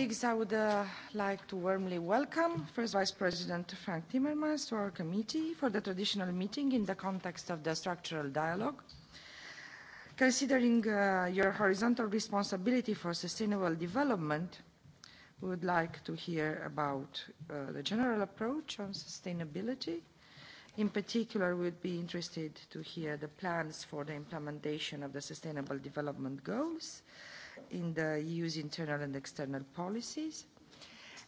colleagues, I would uh, like to warmly welcome First Vice President Frank Timmermans to our committee for the traditional meeting in the context of the structural dialogue. Considering uh, your horizontal responsibility for sustainable development, we would like to hear about uh, the general approach on sustainability. In particular, we'd be interested to hear the plans for the implementation of the Sustainable Development Goals uh, in the EU's internal and external policies.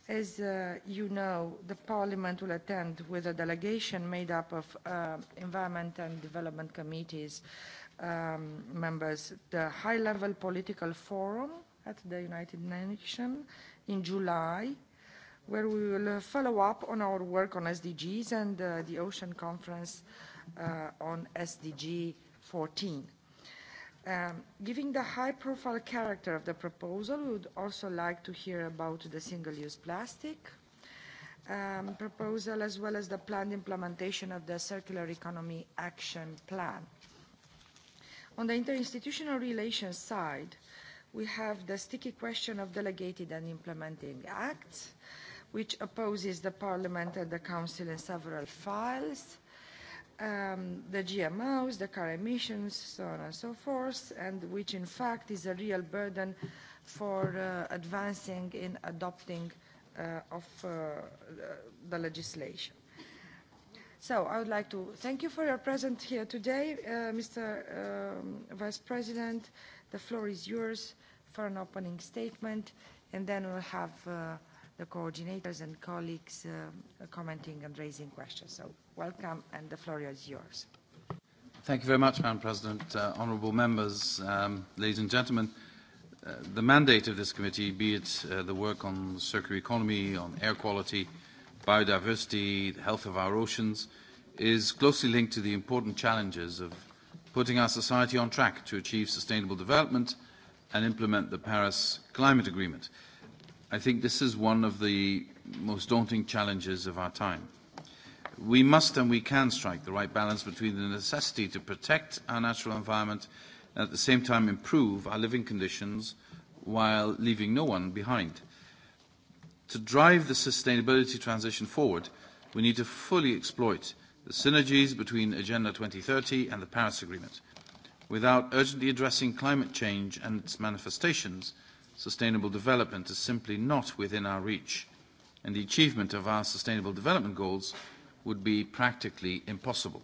As uh, you know, the Parliament will attend with a delegation made up of uh, Environment and Development Committees um, members the high-level political forum at the United Nations in July, where we will uh, follow up on our work on SDGs and uh, the Ocean Conference uh, on SDG 14. Um, given the high-profile character of the proposal, we would also like to hear about the single-use plastic um, proposal, as well as the planned implementation of the Circular Economy Action Plan. On the interinstitutional relations side, we have the sticky question of delegated and implementing acts, which opposes the Parliament and the Council in several files um, the GMOs, the car emissions, so on and so forth, and which in fact is a real burden for uh, advancing in adopting uh, of uh, the legislation. So I would like to thank you for your presence here today, uh, Mr. Um, Vice President. The floor is yours for an opening statement, and then we'll have uh, the coordinators and colleagues uh, commenting and raising questions. So Welcome, and the floor is yours. Thank you very much, Madam President, uh, honourable members, um, ladies and gentlemen. Uh, the mandate of this committee, be it uh, the work on the circular economy, on air quality, biodiversity, the health of our oceans, is closely linked to the important challenges of putting our society on track to achieve sustainable development and implement the Paris Climate Agreement. I think this is one of the most daunting challenges of our time we must and we can strike the right balance between the necessity to protect our natural environment and at the same time improve our living conditions while leaving no one behind. To drive the sustainability transition forward, we need to fully exploit the synergies between Agenda 2030 and the Paris Agreement. Without urgently addressing climate change and its manifestations, sustainable development is simply not within our reach, and the achievement of our sustainable development goals – would be practically impossible.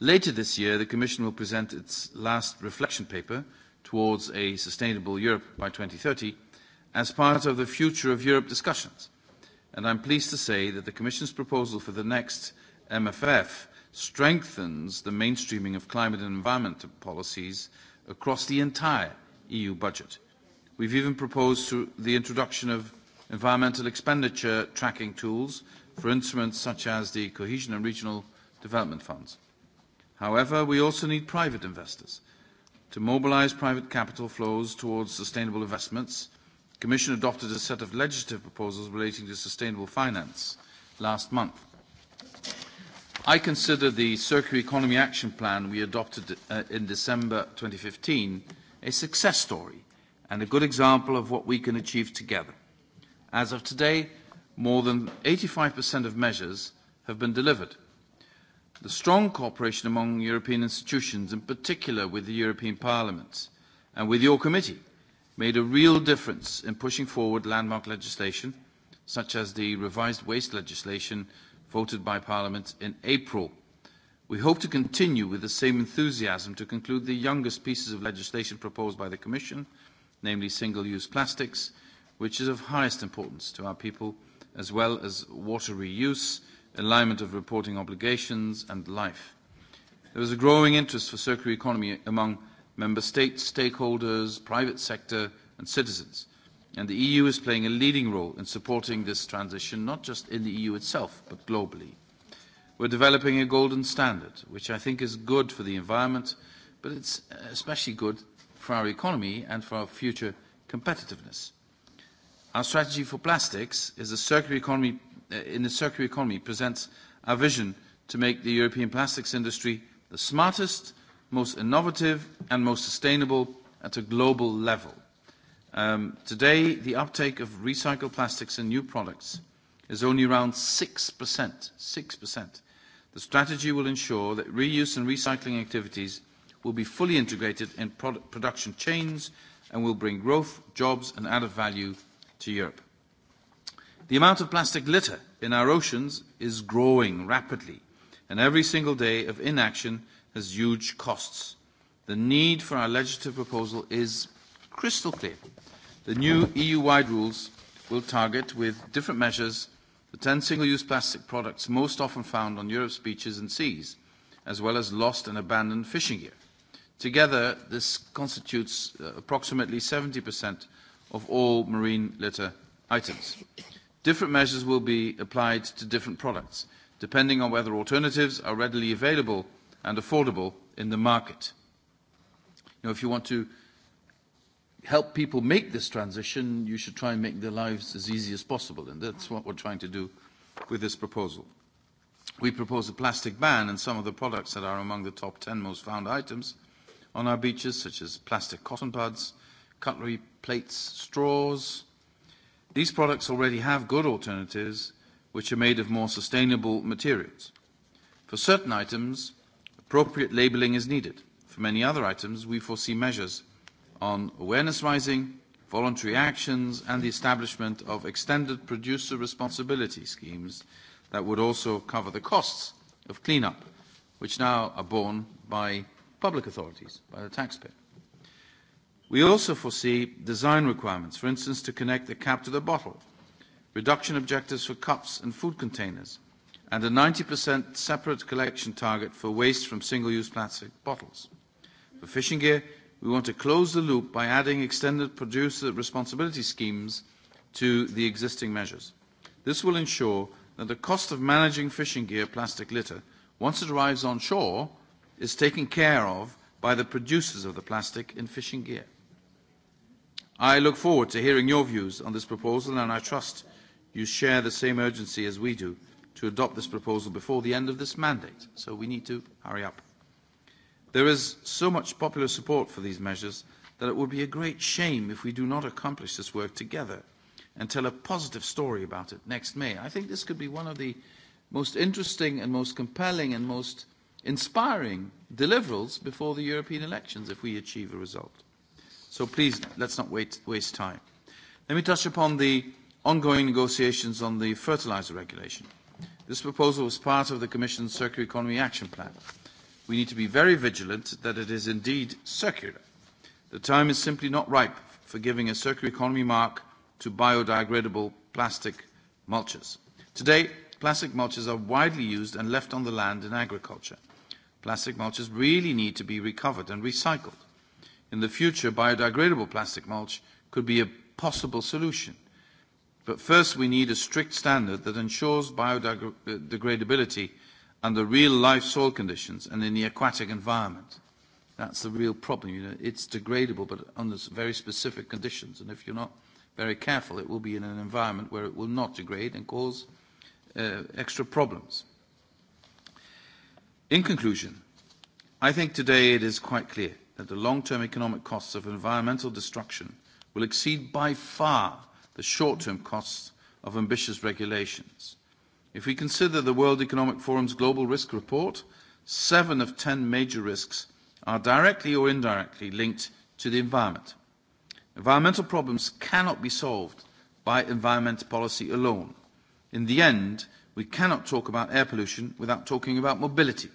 Later this year, the Commission will present its last reflection paper towards a sustainable Europe by 2030 as part of the Future of Europe discussions. And I'm pleased to say that the Commission's proposal for the next MFF strengthens the mainstreaming of climate and environment policies across the entire EU budget. We've even proposed the introduction of environmental expenditure tracking tools for instruments such as the Cohesion and Regional Development Funds. However, we also need private investors. To mobilise private capital flows towards sustainable investments, the Commission adopted a set of legislative proposals relating to sustainable finance last month. I consider the Circular Economy Action Plan we adopted uh, in December 2015 a success story and a good example of what we can achieve together. As of today, more than 85% of measures have been delivered. The strong cooperation among European institutions, in particular with the European Parliament and with your committee, made a real difference in pushing forward landmark legislation, such as the revised waste legislation voted by Parliament in April. We hope to continue with the same enthusiasm to conclude the youngest pieces of legislation proposed by the Commission, namely single-use plastics, which is of highest importance to our people as well as water reuse, alignment of reporting obligations, and life. There is a growing interest for circular economy among member states, stakeholders, private sector, and citizens. And the EU is playing a leading role in supporting this transition, not just in the EU itself, but globally. We're developing a golden standard, which I think is good for the environment, but it's especially good for our economy and for our future competitiveness. Our strategy for plastics is a circular economy, uh, in the circular economy presents our vision to make the European plastics industry the smartest, most innovative and most sustainable at a global level. Um, today, the uptake of recycled plastics in new products is only around 6%. 6%. The strategy will ensure that reuse and recycling activities will be fully integrated in product production chains and will bring growth, jobs and added value to Europe. The amount of plastic litter in our oceans is growing rapidly, and every single day of inaction has huge costs. The need for our legislative proposal is crystal clear. The new EU-wide rules will target, with different measures, the 10 single-use plastic products most often found on Europe's beaches and seas, as well as lost and abandoned fishing gear. Together, this constitutes uh, approximately 70% of all marine litter items. Different measures will be applied to different products, depending on whether alternatives are readily available and affordable in the market. You know, if you want to help people make this transition, you should try and make their lives as easy as possible, and that's what we're trying to do with this proposal. We propose a plastic ban on some of the products that are among the top 10 most found items on our beaches, such as plastic cotton pads, uh, cutlery, plates, straws. These products already have good alternatives, which are made of more sustainable materials. For certain items, appropriate labelling is needed. For many other items, we foresee measures on awareness raising, voluntary actions, and the establishment of extended producer responsibility schemes that would also cover the costs of cleanup, which now are borne by public authorities, by the taxpayer. We also foresee design requirements, for instance, to connect the cap to the bottle, reduction objectives for cups and food containers, and a 90% separate collection target for waste from single-use plastic bottles. For fishing gear, we want to close the loop by adding extended producer responsibility schemes to the existing measures. This will ensure that the cost of managing fishing gear plastic litter, once it arrives on shore, is taken care of by the producers of the plastic in fishing gear. I look forward to hearing your views on this proposal, and I trust you share the same urgency as we do to adopt this proposal before the end of this mandate, so we need to hurry up. There is so much popular support for these measures that it would be a great shame if we do not accomplish this work together and tell a positive story about it next May. I think this could be one of the most interesting and most compelling and most inspiring deliverables before the European elections if we achieve a result. So please, let's not wait, waste time. Let me touch upon the ongoing negotiations on the fertilizer regulation. This proposal was part of the Commission's Circular Economy Action Plan. We need to be very vigilant that it is indeed circular. The time is simply not ripe for giving a circular economy mark to biodegradable plastic mulches. Today, plastic mulches are widely used and left on the land in agriculture. Plastic mulches really need to be recovered and recycled. In the future, biodegradable plastic mulch could be a possible solution. But first, we need a strict standard that ensures biodegradability under real-life soil conditions and in the aquatic environment. That's the real problem. You know, it's degradable, but under very specific conditions. And if you're not very careful, it will be in an environment where it will not degrade and cause uh, extra problems. In conclusion, I think today it is quite clear that the long-term economic costs of environmental destruction will exceed by far the short-term costs of ambitious regulations. If we consider the World Economic Forum's Global Risk Report, seven of ten major risks are directly or indirectly linked to the environment. Environmental problems cannot be solved by environmental policy alone. In the end, we cannot talk about air pollution without talking about mobility.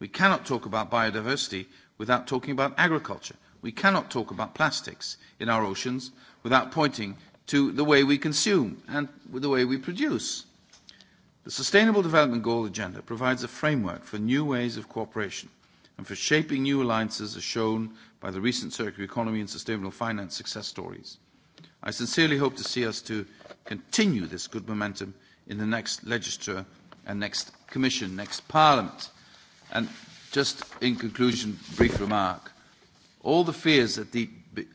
We cannot talk about biodiversity without talking about agriculture. We cannot talk about plastics in our oceans without pointing to the way we consume and the way we produce. The Sustainable Development Goal Agenda provides a framework for new ways of cooperation and for shaping new alliances as shown by the recent circular economy and sustainable finance success stories. I sincerely hope to see us to continue this good momentum in the next legislature and next commission, next parliament. And Just in conclusion, brief remark. All the fears at the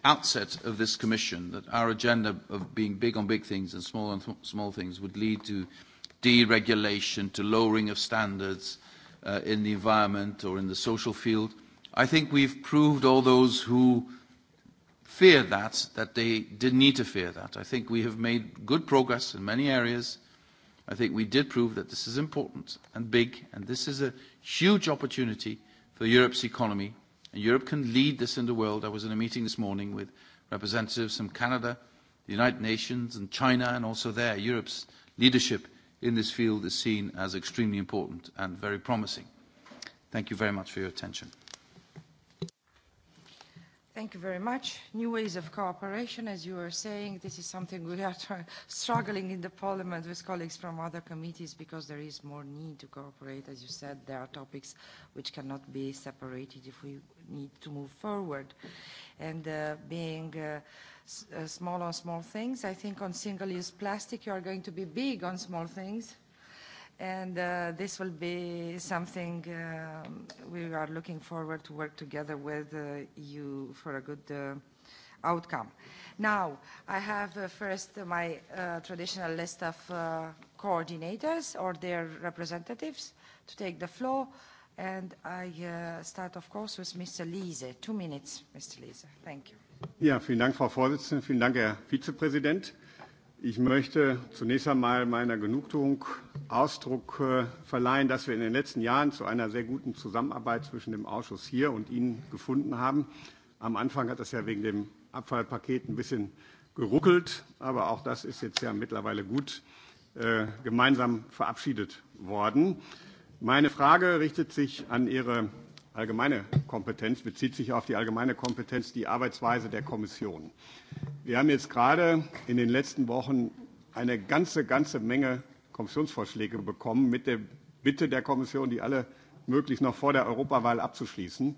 outset of this commission that our agenda of being big on big things and small on th small things would lead to deregulation, to lowering of standards uh, in the environment or in the social field. I think we've proved all those who fear that, that they didn't need to fear that. I think we have made good progress in many areas. I think we did prove that this is important and big, and this is a Huge opportunity for Europe's economy, and Europe can lead this in the world. I was in a meeting this morning with representatives from Canada, the United Nations, and China, and also there, Europe's leadership in this field is seen as extremely important and very promising. Thank you very much for your attention. Thank you very much. New ways of cooperation, as you were saying, this is something we are struggling in the Parliament with colleagues from other committees because there is more need to cooperate. As you said, there are topics which cannot be separated if we need to move forward. And uh, being uh, s uh, small on small things, I think on single-use plastic you are going to be big on small things And uh, this will be something uh, we are looking forward to work together with the uh, EU for a good uh, outcome. Now, I have uh, first my uh, traditional list of coordinators or their representatives to take the floor, and I start, of course, with Mr. Liese. Two minutes, Mr. Liese. Thank you. Ja, vielen Dank, Frau Vorsitzende. Vielen Dank, Herr Vizepräsident. Ich möchte zunächst einmal meiner Genugtuung Ausdruck äh, verleihen, dass wir in den letzten Jahren zu einer sehr guten Zusammenarbeit zwischen dem Ausschuss hier und Ihnen gefunden haben. Am Anfang hat das ja wegen dem Abfallpaket ein bisschen geruckelt, aber auch das ist jetzt ja mittlerweile gut äh, gemeinsam verabschiedet worden. Meine Frage richtet sich an Ihre allgemeine Kompetenz bezieht sich auf die allgemeine Kompetenz, die Arbeitsweise der Kommission. Wir haben jetzt gerade in den letzten Wochen eine ganze, ganze Menge Kommissionsvorschläge bekommen mit der Bitte der Kommission, die alle möglichst noch vor der Europawahl abzuschließen.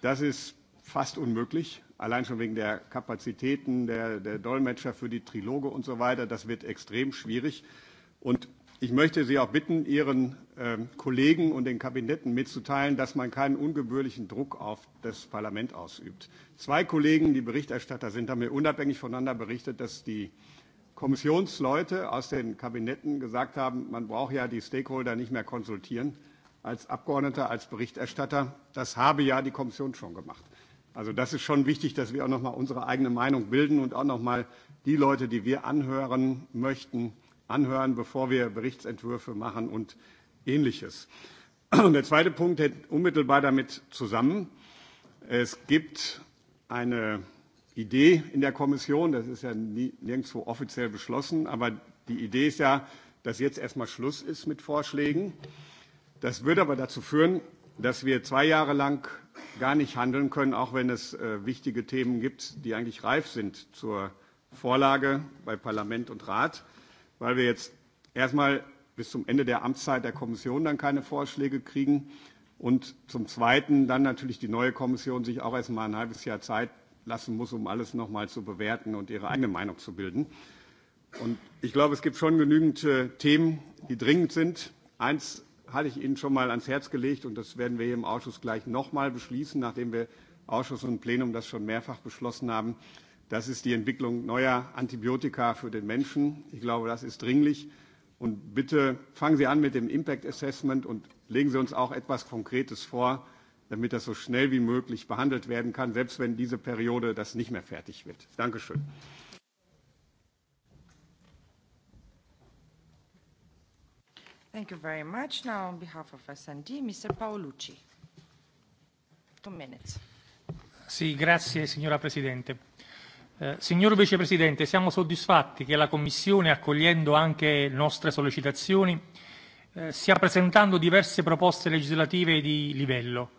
Das ist fast unmöglich, allein schon wegen der Kapazitäten der, der Dolmetscher für die Triloge und so weiter. Das wird extrem schwierig. Und Ich möchte Sie auch bitten, Ihren ähm, Kollegen und den Kabinetten mitzuteilen, dass man keinen ungebührlichen Druck auf das Parlament ausübt. Zwei Kollegen, die Berichterstatter sind, haben mir unabhängig voneinander berichtet, dass die Kommissionsleute aus den Kabinetten gesagt haben, man braucht ja die Stakeholder nicht mehr konsultieren als Abgeordneter, als Berichterstatter. Das habe ja die Kommission schon gemacht. Also das ist schon wichtig, dass wir auch noch mal unsere eigene Meinung bilden und auch noch mal die Leute, die wir anhören möchten, äh, anhören, bevor wir Berichtsentwürfe machen und Ähnliches. Und der zweite Punkt hängt unmittelbar damit zusammen. Es gibt eine Idee in der Kommission, das ist ja nie, nirgendwo offiziell beschlossen, aber die Idee ist ja, dass jetzt erstmal Schluss ist mit Vorschlägen. Das würde aber dazu führen, dass wir zwei Jahre lang gar nicht handeln können, auch wenn es äh, wichtige Themen gibt, die eigentlich reif sind zur Vorlage bei Parlament und Rat weil wir jetzt erstmal bis zum Ende der Amtszeit der Kommission dann keine Vorschläge kriegen und zum Zweiten dann natürlich die neue Kommission sich auch erstmal ein halbes Jahr Zeit lassen muss, um alles nochmal zu bewerten und ihre eigene Meinung zu bilden. Und ich glaube, es gibt schon genügend äh, Themen, die dringend sind. Eins hatte ich Ihnen schon mal ans Herz gelegt und das werden wir hier im Ausschuss gleich nochmal beschließen, nachdem wir Ausschuss und Plenum das schon mehrfach beschlossen haben. Äh, Das ist die Entwicklung neuer Antibiotika für den Menschen. Ich glaube, das ist dringlich. Und bitte fangen Sie an mit dem Impact Assessment und legen Sie uns auch etwas Konkretes vor, damit das so schnell wie möglich behandelt werden kann, selbst wenn diese Periode das nicht mehr fertig wird. Dankeschön. Thank you very much. Now, on behalf of S&D, Mr. Paolucci. Two minutes. Sì, grazie signora Presidente. Eh, signor Vicepresidente, siamo soddisfatti che la Commissione, accogliendo anche nostre sollecitazioni, eh, stia presentando diverse proposte legislative di livello.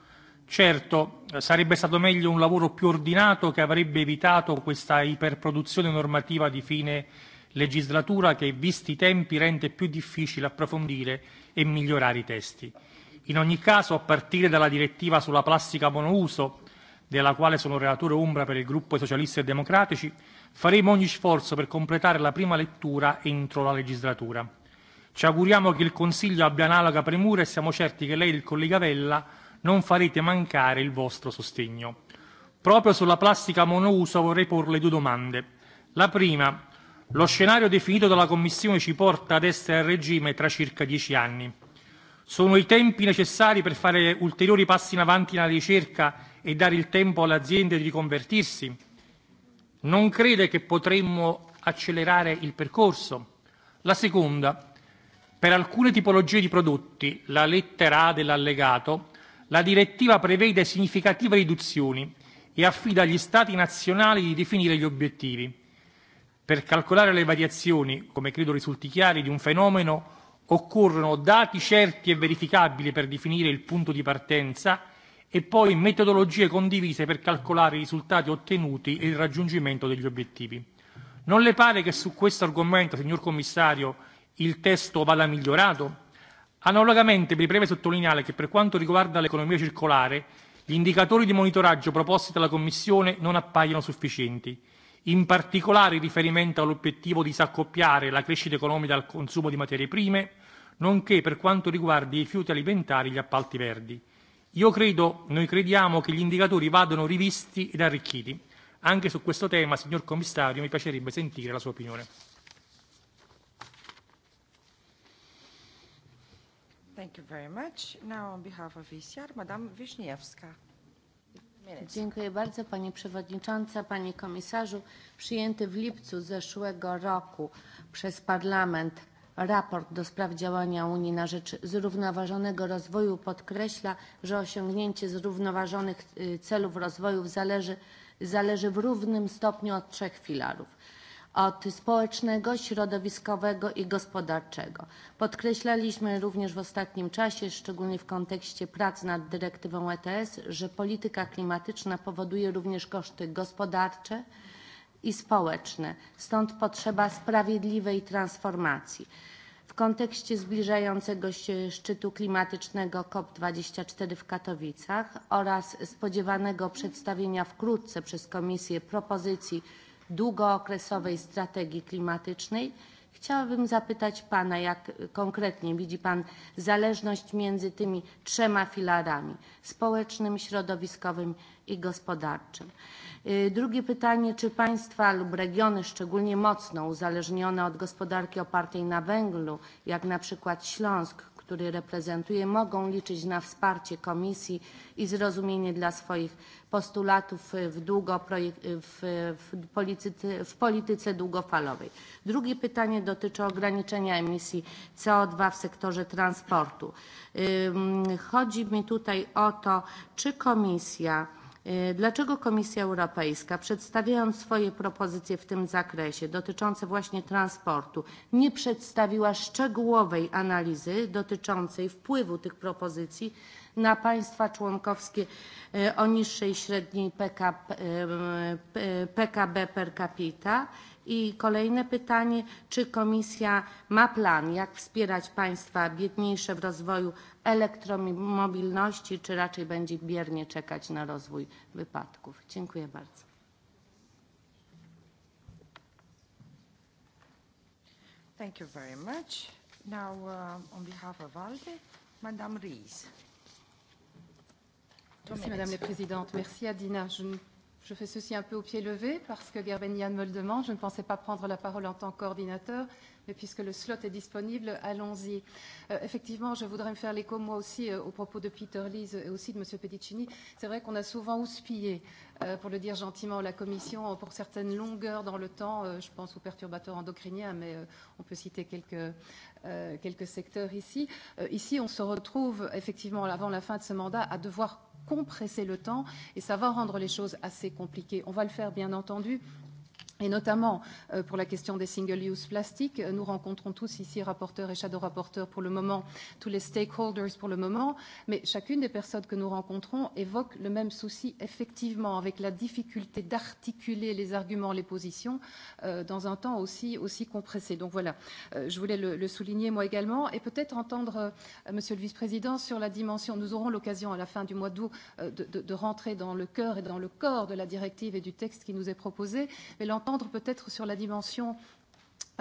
Certo, eh, sarebbe stato meglio un lavoro più ordinato che avrebbe evitato questa iperproduzione normativa di fine legislatura che, visti i tempi, rende più difficile approfondire e migliorare i testi. In ogni caso, a partire dalla direttiva sulla plastica monouso, della quale sono relatore Umbra per il Gruppo Socialisti e Democratici, faremo ogni sforzo per completare la prima lettura entro la legislatura. Ci auguriamo che il Consiglio abbia analoga premura e siamo certi che lei e il collega Vella non farete mancare il vostro sostegno. Proprio sulla plastica monouso vorrei porle due domande. La prima, lo scenario definito dalla Commissione ci porta ad essere a regime tra circa dieci anni. Sono i tempi necessari per fare ulteriori passi in avanti nella ricerca e dare il tempo alle aziende di riconvertirsi? Non crede che potremmo accelerare il percorso? La seconda, per alcune tipologie di prodotti, la lettera A dell'allegato, la direttiva prevede significative riduzioni e affida agli Stati nazionali di definire gli obiettivi. Per calcolare le variazioni, come credo risulti chiari, di un fenomeno occorrono dati certi e verificabili per definire il punto di partenza e poi metodologie condivise per calcolare i risultati ottenuti e il raggiungimento degli obiettivi. Non le pare che su questo argomento, signor Commissario, il testo vada migliorato? Analogamente mi preme sottolineare che per quanto riguarda l'economia circolare, gli indicatori di monitoraggio proposti dalla Commissione non appaiono sufficienti. In particolare in riferimento all'obiettivo di disaccoppiare la crescita economica dal consumo di materie prime, nonché per quanto riguarda i rifiuti alimentari e gli appalti verdi. Io credo, noi crediamo che gli indicatori vadano rivisti ed arricchiti. Anche su questo tema, signor Commissario, mi piacerebbe sentire la sua opinione. Thank you very much. Now on behalf of ECR, Madame Wisniewska. Dziękuję bardzo Pani Przewodnicząca, Panie Komisarzu. Przyjęty w lipcu zeszłego roku przez Parlament raport do spraw działania Unii na rzecz zrównoważonego rozwoju podkreśla, że osiągnięcie zrównoważonych celów rozwoju zależy, zależy w równym stopniu od trzech filarów od społecznego, środowiskowego i gospodarczego. Podkreślaliśmy również w ostatnim czasie, szczególnie w kontekście prac nad dyrektywą ETS, że polityka klimatyczna powoduje również koszty gospodarcze i społeczne, stąd potrzeba sprawiedliwej transformacji w kontekście zbliżającego się szczytu klimatycznego COP24 w Katowicach oraz spodziewanego przedstawienia wkrótce przez Komisję propozycji długookresowej strategii klimatycznej chciałabym zapytać pana, jak konkretnie widzi pan zależność między tymi trzema filarami społecznym, środowiskowym i gospodarczym. E, drugie pytanie, czy państwa lub regiony szczególnie mocno uzależnione od gospodarki opartej na węglu, jak na przykład Śląsk, który reprezentuję, mogą liczyć na wsparcie Komisji i zrozumienie dla swoich postulatów w, długo w, w, polityce, w polityce długofalowej. Drugie pytanie dotyczy ograniczenia emisji CO2 w sektorze transportu. Chodzi mi tutaj o to, czy Komisja E, dlaczego Komisja Europejska, przedstawiając swoje propozycje w tym zakresie dotyczące właśnie transportu, nie przedstawiła szczegółowej analizy dotyczącej wpływu tych propozycji na państwa członkowskie e, o niższej średniej PKB e, per capita? I kolejne pytanie, czy Komisja ma plan, jak wspierać państwa biedniejsze w rozwoju elektromobilności, czy raczej będzie biernie czekać na rozwój wypadków? Dziękuję bardzo. Thank you very much. Now, uh, on behalf of ALDE, Madame Ries. Merci, Madame la Présidente. Merci à Dina. Je ne Je fais ceci un peu au pied levé parce que Gerbenian me le demande. Je ne pensais pas prendre la parole en tant que coordinateur, mais puisque le slot est disponible, allons-y. Euh, effectivement, je voudrais me faire l'écho moi aussi euh, au propos de Peter Lees et aussi de M. Pedicini. C'est vrai qu'on a souvent houspillé, euh, pour le dire gentiment, la Commission pour certaines longueurs dans le temps. Euh, je pense aux perturbateurs endocriniens, mais euh, on peut citer quelques, euh, quelques secteurs ici. Euh, ici, on se retrouve effectivement avant la fin de ce mandat à devoir compresser le temps et ça va rendre les choses assez compliquées. On va le faire, bien entendu, et notamment euh, pour la question des single-use plastiques. Euh, nous rencontrons tous ici, rapporteurs et shadow rapporteurs pour le moment, tous les stakeholders pour le moment, mais chacune des personnes que nous rencontrons évoque le même souci, effectivement, avec la difficulté d'articuler les arguments, les positions, euh, dans un temps aussi, aussi compressé. Donc voilà, euh, je voulais le, le souligner moi également, et peut-être entendre, euh, Monsieur le Vice-président, sur la dimension, nous aurons l'occasion à la fin du mois d'août euh, de, de, de rentrer dans le cœur et dans le corps de la directive et du texte qui nous est proposé, mais l'entendre entendre peut-être sur la dimension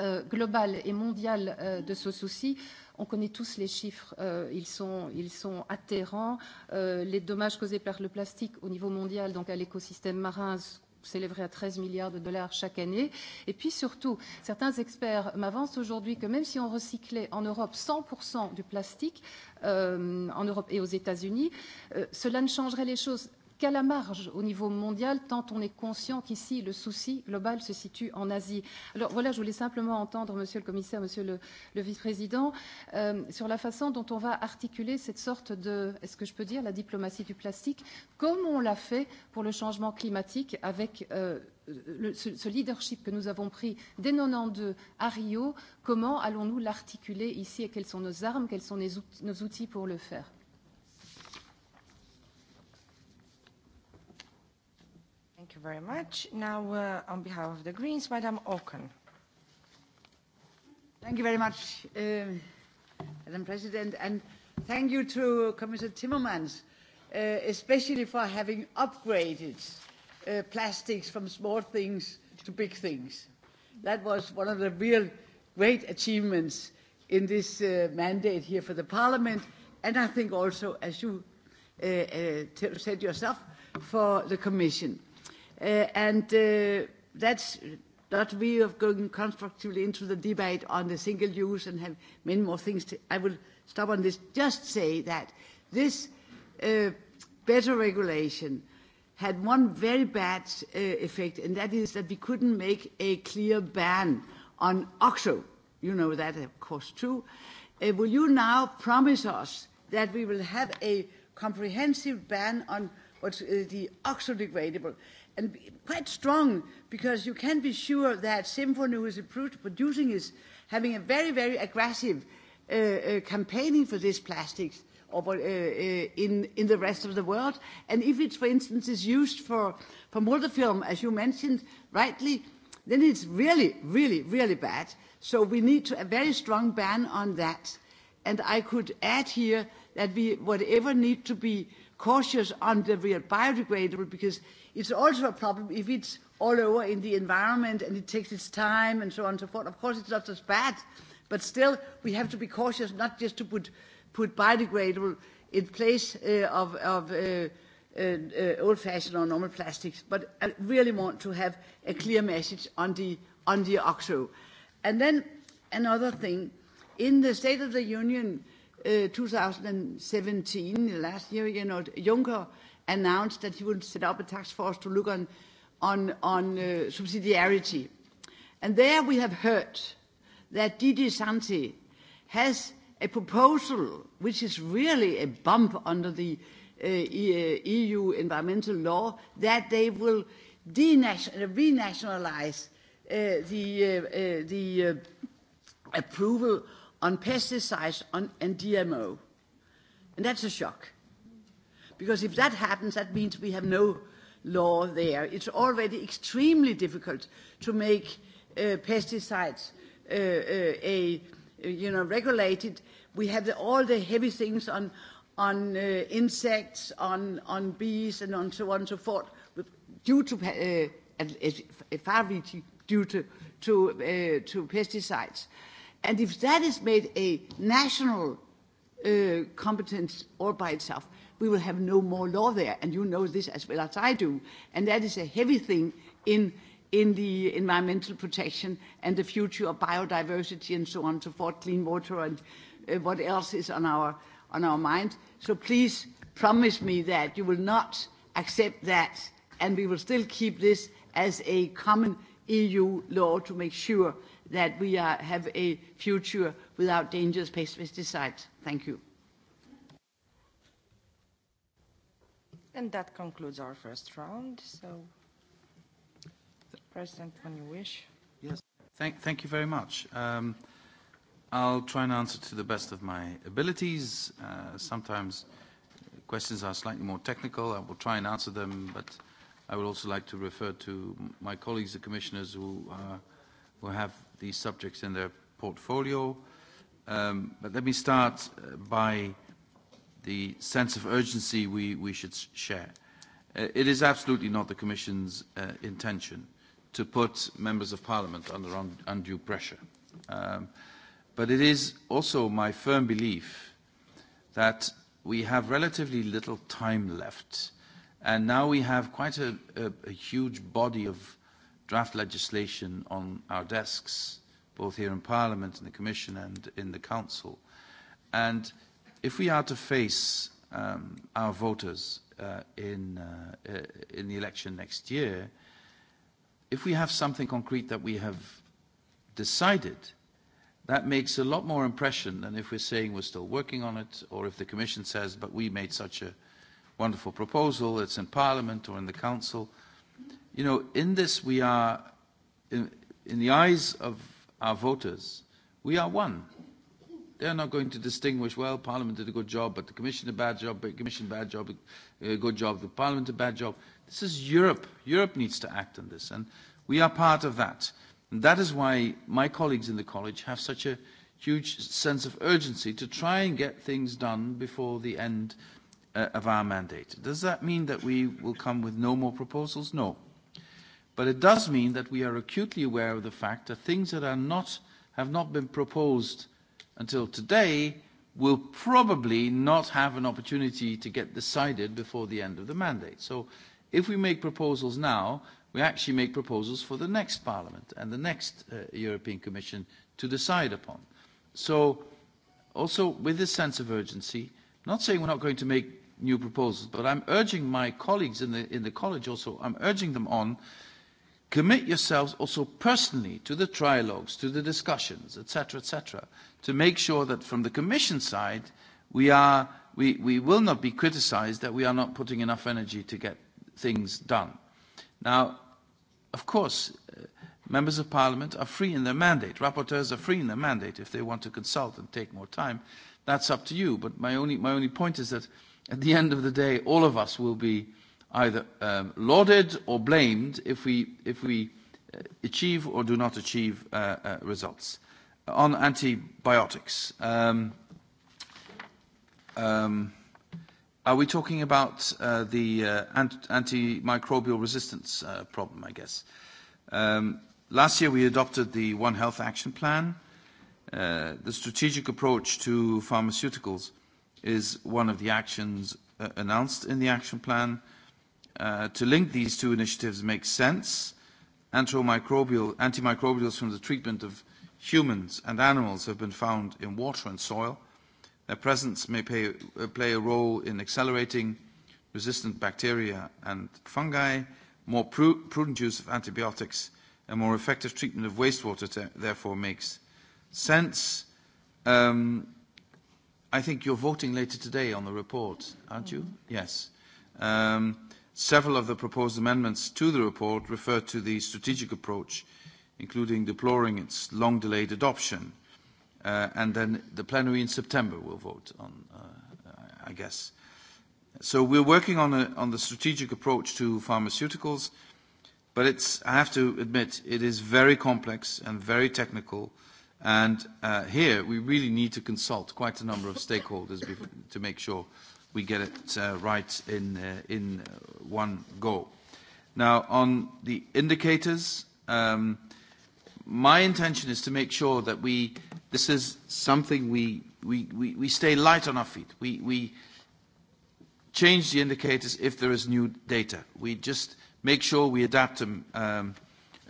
euh, globale et mondiale euh, de ce souci. On connaît tous les chiffres, euh, ils, sont, ils sont atterrants. Euh, les dommages causés par le plastique au niveau mondial, donc à l'écosystème marin, s'élèverait à 13 milliards de dollars chaque année. Et puis surtout, certains experts m'avancent aujourd'hui que même si on recyclait en Europe 100% du plastique, euh, en Europe et aux États-Unis, euh, cela ne changerait les choses qu'à la marge au niveau mondial, tant on est conscient qu'ici le souci global se situe en Asie. Alors voilà, je voulais simplement entendre monsieur le commissaire, monsieur le, le vice-président, euh, sur la façon dont on va articuler cette sorte de, est-ce que je peux dire, la diplomatie du plastique, comme on l'a fait pour le changement climatique avec... Euh, le, ce, ce leadership que nous avons pris dès 92 à Rio, comment allons-nous l'articuler ici et quelles sont nos armes, quels sont les, nos outils pour le faire you very much. Now, uh, on behalf of the Greens, Madam Auken. Thank you very much, uh, Madam President, and thank you to Commissioner Timmermans, uh, especially for having upgraded uh, plastics from small things to big things. That was one of the real great achievements in this uh, mandate here for the Parliament, and I think also, as you uh, uh, said yourself, for the Commission. Uh, and uh, that's that way of going constructively into the debate on the single use and have many more things to... I will stop on this. Just say that this uh, better regulation had one very bad uh, effect, and that is that we couldn't make a clear ban on OXO. You know that, of course, too. Uh, will you now promise us that we will have a comprehensive ban on what's uh, the OXO degradable? Uh, and quite strong because you can be sure that Symphony, who is approved to producing, is having a very, very aggressive uh, uh, campaigning for these plastics over, uh, uh, in, in the rest of the world. And if it, for instance, is used for, for multifilm, as you mentioned rightly, then it's really, really, really bad. So we need to, a very strong ban on that. And I could add here that we, whatever need to be uh, cautious on the real biodegradable because it's also a problem if it's all over in the environment and it takes its time and so on and so forth. Of course, it's not as bad, but still we have to be cautious not just to put, put biodegradable in place uh, of, of uh, uh, uh, old-fashioned or normal plastics, but I uh, really want to have a clear message on the, on the OXO. And then another thing, in the State of the Union, uh, Øh, 2017, last year, you know, Juncker announced that he would set up a task force to look on, on, on uh, subsidiarity. And there we have heard that Didi Santi has a proposal which is really a bump under the uh, EU uh, e environmental law that they will renationalize uh, the, uh, uh, the uh, approval on pesticides on, and GMO. And that's a shock. Because if that happens, that means we have no law there. It's already extremely difficult to make uh, pesticides uh, uh, a, you know, regulated. We have the, all the heavy things on, on uh, insects, on, on bees, and on so on and so forth, with, due to uh, far-reaching due to, to, uh, to pesticides. Uh, And if that is made a national uh, competence all by itself, we will have no more law there. And you know this as well as I do. And that is a heavy thing in, in the environmental protection and the future of biodiversity and so on and so forth, clean water and uh, what else is on our, on our mind. So please promise me that you will not accept that and we will still keep this as a common EU law to make sure uh, that we are, uh, have a future without dangerous pesticides. Thank you. And that concludes our first round. So, President, when you wish. Yes. Thank, thank you very much. Um, I'll try and answer to the best of my abilities. Uh, sometimes questions are slightly more technical. I will try and answer them, but I would also like to refer to my colleagues, the commissioners, who are who have these subjects in their portfolio. Um, but let me start uh, by the sense of urgency we, we should share. Uh, it is absolutely not the Commission's uh, intention to put members of Parliament under un undue pressure. Um, but it is also my firm belief that we have relatively little time left, and now we have quite a, a, a huge body of draft legislation on our desks, both here in Parliament and the Commission and in the Council. And if we are to face um, our voters uh, in, uh, uh, in the election next year, if we have something concrete that we have decided, that makes a lot more impression than if we're saying we're still working on it or if the Commission says, but we made such a wonderful proposal, it's in Parliament or in the Council. Uh, you know, in this we are, in, in the eyes of our voters, we are one. They're not going to distinguish, well, Parliament did a good job, but the Commission a bad job, but the Commission a bad job, a uh, good job, the Parliament a bad job. This is Europe. Europe needs to act on this, and we are part of that. And that is why my colleagues in the college have such a huge sense of urgency to try and get things done before the end uh, of our mandate. Does that mean that we will come with no more proposals? No. But it does mean that we are acutely aware of the fact that things that are not, have not been proposed until today will probably not have an opportunity to get decided before the end of the mandate. So if we make proposals now, we actually make proposals for the next Parliament and the next uh, European Commission to decide upon. So also with this sense of urgency, I'm not saying we're not going to make new proposals, but I'm urging my colleagues in the, in the college also, I'm urging them on uh, commit yourselves also personally to the trilogues, to the discussions, etc., etc., to make sure that from the Commission side, we, are, we, we will not be criticized that we are not putting enough energy to get things done. Now, of course, uh, members of parliament are free in their mandate. Rapporteurs are free in their mandate. If they want to consult and take more time, that's up to you. But my only, my only point is that at the end of the day, all of us will be uh, either um, lauded or blamed if we, if we uh, achieve or do not achieve uh, uh, results. Uh, on antibiotics, um, um, are we talking about uh, the uh, ant- antimicrobial resistance uh, problem, I guess? Um, last year we adopted the One Health Action Plan. Uh, the strategic approach to pharmaceuticals is one of the actions uh, announced in the action plan. Uh, uh, to link these two initiatives makes sense. Antimicrobial, antimicrobials from the treatment of humans and animals have been found in water and soil. Their presence may pay, uh, play a role in accelerating resistant bacteria and fungi. More pru prudent use of antibiotics and more effective treatment of wastewater therefore makes sense. Um, I think you're voting later today on the report, aren't you? Mm-hmm. Yes. Um, Several of the proposed amendments to the report refer to the strategic approach, including deploring its long-delayed adoption. Uh, and then the plenary in September will vote on, uh, I guess. So we're working on, a, on the strategic approach to pharmaceuticals, but it's, I have to admit, it is very complex and very technical. And uh, here we really need to consult quite a number of stakeholders to make sure uh, we get it uh, right in, uh, in uh, one go. Now, on the indicators, um, my intention is to make sure that we, this is something we, we, we, we stay light on our feet. We, we change the indicators if there is new data. We just make sure we adapt them um,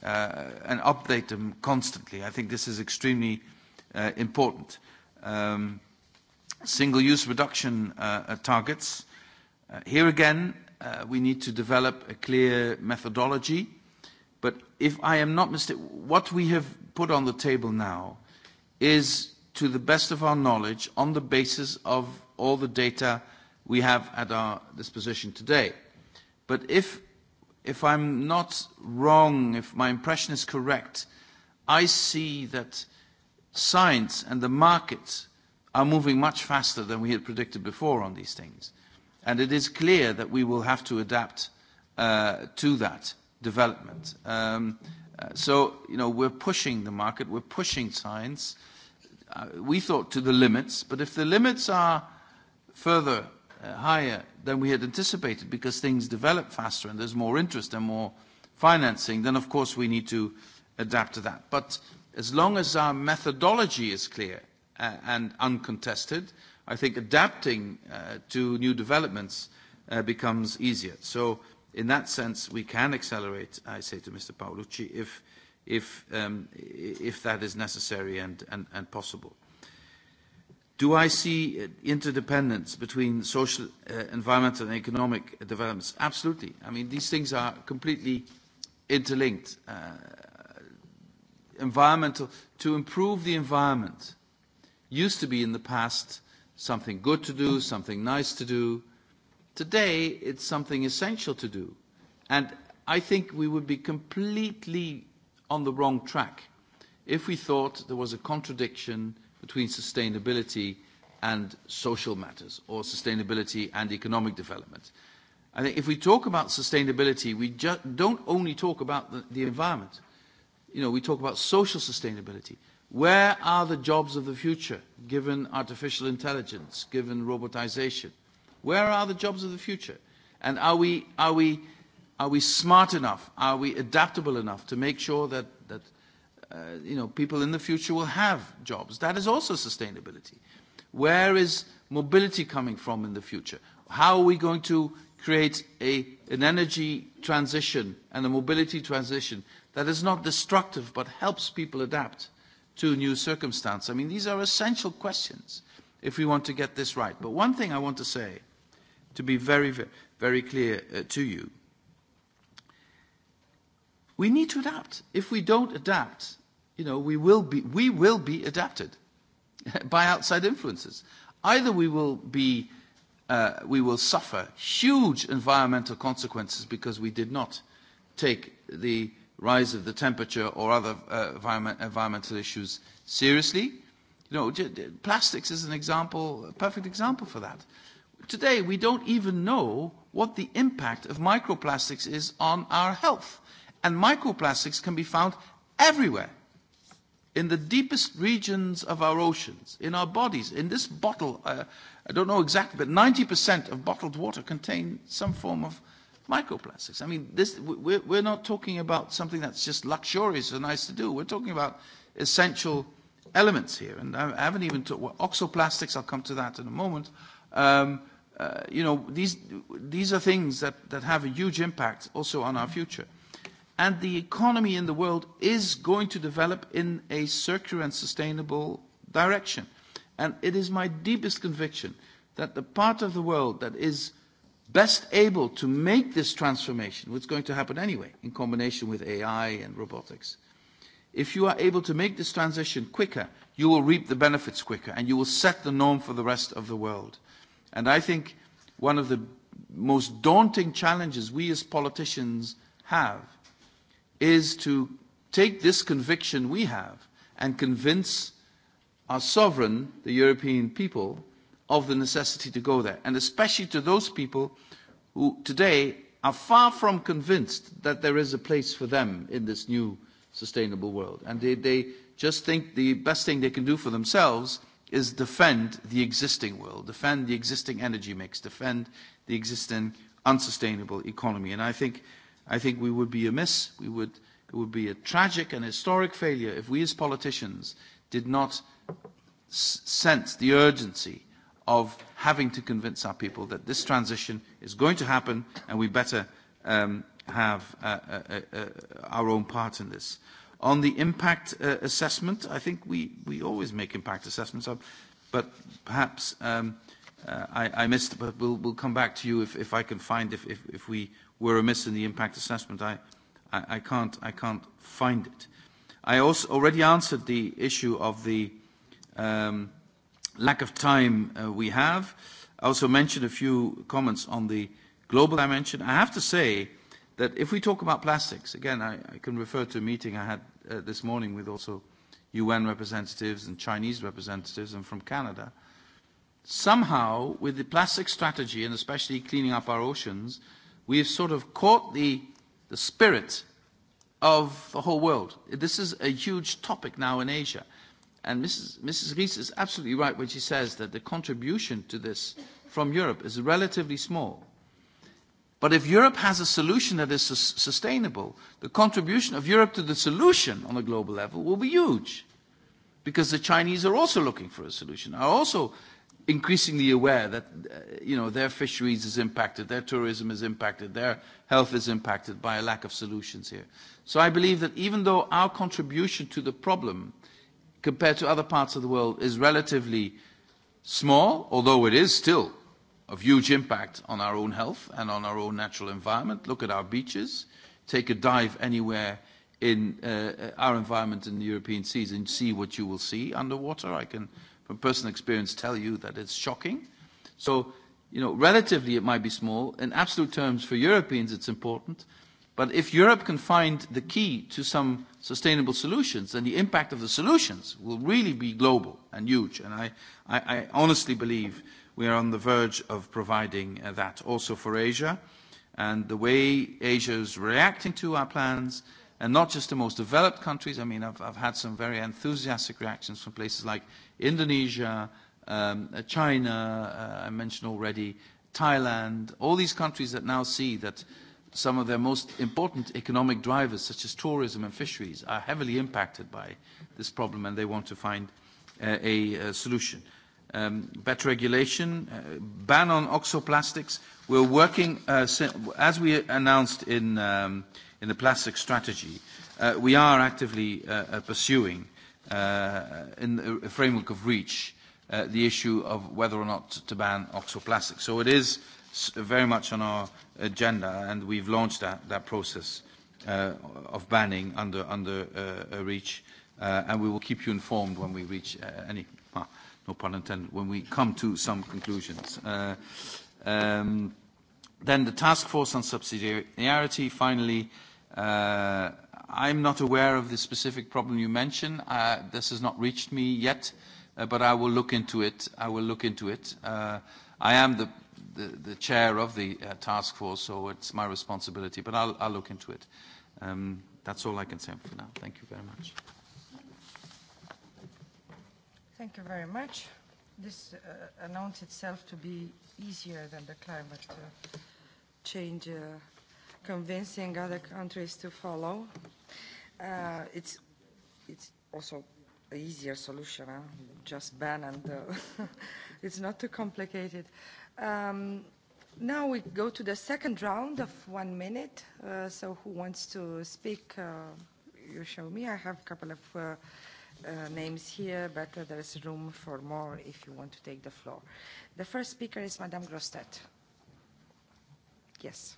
uh, and update them constantly. I think this is extremely uh, important. Um, single-use reduction uh, uh, targets. Uh, here again, uh, we need to develop a clear methodology. But if I am not mistaken, what we have put on the table now is, to the best of our knowledge, on the basis of all the data we have at our disposition today. But if, if I'm not wrong, if my impression is correct, I see that science and the markets are moving much faster than we had predicted before on these things. And it is clear that we will have to adapt uh, to that development. Um, uh, so, you know, we're pushing the market, we're pushing science, uh, we thought to the limits, but if the limits are further uh, higher than we had anticipated because things develop faster and there's more interest and more financing, then of course we need to adapt to that. But as long as our methodology is clear, uh, and uncontested, I think adapting uh, to new developments uh, becomes easier. So in that sense, we can accelerate, I say to Mr. Paolucci, if, if, um, if that is necessary and, and, and possible. Do I see interdependence between social, uh, environmental and economic developments? Absolutely. I mean, these things are completely interlinked. Uh, environmental, to improve the environment, used to be in the past something good to do, something nice to do. Today, it's something essential to do. And I think we would be completely on the wrong track if we thought there was a contradiction between sustainability and social matters, or sustainability and economic development. I think if we talk about sustainability, we ju- don't only talk about the, the environment. You know, we talk about social sustainability, Where are the jobs of the future, given artificial intelligence, given robotization? Where are the jobs of the future? And are we, are we, are we smart enough? Are we adaptable enough to make sure that, that uh, you know, people in the future will have jobs? That is also sustainability. Where is mobility coming from in the future? How are we going to create a, an energy transition and a mobility transition that is not destructive but helps people adapt? to a new circumstance? I mean, these are essential questions if we want to get this right. But one thing I want to say, to be very, very clear uh, to you, we need to adapt. If we don't adapt, you know, we will be, we will be adapted by outside influences. Either we will be, uh, we will suffer huge environmental consequences because we did not take the rise of the temperature or other uh, environment, environmental issues seriously. You know, j- j- plastics is an example, a perfect example for that. Today, we don't even know what the impact of microplastics is on our health. And microplastics can be found everywhere in the deepest regions of our oceans, in our bodies, in this bottle. Uh, I don't know exactly, but 90% of bottled water contain some form of microplastics. I mean, this, we're, we're not talking about something that's just luxurious or nice to do. We're talking about essential elements here. And I haven't even talked, well, oxoplastics, I'll come to that in a moment. Um, uh, you know, these, these are things that, that have a huge impact also on our future. And the economy in the world is going to develop in a circular and sustainable direction. And it is my deepest conviction that the part of the world that is – best able to make this transformation, what's going to happen anyway, in combination with AI and robotics, if you are able to make this transition quicker, you will reap the benefits quicker and you will set the norm for the rest of the world. And I think one of the most daunting challenges we as politicians have is to take this conviction we have and convince our sovereign, the European people, of the necessity to go there, and especially to those people who today are far from convinced that there is a place for them in this new sustainable world. And they, they just think the best thing they can do for themselves is defend the existing world, defend the existing energy mix, defend the existing unsustainable economy. And I think, I think we would be amiss, we would, it would be a tragic and historic failure if we as politicians did not s- sense the urgency of having to convince our people that this transition is going to happen and we better um, have uh, uh, uh, uh our own part in this. On the impact uh, assessment, I think we, we always make impact assessments, but perhaps um, uh, I, I missed, but we'll, we'll come back to you if, if I can find, if, if, if we were amiss in the impact assessment. I, I, I, can't, I can't find it. I also already answered the issue of the um, lack of time uh, we have. I also mentioned a few comments on the global dimension. I have to say that if we talk about plastics, again, I, I can refer to a meeting I had uh, this morning with also UN representatives and Chinese representatives and from Canada. Somehow, with the plastic strategy and especially cleaning up our oceans, we have sort of caught the, the spirit of the whole world. This is a huge topic now in Asia. And Mrs. Mrs. Rees is absolutely right when she says that the contribution to this from Europe is relatively small. But if Europe has a solution that is su- sustainable, the contribution of Europe to the solution on a global level will be huge. Because the Chinese are also looking for a solution, are also increasingly aware that uh, you know, their fisheries is impacted, their tourism is impacted, their health is impacted by a lack of solutions here. So I believe that even though our contribution to the problem uh, compared to other parts of the world is relatively small, although it is still of huge impact on our own health and on our own natural environment. Look at our beaches. Take a dive anywhere in uh, our environment in the European seas and see what you will see underwater. I can, from personal experience, tell you that it's shocking. So, you know, relatively it might be small. In absolute terms, for Europeans, it's important. Uh, But if Europe can find the key to some sustainable solutions, then the impact of the solutions will really be global and huge. And I, I, I honestly believe we are on the verge of providing uh, that also for Asia. And the way Asia is reacting to our plans, and not just the most developed countries. I mean, I've, I've had some very enthusiastic reactions from places like Indonesia, um, uh, China, uh, I mentioned already, Thailand, all these countries that now see that uh, some of their most important economic drivers, such as tourism and fisheries, are heavily impacted by this problem and they want to find uh, a, a uh, solution. Um, better regulation, uh, ban on oxoplastics. We're working, uh, as we announced in, um, in the plastic strategy, uh, we are actively uh, uh, pursuing, uh, in the framework of REACH, uh, the issue of whether or not to ban oxoplastics. So it is very much on our agenda, and we've launched that, that process uh, of banning under, under uh, REACH, uh, and we will keep you informed when we reach uh, any, well, no pun intended, when we come to some conclusions. Uh, um, then the task force on subsidiarity, finally, uh, I'm not aware of the specific problem you mention. Uh, this has not reached me yet, uh, but I will look into it. I will look into it. Uh, I am the the, the chair of the uh, task force, so it's my responsibility, but I'll, I'll look into it. Um, that's all I can say for now. Thank you very much. Thank you very much. This uh, announced itself to be easier than the climate uh, change, uh, convincing other countries to follow. Uh, it's, it's also an easier solution, huh? just ban and uh, it's not too complicated. Uh, Um, now we go to the second round of one minute. Uh, so who wants to speak? Uh, you show me. I have a couple of uh, uh, names here, but uh, there is room for more if you want to take the floor. The first speaker is Madame Grostet. Yes.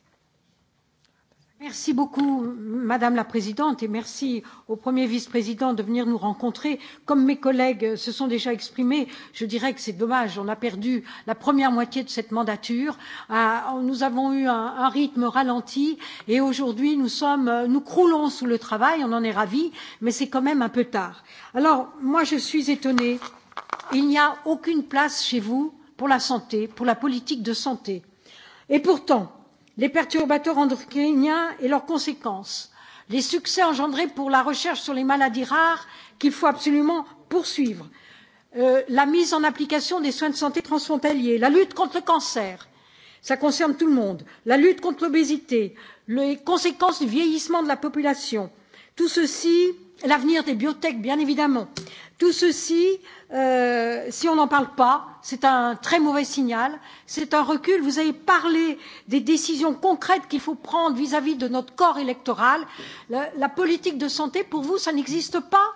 Merci beaucoup, Madame la Présidente, et merci au Premier vice-président de venir nous rencontrer. Comme mes collègues se sont déjà exprimés, je dirais que c'est dommage, on a perdu la première moitié de cette mandature. Euh, nous avons eu un, un rythme ralenti et aujourd'hui nous sommes, nous croulons sous le travail, on en est ravis, mais c'est quand même un peu tard. Alors, moi je suis étonnée, il n'y a aucune place chez vous pour la santé, pour la politique de santé. Et pourtant, les perturbateurs endocriniens et leurs conséquences les succès engendrés pour la recherche sur les maladies rares qu'il faut absolument poursuivre euh, la mise en application des soins de santé transfrontaliers la lutte contre le cancer ça concerne tout le monde la lutte contre l'obésité les conséquences du vieillissement de la population tout ceci l'avenir des biotech bien évidemment tout ceci euh, euh, si on n'en parle pas, c'est un très mauvais signal, c'est un recul. Vous avez parlé des décisions concrètes qu'il faut prendre vis-à-vis -vis de notre corps électoral. La, la politique de santé, pour vous, ça n'existe pas.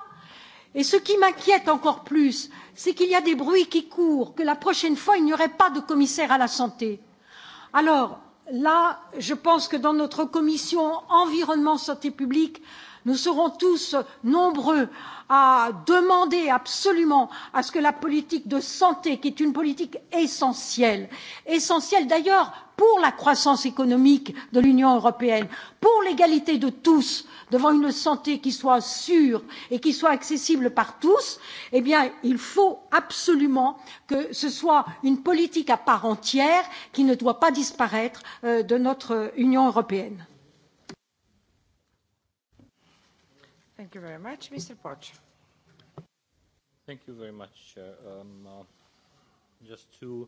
Et ce qui m'inquiète encore plus, c'est qu'il y a des bruits qui courent, que la prochaine fois, il n'y aurait pas de commissaire à la santé. Alors, là, je pense que dans notre commission environnement santé publique, nous serons tous nombreux à demander absolument à ce que la politique de santé qui est une politique essentielle essentielle d'ailleurs pour la croissance économique de l'union européenne pour l'égalité de tous devant une santé qui soit sûre et qui soit accessible par tous eh bien il faut absolument que ce soit une politique à part entière qui ne doit pas disparaître euh, de notre union européenne. Thank you very much, Mr. Poch. Thank you very much, Chair. Um, uh, just two,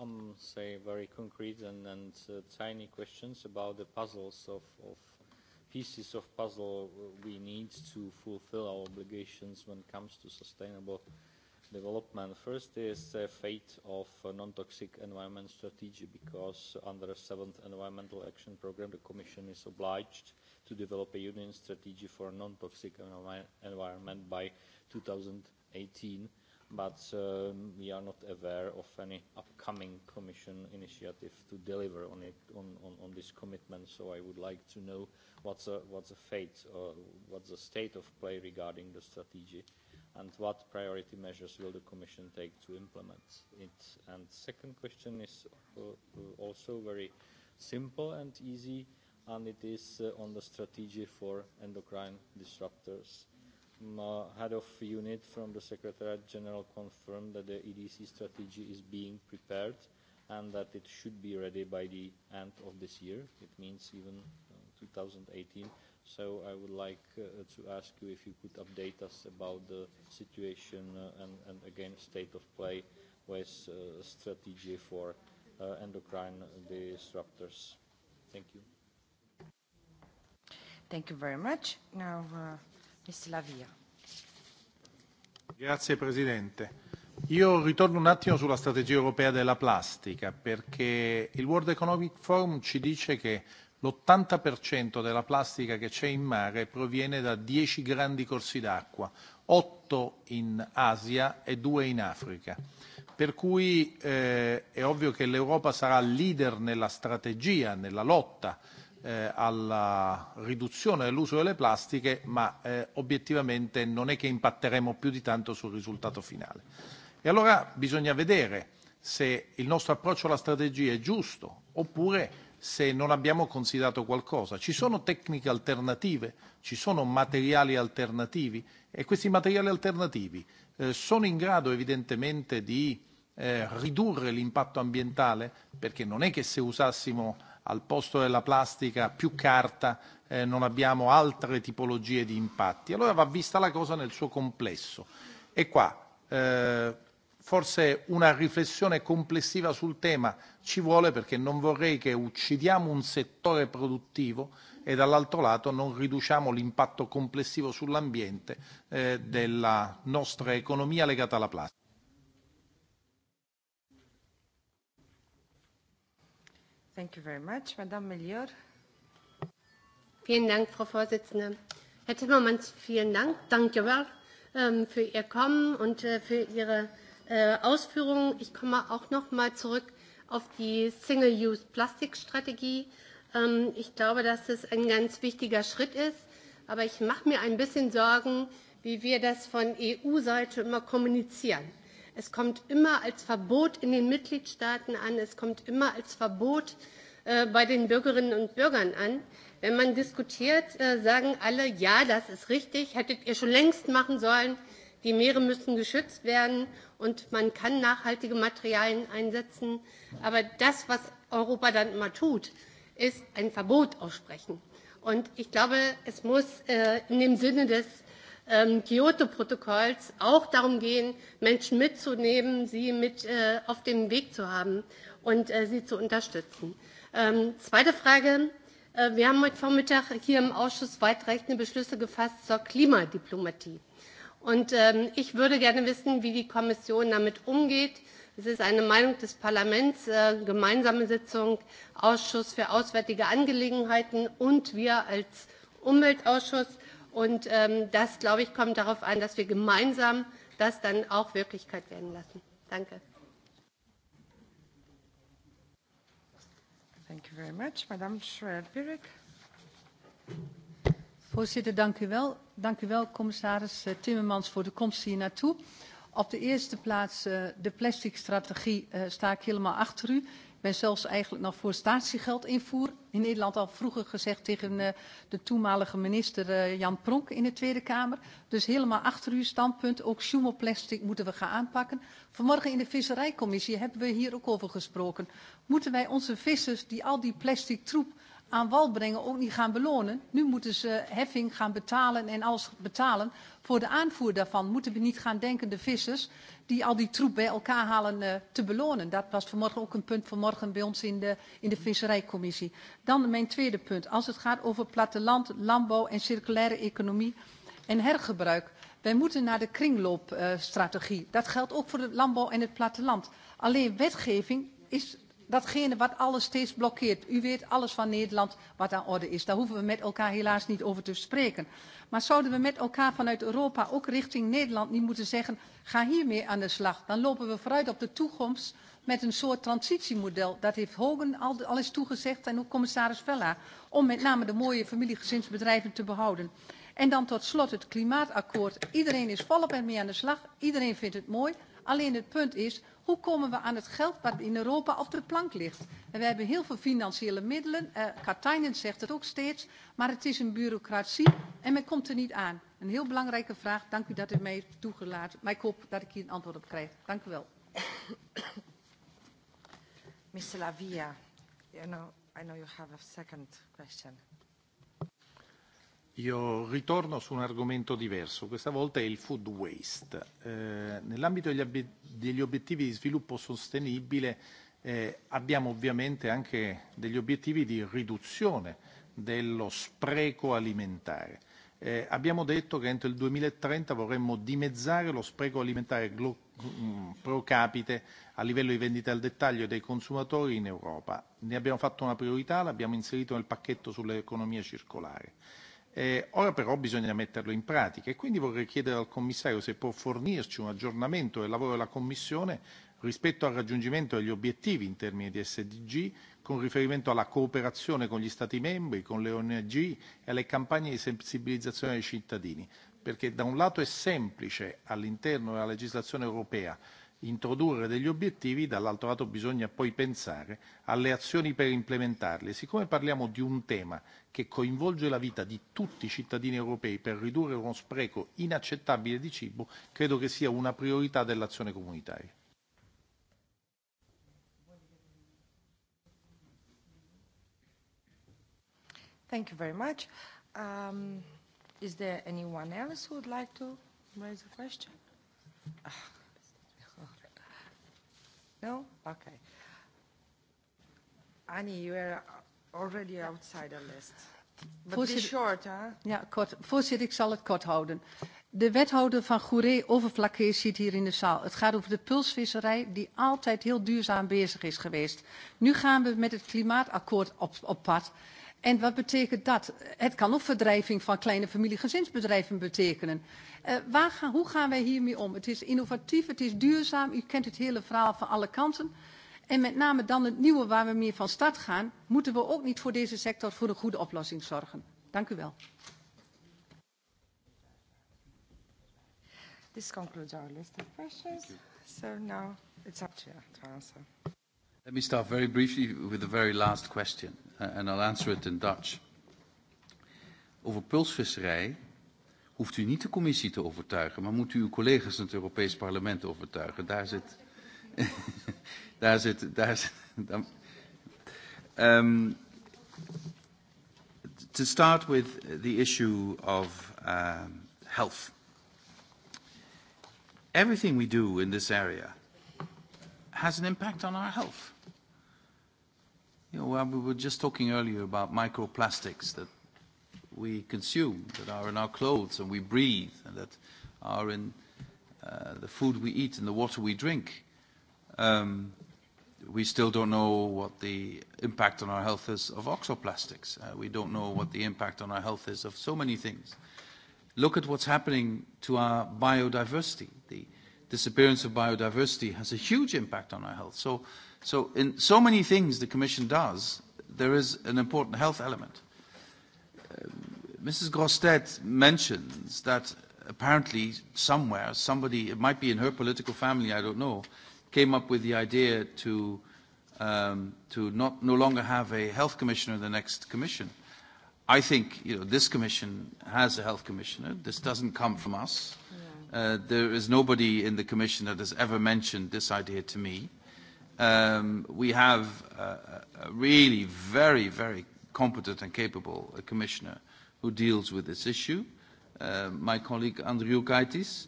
um, say, very concrete and, and uh, tiny questions about the puzzles of, of pieces of puzzle we need to fulfill our obligations when it comes to sustainable development. First is the uh, fate of uh, non-toxic environment strategy, because under the seventh environmental action program, the Commission is obliged uh, to develop a Union strategy for non-toxic environment by 2018, but um, we are not aware of any upcoming Commission initiative to deliver on, it, on, on, on this commitment. So I would like to know what's the what's a fate or uh, what's the state of play regarding the strategy and what priority measures will the Commission take to implement it? And second question is uh, uh, also very simple and easy and it is uh, on the strategy for endocrine disruptors. My head of unit from the Secretariat General confirmed that the EDC strategy is being prepared and that it should be ready by the end of this year. It means even uh, 2018. So I would like uh, to ask you if you could update us about the situation uh, and, and again state of play with uh, strategy for uh, endocrine disruptors. Thank you. Thank you very much. Now, uh, Mr. Lavia. Grazie Presidente. Io ritorno un attimo sulla strategia europea della plastica perché il World Economic Forum ci dice che l'80% della plastica che c'è in mare proviene da 10 grandi corsi d'acqua, 8 in Asia e 2 in Africa. Per cui eh, è ovvio che l'Europa sarà leader nella strategia, nella lotta eh, alla riduzione dell'uso delle plastiche, ma eh, obiettivamente non è che impatteremo più di tanto sul risultato finale. E allora bisogna vedere se il nostro approccio alla strategia è giusto oppure se non abbiamo considerato qualcosa. Ci sono tecniche alternative, ci sono materiali alternativi e questi materiali alternativi eh, sono in grado evidentemente di eh, ridurre l'impatto ambientale perché non è che se usassimo al posto della plastica più carta eh, non abbiamo altre tipologie di impatti. Allora va vista la cosa nel suo complesso. E qua eh, forse una riflessione complessiva sul tema ci vuole perché non vorrei che uccidiamo un settore produttivo e dall'altro lato non riduciamo l'impatto complessivo sull'ambiente eh, della nostra economia legata alla plastica. Thank you very much. Madame Melior. Vielen Dank, Frau Vorsitzende. Herr Timmermans, vielen Dank. Danke ähm, für Ihr Kommen und äh, für Ihre äh, Ausführungen. Ich komme auch noch mal zurück auf die Single-Use-Plastik-Strategie. Ähm, ich glaube, dass es ein ganz wichtiger Schritt ist. Aber ich mache mir ein bisschen Sorgen, wie wir das von EU-Seite immer kommunizieren. Es kommt immer als Verbot in den Mitgliedstaaten an. Es kommt immer als Verbot äh, bei den Bürgerinnen und Bürgern an. Wenn man diskutiert, äh, sagen alle, ja, das ist richtig, hättet ihr schon längst machen sollen. Die Meere müssen geschützt werden und man kann nachhaltige Materialien einsetzen. Aber das, was Europa dann immer tut, ist ein Verbot aussprechen. Und ich glaube, es muss äh, in dem Sinne des ähm, Kyoto-Protokolls auch darum gehen, Menschen mitzunehmen, sie mit äh, auf dem Weg zu haben und äh, sie zu unterstützen. Ähm, zweite Frage. Äh, wir haben heute Vormittag hier im Ausschuss weitreichende Beschlüsse gefasst zur Klimadiplomatie. Und ähm, ich würde gerne wissen, wie die Kommission damit umgeht. Es ist eine Meinung des Parlaments, äh, gemeinsame Sitzung, Ausschuss für auswärtige Angelegenheiten und wir als Umweltausschuss. Und ähm, das, glaube ich, kommt darauf an, dass wir gemeinsam das dann auch Wirklichkeit werden lassen. Danke. Thank you very much. Madame Schreier-Pirik. Voorzitter, dank u wel. Dank u wel, commissaris eh, Timmermans, voor de komst hier naartoe. Op de eerste plaats uh, de plastic strategie uh, sta ik helemaal achter u ben zelfs eigenlijk nog voor statiegeldinvoer in Nederland al vroeger gezegd tegen uh, de toenmalige minister uh, Jan Pronk in de Tweede Kamer. Dus helemaal achter uw standpunt. Ook sjoemelplastic moeten we gaan aanpakken. Vanmorgen in de Visserijcommissie hebben we hier ook over gesproken. Moeten wij onze vissers die al die plastic troep aan wal brengen ook niet gaan belonen. Nu moeten ze heffing gaan betalen en als betalen voor de aanvoer daarvan. Moeten we niet gaan denken de vissers die al die troep bij elkaar halen uh, te belonen. Dat was vanmorgen ook een punt vanmorgen bij ons in de, in de visserijcommissie. Dan mijn tweede punt. Als het gaat over platteland, landbouw en circulaire economie en hergebruik. Wij moeten naar de kringloopstrategie. Uh, strategie. dat geldt ook voor de landbouw en het platteland. Alleen wetgeving is datgene wat alles steeds blokkeert. U weet alles van Nederland wat aan orde is. Daar hoeven we met elkaar helaas niet over te spreken. Maar zouden we met elkaar vanuit Europa ook richting Nederland niet moeten zeggen, ga hiermee aan de slag. Dan lopen we vooruit op de toekomst met een soort transitiemodel. Dat heeft Hogan al, al eens toegezegd en ook commissaris Vella. Om met name de mooie familiegezinsbedrijven te behouden. En dan tot slot het klimaatakkoord. Iedereen is volop ermee aan de slag. Iedereen vindt het mooi. Alleen het punt is, Hoe komen we aan het geld wat in Europa op de plank ligt? En we hebben heel veel financiële middelen. Uh, eh, Katainen zegt het ook steeds. Maar het is een bureaucratie en men komt er niet aan. Een heel belangrijke vraag. Dank u dat u mij heeft toegelaten. Maar ik hoop dat ik hier een antwoord op krijg. Dank u wel. Mr. Lavia, you know, I know you have a second question. Io ritorno su un argomento diverso, questa volta è il food waste. Eh, nell'ambito degli, ob- degli obiettivi di sviluppo sostenibile eh, abbiamo ovviamente anche degli obiettivi di riduzione dello spreco alimentare. Eh, abbiamo detto che entro il 2030 vorremmo dimezzare lo spreco alimentare glo- mm, pro capite a livello di vendita al dettaglio dei consumatori in Europa. Ne abbiamo fatto una priorità, l'abbiamo inserito nel pacchetto sull'economia circolare. Eh, ora però bisogna metterlo in pratica e quindi vorrei chiedere al Commissario se può fornirci un aggiornamento del lavoro della Commissione rispetto al raggiungimento degli obiettivi in termini di SDG con riferimento alla cooperazione con gli Stati membri, con le ONG e alle campagne di sensibilizzazione dei cittadini, perché da un lato è semplice all'interno della legislazione europea introdurre degli obiettivi, dall'altro lato bisogna poi pensare alle azioni per implementarli. Siccome parliamo di un tema che coinvolge la vita di tutti i cittadini europei per ridurre uno spreco inaccettabile di cibo, credo che sia una priorità dell'azione comunitaria. Thank you very much. Um, is there anyone else who would like to raise a question? Uh. No? Okay. Annie, you are already outside the list. But voorzitter, be short, hè? Huh? Ja, kort. Voorzitter, ik zal het kort houden. De wethouder van Goeree Overflakkee zit hier in de zaal. Het gaat over de pulsvisserij die altijd heel duurzaam bezig is geweest. Nu gaan we met het klimaatakkoord op, op pad. En wat betekent dat? Het kan ook verdrijving van kleine familiegezinsbedrijven betekenen. Uh, waar gaan, hoe gaan wij hiermee om? Het is innovatief, het is duurzaam. U kent het hele verhaal van alle kanten. En met name dan het nieuwe waar we meer van start gaan, moeten we ook niet voor deze sector voor een goede oplossing zorgen. Dank u wel. This concludes our list of questions. So now it's up to you to answer. Let me start very briefly with the very last question, uh, and I'll answer it in Dutch. Over pulsvisserij hoeft u niet de commissie te overtuigen, maar moet u uw collega's in het Europees Parlement overtuigen. Daar zit... daar zit... Daar zit daar, um, ehm, to start with the issue of um, health. Everything we do in this area has an impact on our health. You know, well, we were just talking earlier about microplastics that we consume, that are in our clothes and we breathe, and that are in uh, the food we eat and the water we drink. Um, we still don't know what the impact on our health is of oxoplastics. Uh, we don't know what the impact on our health is of so many things. Look at what's happening to our biodiversity. The disappearance of biodiversity has a huge impact on our health. So So in so many things the Commission does, there is an important health element. Uh, Mrs. Grosstedt mentions that apparently somewhere, somebody, it might be in her political family, I don't know, came up with the idea to, um, to not, no longer have a health commissioner in the next commission. I think you know, this commission has a health commissioner. This doesn't come from us. Yeah. Uh, there is nobody in the commission that has ever mentioned this idea to me um, we have uh, a really very, very competent and capable uh, commissioner who deals with this issue, uh, my colleague Andrew Kaitis,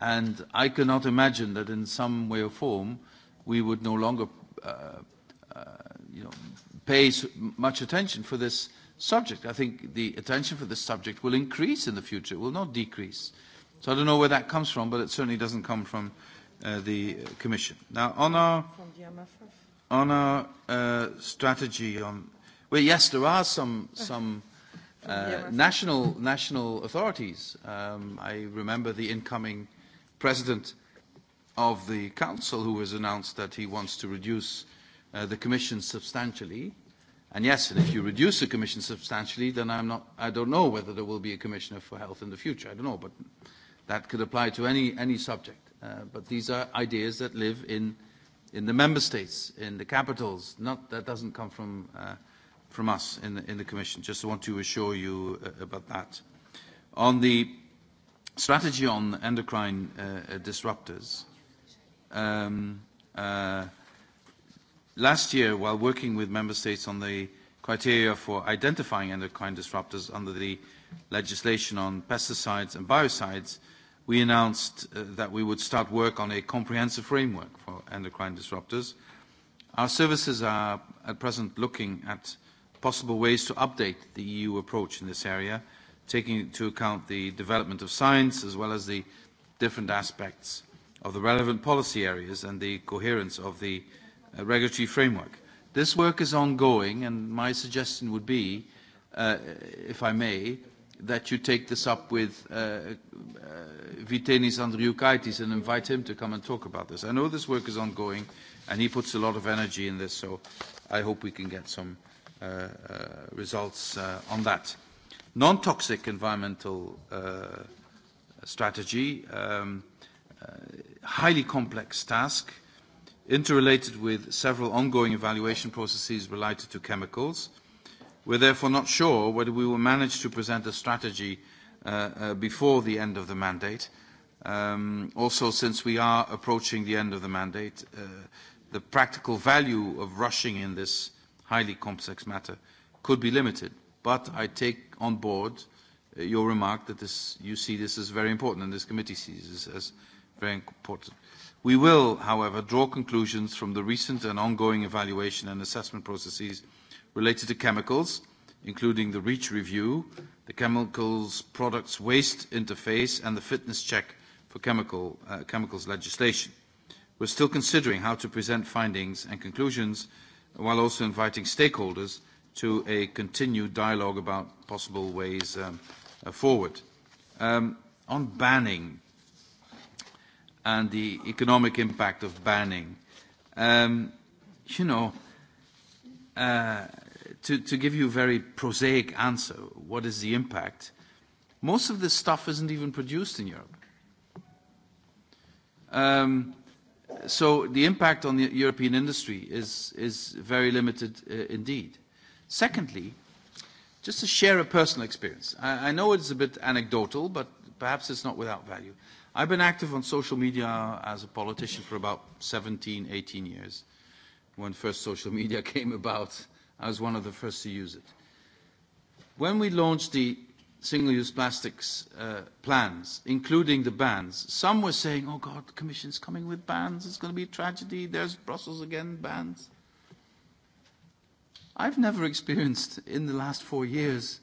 and I cannot imagine that in some way or form we would no longer uh, uh, you know, pay much attention for this subject. I think the attention for this subject will increase in the future, it will not decrease. So I don't know where that comes from, but it certainly doesn't come from uh, uh, the Commission. Now, on our, on our uh, strategy on... Well, yes, there are some, some uh, national, national authorities. Um, I remember the incoming president of the Council who has announced that he wants to reduce uh, the Commission substantially. And yes, and if you reduce the Commission substantially, then I'm not, I don't know whether there will be a Commissioner for Health in the future. I don't know, but that could apply to any, any subject. Uh, but these are ideas that live in, in the member states, in the capitals. Not, that doesn't come from, uh, from us in the, in the Commission. Just want to assure you uh, about that. On the strategy on endocrine uh, disruptors, um, uh, last year, while working with member states on the criteria for identifying endocrine disruptors under the legislation on pesticides and biocides, uh, we announced uh, that we would start work on a comprehensive framework for endocrine disruptors. Our services are at present looking at possible ways to update the EU approach in this area, taking into account the development of science as well as the different aspects of the relevant policy areas and the coherence of the uh, regulatory framework. This work is ongoing, and my suggestion would be, uh, if I may, uh, that you take this up with uh, uh, Vitenis Andriukaitis and invite him to come and talk about this. I know this work is ongoing, and he puts a lot of energy in this, so I hope we can get some uh, uh, results uh, on that. Non-toxic environmental uh, strategy, um, uh, highly complex task, interrelated with several ongoing evaluation processes related to chemicals – We're therefore not sure whether we will manage to present a strategy uh, uh, before the end of the mandate. Um, also, since we are approaching the end of the mandate, uh, the practical value of rushing in this highly complex matter could be limited. But I take on board uh, your remark that this, you see this as very important, and this committee sees this as very important. We will, however, draw conclusions from the recent and ongoing evaluation and assessment processes uh, related to chemicals, including the REACH review, the Chemicals Products Waste Interface, and the fitness check for chemical, uh, chemicals legislation. We're still considering how to present findings and conclusions while also inviting stakeholders to a continued dialogue about possible ways um, uh, forward. Um, on banning and the economic impact of banning, um, you know, uh, uh, to, to give you a very prosaic answer, what is the impact? Most of this stuff isn't even produced in Europe. Um, so the impact on the European industry is, is very limited uh, indeed. Secondly, just to share a personal experience. I, I know it's a bit anecdotal, but perhaps it's not without value. I've been active on social media as a politician for about 17, 18 years when first social media came about, I was one of the first to use it. When we launched the single-use plastics uh, plans, including the bans, some were saying, oh God, the Commission's coming with bans, it's going to be a tragedy, there's Brussels again, bans. I've never experienced in the last four years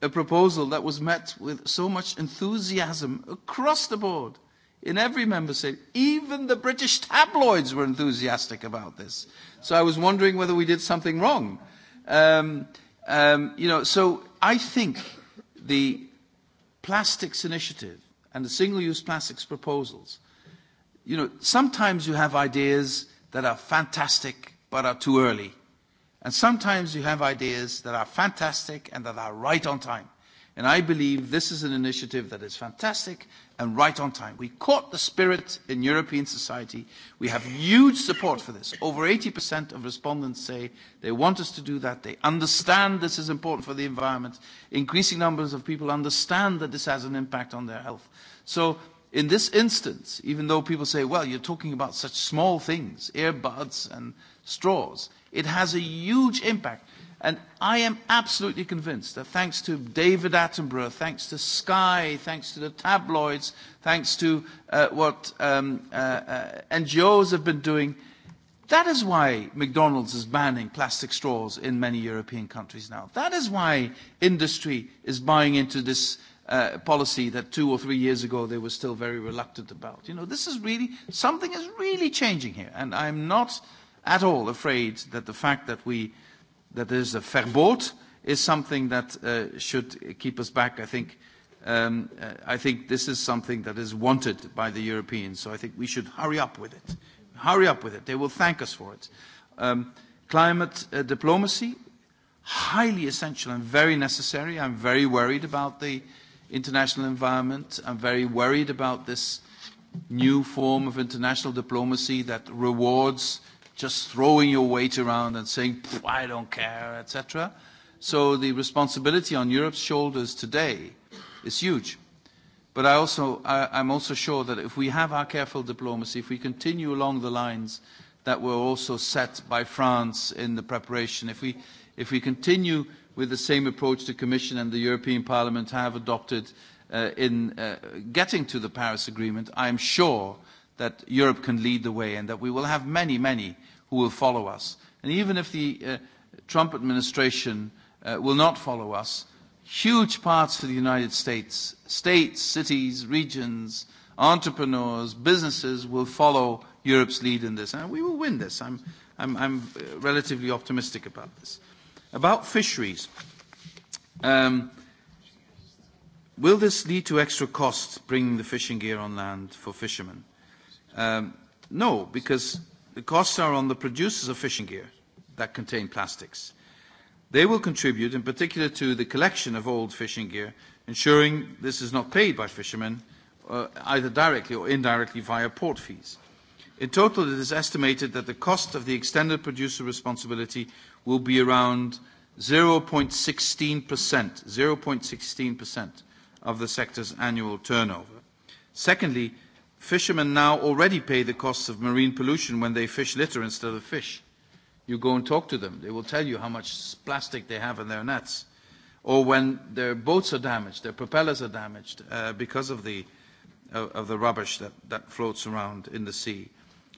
a proposal that was met with so much enthusiasm across the board – in every member state. Even the British tabloids were enthusiastic about this. So I was wondering whether we did something wrong. Um, um, you know, so I think the plastics initiative and the single-use plastics proposals, you know, sometimes you have ideas that are fantastic but are too early. And sometimes you have ideas that are fantastic and that are right on time. And I believe this is an initiative that is fantastic and right on time. We caught the spirit in European society. We have huge support for this. Over 80% of respondents say they want us to do that. They understand this is important for the environment. Increasing numbers of people understand that this has an impact on their health. So in this instance, even though people say, well, you're talking about such small things, earbuds and straws, it has a huge impact. And I am absolutely convinced that thanks to David Attenborough, thanks to Sky, thanks to the tabloids, thanks to uh, what um, uh, uh, NGOs have been doing, that is why McDonald's is banning plastic straws in many European countries now. That is why industry is buying into this uh, policy that two or three years ago they were still very reluctant about. You know, this is really, something is really changing here. And I'm not at all afraid that the fact that we uh, that is a verbod is something that uh, should keep us back. I think, um, uh, I think this is something that is wanted by the Europeans, so I think we should hurry up with it. Hurry up with it. They will thank us for it. Um, climate uh, diplomacy, highly essential and very necessary. I'm very worried about the international environment. I'm very worried about this new form of international diplomacy that rewards uh, just throwing your weight around and saying, I don't care, etc. So the responsibility on Europe's shoulders today is huge. But I also, I, I'm also sure that if we have our careful diplomacy, if we continue along the lines that were also set by France in the preparation, if we, if we continue with the same approach the Commission and the European Parliament have adopted uh, in uh, getting to the Paris Agreement, I'm sure uh, that Europe can lead the way and that we will have many, many who will follow us. And even if the uh, Trump administration uh, will not follow us, huge parts of the United States, states, cities, regions, entrepreneurs, businesses will follow Europe's lead in this. And we will win this. I'm, I'm, I'm uh, relatively optimistic about this. About fisheries, um, will this lead to extra costs bringing the fishing gear on land for fishermen? Um, no, because the costs are on the producers of fishing gear that contain plastics. They will contribute in particular to the collection of old fishing gear, ensuring this is not paid by fishermen uh, either directly or indirectly via port fees. In total, it is estimated that the cost of the extended producer responsibility will be around 0.16%, 0.16% of the sector's annual turnover. Secondly, Fishermen now already pay the costs of marine pollution when they fish litter instead of fish. You go and talk to them, they will tell you how much plastic they have in their nets. Or when their boats are damaged, their propellers are damaged uh, because of the, uh, of the rubbish that, that floats around in the sea.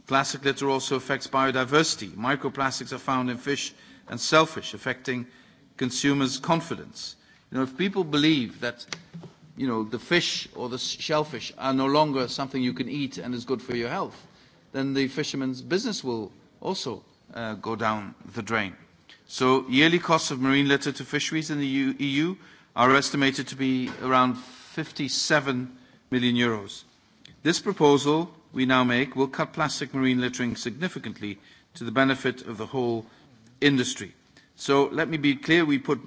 Plastic litter also affects biodiversity. Microplastics are found in fish and shellfish, affecting consumers' confidence. You know, if people believe that you know, the fish or the shellfish are no longer something you can eat and is good for your health, then the fisherman's business will also uh, go down the drain. So yearly costs of marine litter to fisheries in the EU, EU are estimated to be around 57 million euros. This proposal we now make will cut plastic marine littering significantly to the benefit of the whole industry. So let me be clear, we put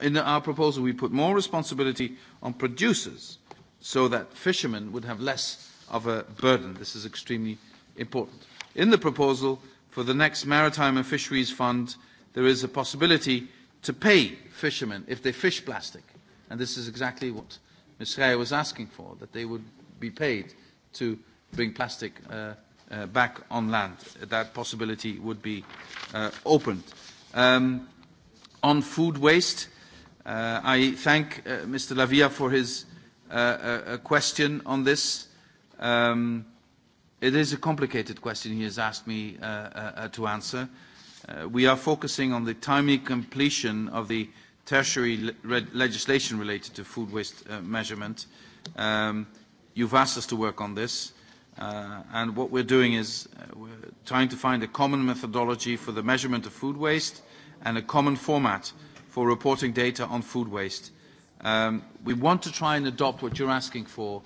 in our proposal, we put more responsibility on producers so that fishermen would have less of a burden. This is extremely important. In the proposal for the next Maritime and Fisheries Fund, there is a possibility to pay fishermen if they fish plastic. And this is exactly what Ms. Schreier was asking for, that they would be paid to bring plastic uh, uh, back on land. That possibility would be uh, opened. Um, on food waste, Uh, I thank uh, Mr. Lavia for his uh, uh, question on this. Um, it is a complicated question he has asked me uh, uh, uh, to answer. Uh, we are focusing on the timely completion of the tertiary le legislation related to food waste uh, measurement. Um, you've asked us to work on this. Uh, and what we're doing is uh, we're trying to find a common methodology for the measurement of food waste and a common format uh, for reporting data on food waste. Um, we want to try and adopt what you're asking for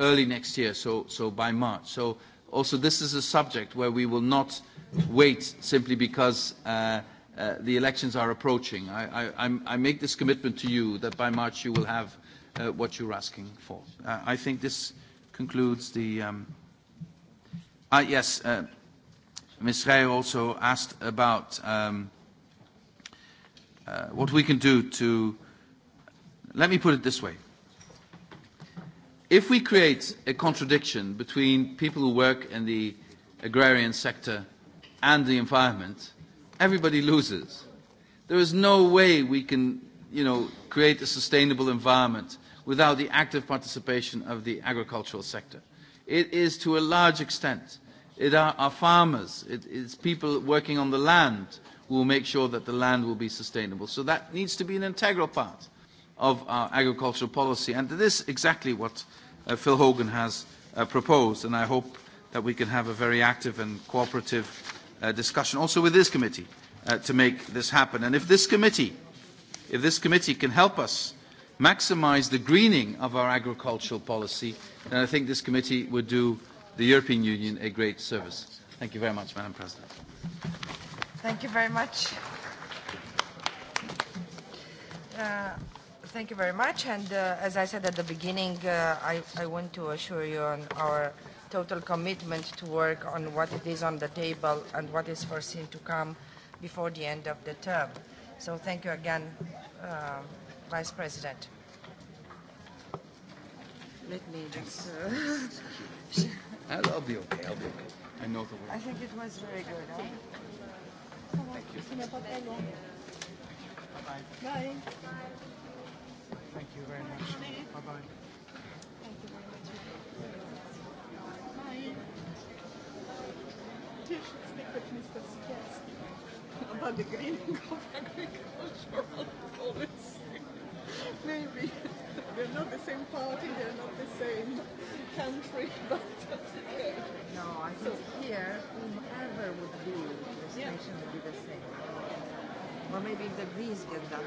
early next year, so, so by March. So also this is a subject where we will not wait simply because uh, uh, the elections are approaching. I, I, I'm, I make this commitment to you that by March you will have uh, what you're asking for. Uh, I think this concludes the... Um, uh, yes, uh, Ms. Schreier also asked about... Um, uh, uh, what we can do to, let me put it this way. If we create a contradiction between people who work in the agrarian sector and the environment, everybody loses. There is no way we can, you know, create a sustainable environment without the active participation of the agricultural sector. It is to a large extent. It are our farmers, it is people working on the land, uh, will make sure that the land will be sustainable. So that needs to be an integral part of our agricultural policy. And this is exactly what uh, Phil Hogan has uh, proposed. And I hope that we can have a very active and cooperative uh, discussion also with this committee uh, to make this happen. And if this committee, if this committee can help us maximize the greening of our agricultural policy, then I think this committee would do the European Union a great service. Thank you very much, Madam President. Thank you very much. Uh, thank you very much. And uh, as I said at the beginning, uh, I, I want to assure you on our total commitment to work on what is on the table and what is foreseen to come before the end of the term. So thank you again, uh, Vice President. Let me just... Uh, I'll, I'll be okay, I'll be okay. I know the way. I think it was very good. Huh? Sì, mio fratello. Bye. Thank you very much. Bye bye. Thank you very much. Bye. You should speak with Mr. Sikersky about the greening of agricultural policy. Maybe. we're not the same party, we're not the same country, but okay. No, I think so, here, whomever would be, the situation yeah. would be the same. Or maybe if the Greens get done.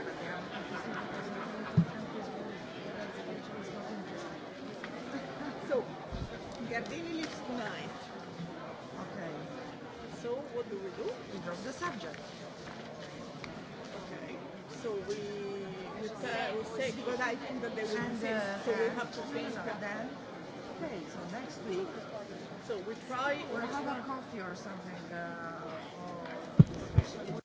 So, Gardini leaves tonight. Okay. So, what do we do? We drop the subject. Okay. So, we it's uh, sick, but I think that they will and, insist, uh, so we have to think uh, that. Then, okay, so next week. So we try. We'll have a coffee or something. Uh, or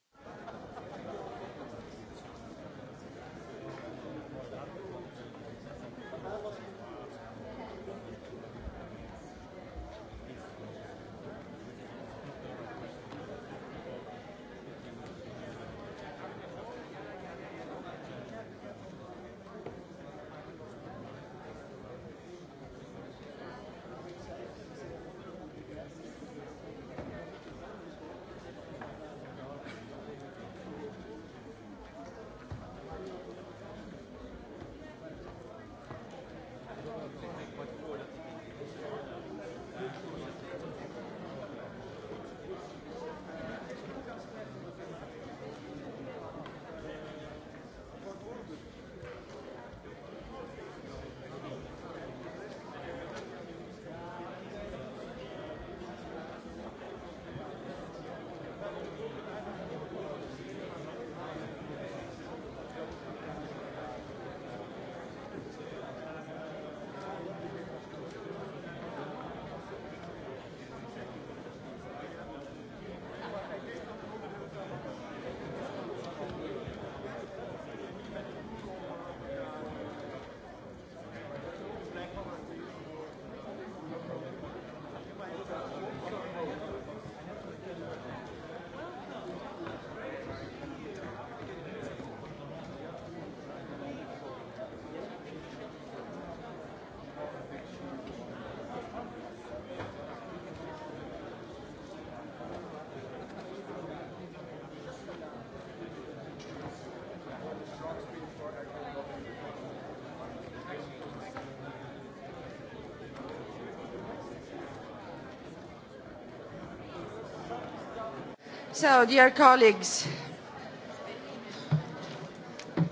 So, dear colleagues,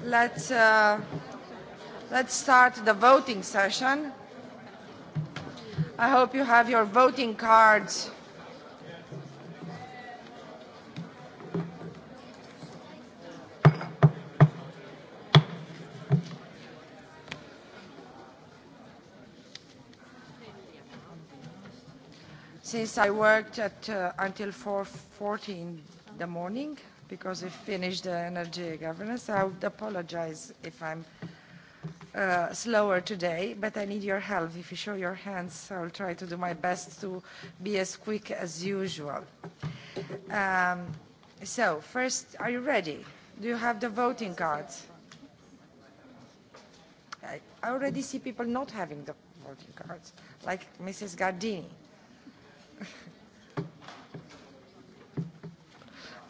let's, uh, let's start the voting session. I hope you have your voting cards business, I worked at uh, until 4.40 in the morning because we finished the energy governance. I would apologize if I'm uh, slower today, but I need your help. If you show your hands, I'll try to do my best to be as quick as usual. Um, so, first, are you ready? Do you have the voting cards? I already see people not having the voting cards, like Mrs. Gardini.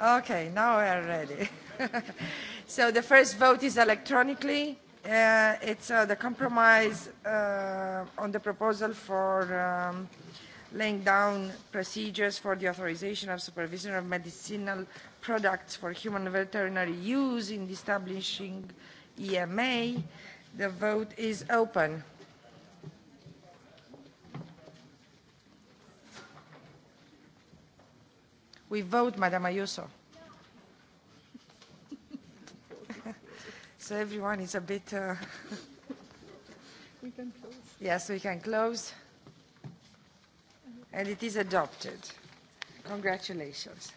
Okay, now we are ready. so the first vote is electronically. Uh, it's uh, the compromise uh, on the proposal for um, laying down procedures for the authorization of supervision of medicinal products for human veterinary use in establishing EMA. The vote is open. We vote, Madam Ayuso. so everyone is a bit... Uh... we can close. Yes, we can close. And it is adopted. Congratulations.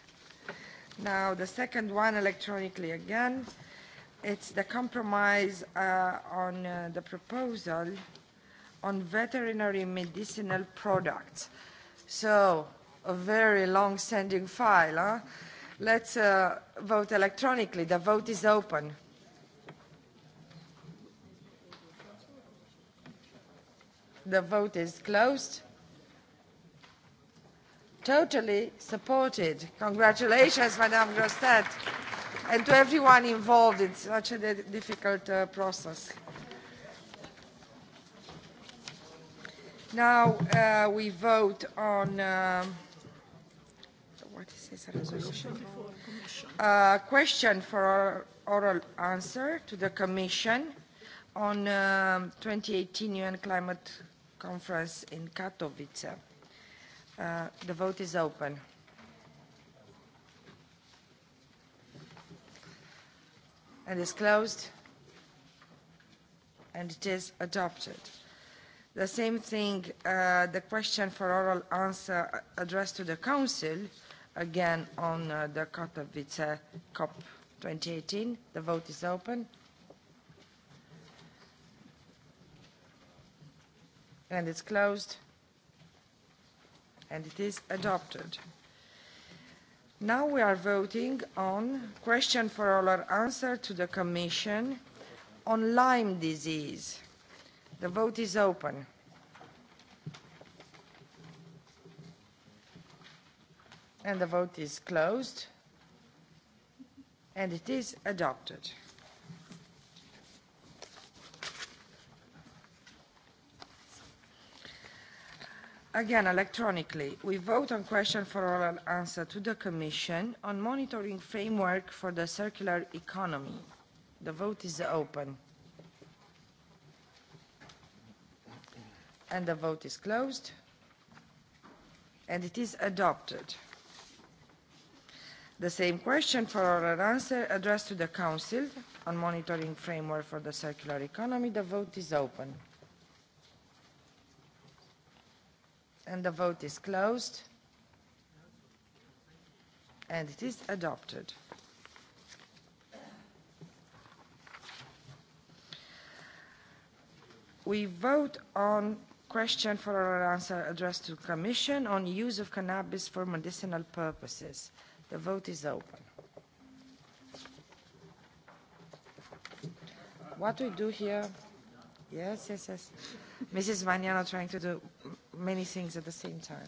Now, the second one electronically again. It's the compromise uh, on uh, the proposal on veterinary medicinal products. So a very long-standing file. Huh? Let's uh, vote electronically. The vote is open. The vote is closed. Totally supported. Congratulations, Madame Grostet, and to everyone involved in such a difficult uh, process. Now uh, we vote on... Uh, um, what is this resolution? Uh, question for oral answer to the Commission on um, 2018 UN Climate Conference in Katowice. Uh, the vote is open. And is closed. And it is adopted. The same thing, uh, the question for oral answer addressed to the Council again on uh, the Katowice COP 2018. The vote is open. And it's closed. And it is adopted. Now we are voting on question for all our answer to the Commission on Lyme disease. The vote is open. and the vote is closed, and it is adopted. Again, electronically, we vote on question for oral answer to the Commission on monitoring framework for the circular economy. The vote is open. And the vote is closed. And it is adopted. The same question for oral answer addressed to the Council on monitoring framework for the circular economy. The vote is open. And the vote is closed. And it is adopted. We vote on question for oral answer addressed to Commission on use of cannabis for medicinal purposes. Uh, The vote is open. What we do here, yes, yes, yes. Mrs. Magnano trying to do many things at the same time.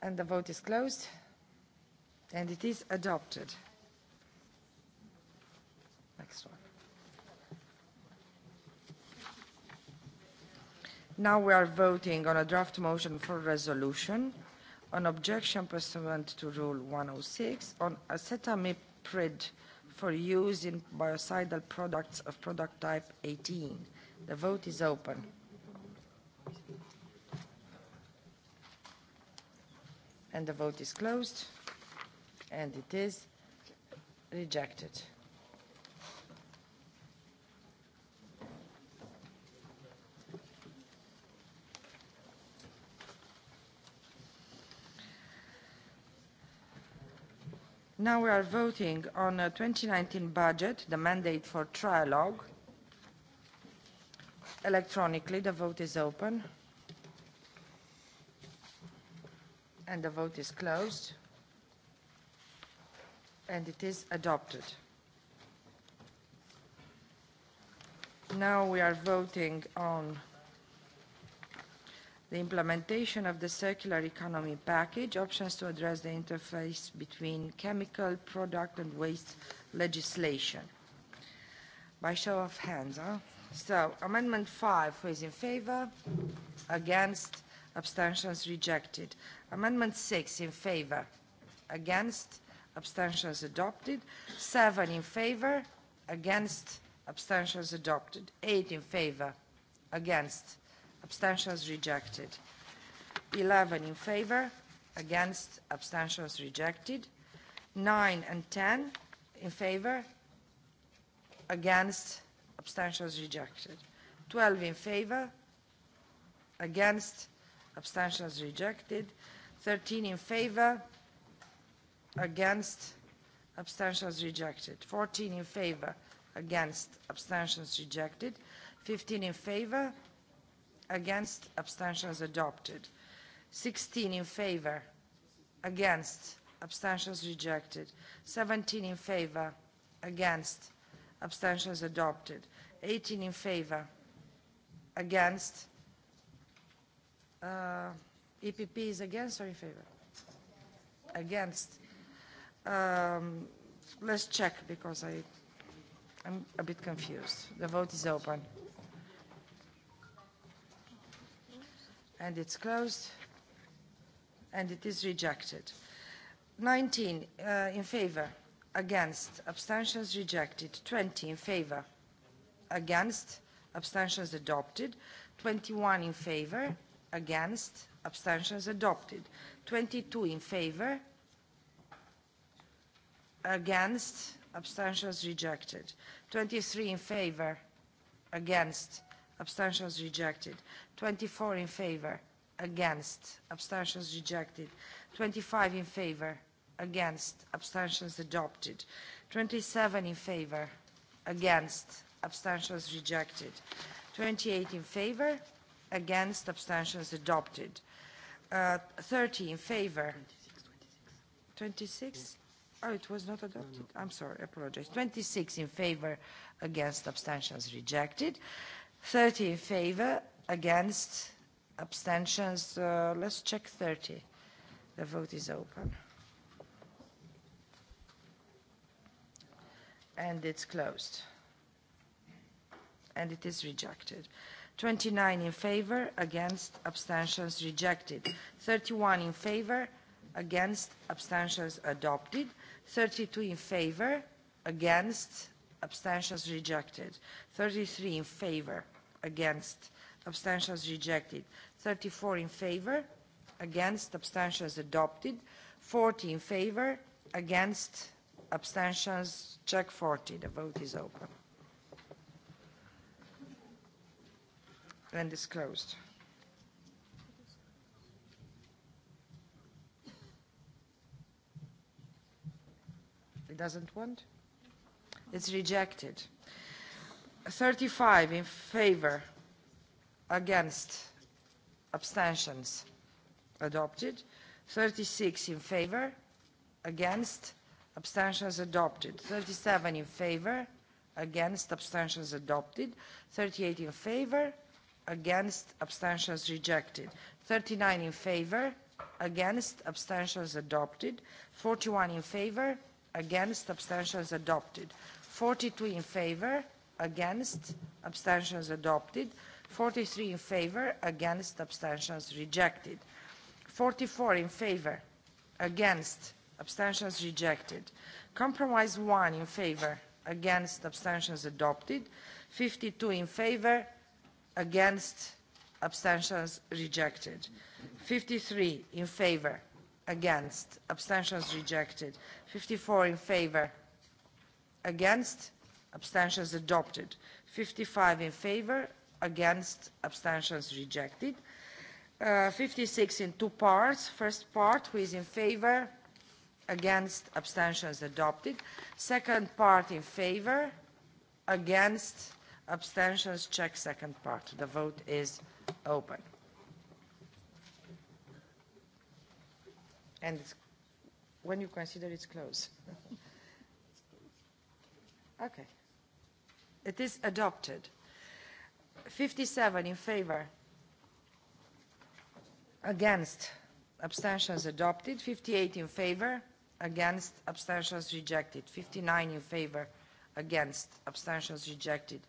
And the vote is closed. And it is adopted. Next one. Now we are voting on a draft motion for resolution on objection pursuant to Rule 106 on acetamiprid for use in biocidal products of product type 18. The vote is open. And the vote is closed, and it is rejected. Now we are voting on the 2019 budget, the mandate for trialogue. Electronically, the vote is open. And the vote is closed. And it is adopted. Now we are voting on the implementation of the circular economy package, options to address the interface between chemical, product and waste legislation. By show of hands, huh? So, Amendment 5, who is in favor? Against? Abstentions rejected. Amendment 6, in favor? Against? Abstentions adopted. 7, in favor? Against? Abstentions adopted. 8, in favor? Against? abstentions rejected. 11 in favor, against, abstentions rejected. 9 and 10 in favor, against, abstentions rejected. 12 in favor, against, abstentions rejected. 13 in favor, against, abstentions rejected. 14 in favor, against, abstentions rejected. 15 in favor, against, against abstentions adopted 16 in favor against abstentions rejected 17 in favor against abstentions adopted 18 in favor against uh, EPP is against or in favor against um, let's check because I I'm a bit confused the vote is open and it's closed and it is rejected 19 uh, in favor against abstentions rejected 20 in favor against abstentions adopted 21 in favor against abstentions adopted 22 in favor against abstentions rejected 23 in favor against abstentions rejected 24 in favor, against, abstentions rejected. 25 in favor, against, abstentions adopted. 27 in favor, against, abstentions rejected. 28 in favor, against, abstentions adopted. Uh, 30 in favor. 26? Oh, it was not adopted. I'm sorry, I apologize. 26 in favor, against, abstentions rejected. 30 in favor, against, abstentions. Uh, let's check 30. The vote is open. And it's closed. And it is rejected. 29 in favor, against, abstentions rejected. 31 in favor, against, abstentions adopted. 32 in favor, against, abstentions rejected. 33 in favor, against, abstentions rejected. 34 in favor, against, abstentions adopted. 40 in favor, against, abstentions, check 40. The vote is open. And is closed. It doesn't want? It's rejected. 35 in favor, against abstentions adopted 36 in favor against abstentions adopted 37 in favor against abstentions adopted 38 in favor against abstentions rejected 39 in favor against abstentions adopted 41 in favor against abstentions adopted 42 in favor against abstentions adopted 43 in favor, against, abstentions rejected. 44 in favor, against, abstentions rejected. Compromise 1 in favor, against, abstentions adopted. 52 in favor, against, abstentions rejected. 53 in favor, against, abstentions rejected. 54 in favor, against, abstentions adopted. 55 in favor, against abstentions rejected uh, 56 in two parts first part who is in favor against abstentions adopted second part in favor against abstentions check second part the vote is open and it's, when you consider it's closed okay it is adopted 57 in favor. Against. Abstentions adopted. 58 in favor. Against. Abstentions rejected. 59 in favor. Against. Abstentions rejected.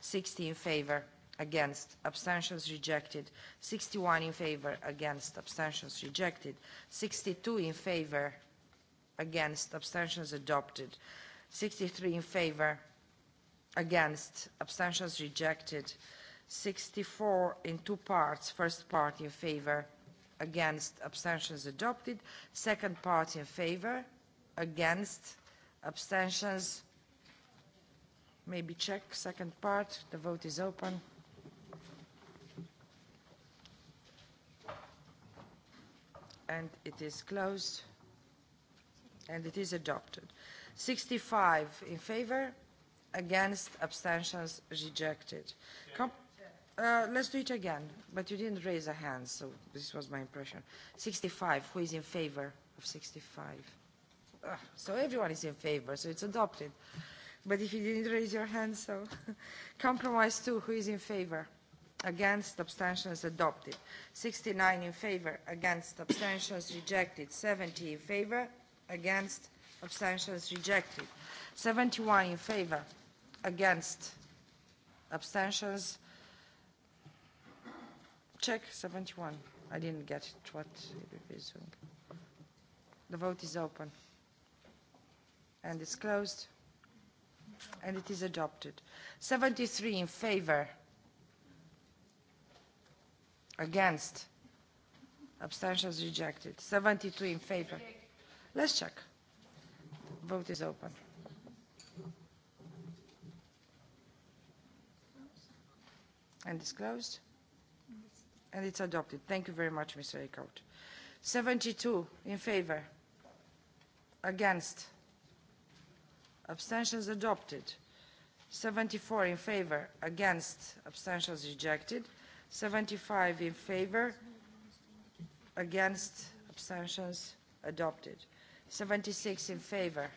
60 in favor. Against. Abstentions rejected. 61 in favor. Against. Abstentions rejected. 62 in favor. Against. Abstentions adopted. 63 in favor. Against. Abstentions rejected. 64 64 in two parts. First part in favor, against, abstentions adopted. Second part in favor, against, abstentions. Maybe check second part. The vote is open. And it is closed. And it is adopted. 65 in favor, against, abstentions rejected. Comp Uh, let's do it again, but you didn't raise a hand, so this was my impression. 65, who is in favor of 65? Uh, so everyone is in favor, so it's adopted. But if you didn't raise your hand, so compromise two, who is in favor? Against, abstentions adopted. 69 in favor, against, abstentions rejected. 70 in favor, against, abstentions rejected. 71 in favor, against, abstentions rejected Check 71. I didn't get it, what EPP is doing. The vote is open. And it's closed. And it is adopted. 73 in favor. Against. Abstentions rejected. 72 in favor. Let's check. Vote is open. And it's closed and it's adopted. Thank you very much, Mr. Eickhout. 72 in favor, against, abstentions adopted. 74 in favor, against, abstentions rejected. 75 in favor, against, abstentions adopted. 76 in favor,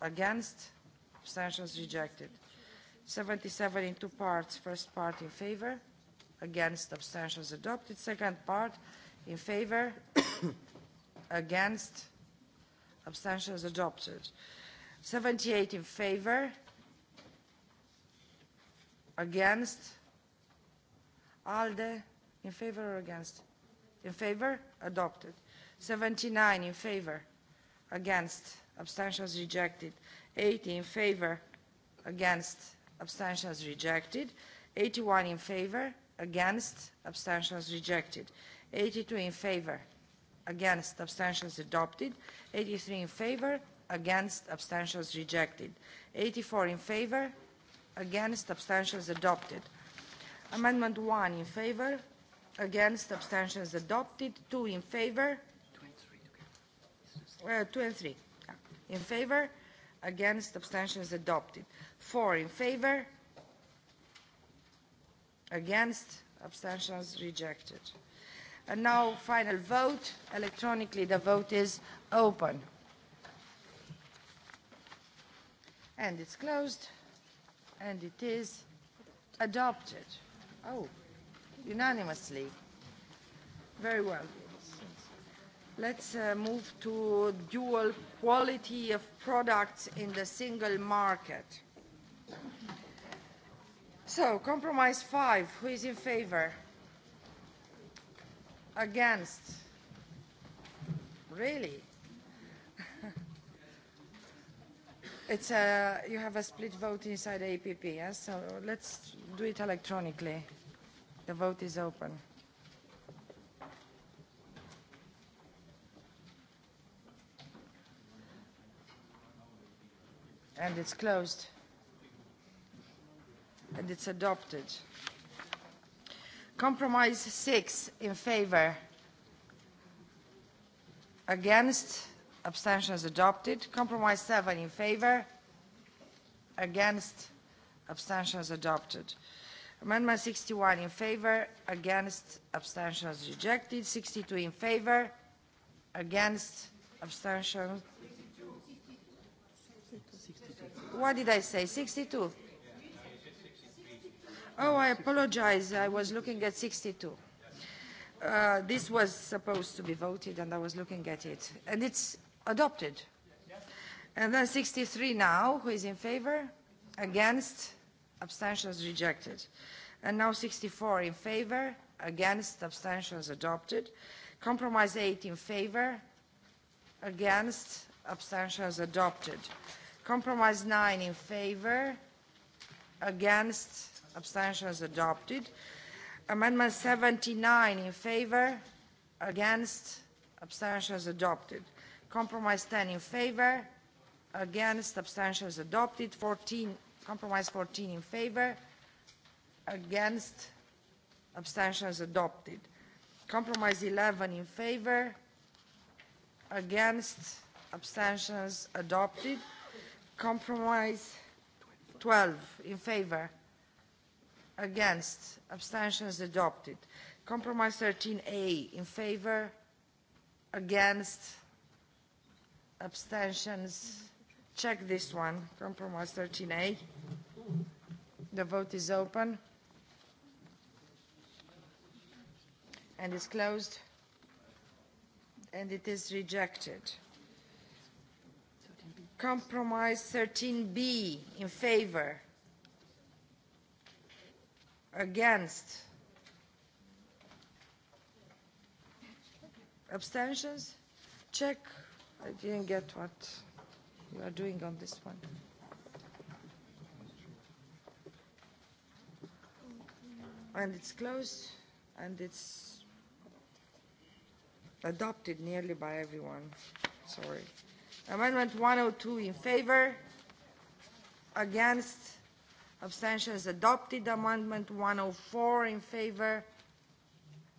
against, abstentions rejected. 77 in two parts. First part in favor, against, abstentions adopted. Second part in favor, against, abstentions adopted. 78 in favor, against, ALDE in favor or against? In favor, adopted. 79 in favor, against, abstentions rejected. 80 in favor, against, abstentions rejected. 81 in favor, against, abstentions rejected. 82 in favor, against, abstentions adopted. 83 in favor, against, abstentions rejected. 84 in favor, against, abstentions adopted. Amendment 1 in favor, against, abstentions adopted. 2 in favor, uh, 2 and 3 in favor, against abstentions adopted four in favor against abstentions rejected and now final vote electronically the vote is open and it's closed and it is adopted oh unanimously very well Let's uh, move to dual quality of products in the single market. So, compromise five, who is in favor? Against? Really? it's a, uh, you have a split vote inside APP, yes? Yeah? So let's do it electronically. The vote is open. and it's closed and it's adopted compromise 6 in favor against abstentions adopted compromise 7 in favor against abstentions adopted amendment 61 in favor against abstentions rejected 62 in favor against abstentions What did I say? 62? Oh, I apologize. I was looking at 62. Uh, this was supposed to be voted, and I was looking at it. And it's adopted. And then 63 now. Who is in favor? Against? Abstentions rejected. And now 64 in favor? Against? Abstentions adopted. Compromise 8 in favor? Against? Abstentions adopted. Uh, Compromise 9 in favor, against, abstentions adopted. Amendment 79 in favor, against, abstentions adopted. Compromise 10 in favor, against, abstentions adopted. 14, compromise 14 in favor, against, abstentions adopted. Compromise 11 in favor, against, abstentions adopted. Compromise 12 in favor, against, abstentions adopted. Compromise 13A in favor, against, abstentions. Check this one, compromise 13A. The vote is open. And is closed. And it is rejected. Compromise 13B in favor. Against. Abstentions? Check. I didn't get what you are doing on this one. And it's closed and it's adopted nearly by everyone. Sorry. Amendment 102 in favor, against, abstentions adopted. Amendment 104 in favor,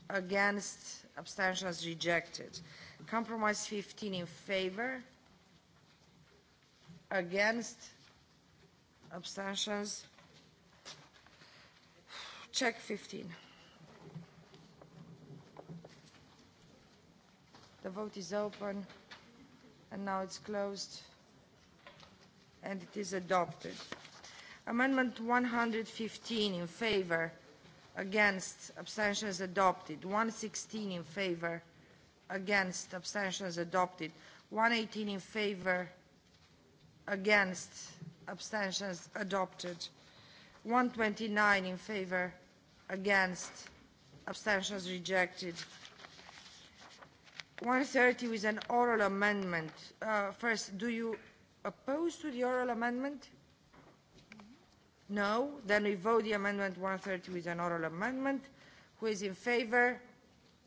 against, abstentions rejected. Compromise 15 in favor, against, abstentions. Check 15. The vote is open and now it's closed and it is adopted. Amendment 115 in favor, against, abstentions adopted. 116 in favor, against, abstentions adopted. 118 in favor, against, abstentions adopted. 129 in favor, against, abstentions rejected. 130 with an oral amendment. Uh, first, do you oppose to the oral amendment? No. Then we vote the amendment 130 with an oral amendment. Who is in favor?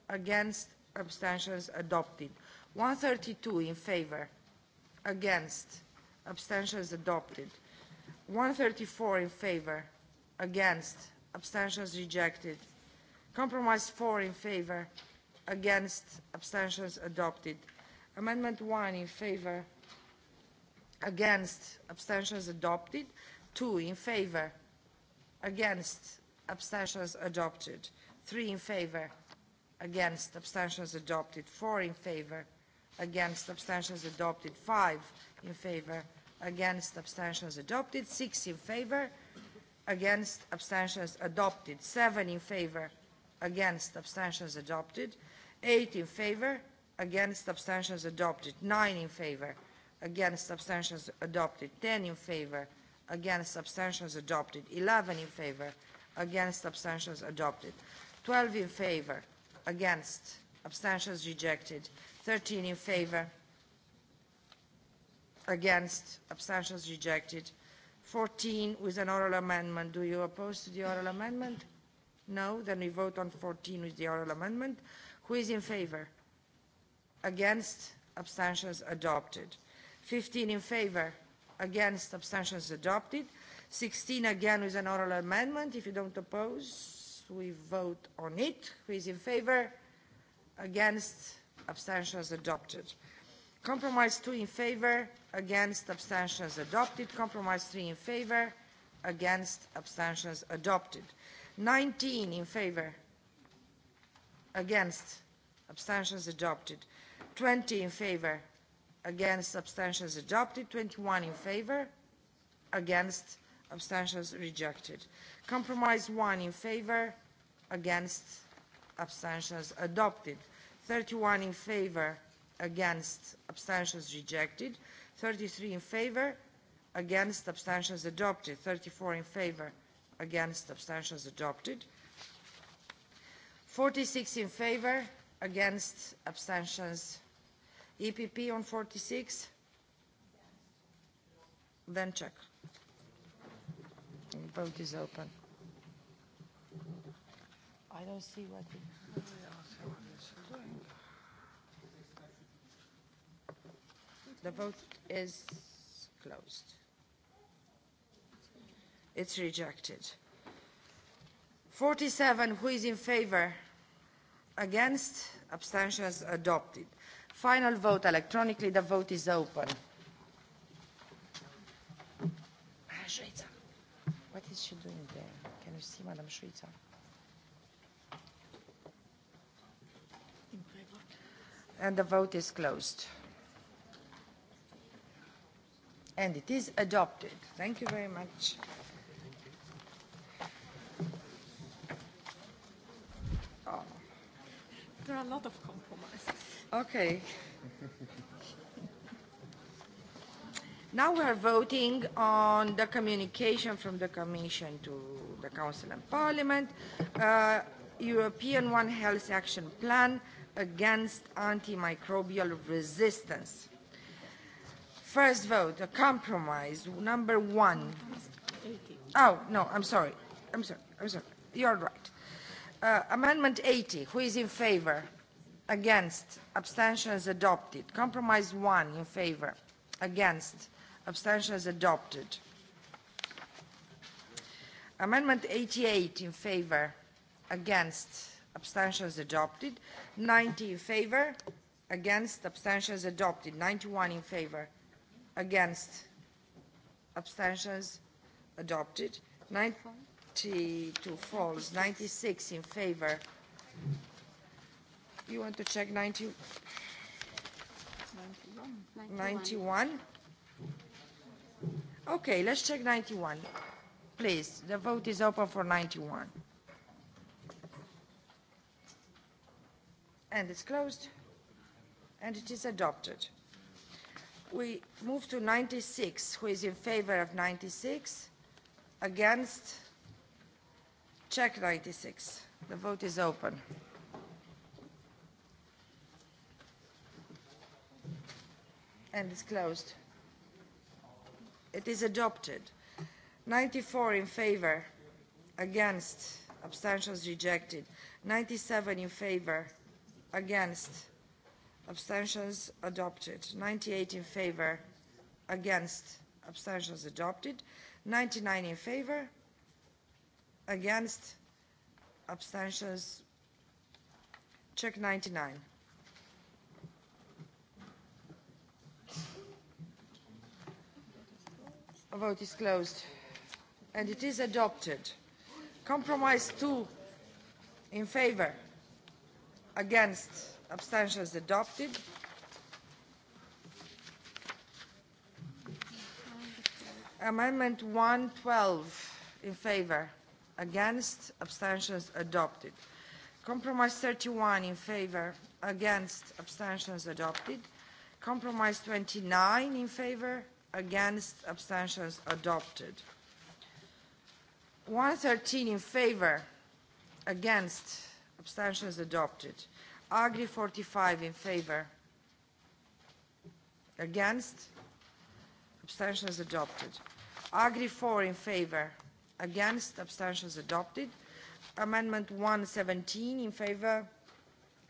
Against? Abstentions adopted. 132 in favor? Against? Abstentions adopted. 134 in favor? Against? Abstentions rejected. Compromise 4 in favor? Against? against abstentions adopted amendment 1 in favor against abstentions adopted 2 in favor against abstentions adopted 3 in favor against abstentions adopted 4 in favor against abstentions adopted 5 in favor against abstentions adopted 6 in favor against abstentions adopted 7 in favor against abstentions adopted 8 in favor against abstentions adopted 9 in favor against abstentions adopted 10 in favor against abstentions adopted 11 in favor against abstentions adopted 12 in favor against abstentions rejected 13 in favor against abstentions rejected 14 with an oral amendment do you oppose to the oral amendment No? Then we vote on 14 with the oral amendment. Who is in favor? Against? Abstentions adopted. 15 in favor? Against? Abstentions adopted. 16 again with an oral amendment. If you don't oppose, we vote on it. Who is in favor? Against? Abstentions adopted. Compromise 2 in favor? Against? Abstentions adopted. Compromise 3 in favor? Against? Abstentions adopted. 19 in favor, against, abstentions adopted. 20 in favor, against, abstentions adopted. 21 in favor, against, abstentions rejected. Compromise 1 in favor, against, abstentions adopted. 31 in favor, against, abstentions rejected. 33 in favor, against, abstentions adopted. 34 in favor, against abstentions adopted 46 in favor against abstentions EPP on 46 then check vote is open I don't see what it, the vote is closed It's rejected. 47, who is in favor? Against? Abstentions adopted. Final vote electronically. The vote is open. Ah, Schweitzer. What is she doing there? Can you see Madame Schweitzer? And the vote is closed. And it is adopted. Thank you very much. there are a lot of compromises. Okay. Now we are voting on the communication from the Commission to the Council and Parliament, uh, European One Health Action Plan against antimicrobial resistance. First vote, a compromise, number one. Oh, no, I'm sorry. I'm sorry. I'm sorry. You're right. Uh, amendment 80, who is in favor? Against. Abstentions adopted. Compromise 1, in favor. Against. Abstentions adopted. Amendment 88, in favor. Against. Abstentions adopted. 90, in favor. Against. Abstentions adopted. 91, in favor. Against. Abstentions adopted. 95? 92 falls. 96 in favor. You want to check 90? 91. 91? Okay, let's check 91. Please, the vote is open for 91. And it's closed. And it is adopted. We move to 96. Who is in favor of 96? Against? Check 96. The vote is open. And it's closed. It is adopted. 94 in favor, against, abstentions rejected. 97 in favor, against, abstentions adopted. 98 in favor, against, abstentions adopted. 99 in favor, against abstentions check 99 A vote is closed and it is adopted compromise 2 in favor against abstentions adopted amendment 112 in favor against, abstentions adopted. Compromise 31 in favor, against, abstentions adopted. Compromise 29 in favor, against, abstentions adopted. 113 in favor, against, abstentions adopted. Agri 45 in favor, against, abstentions adopted. Agri 4 in favor, against abstentions adopted amendment 117 in favor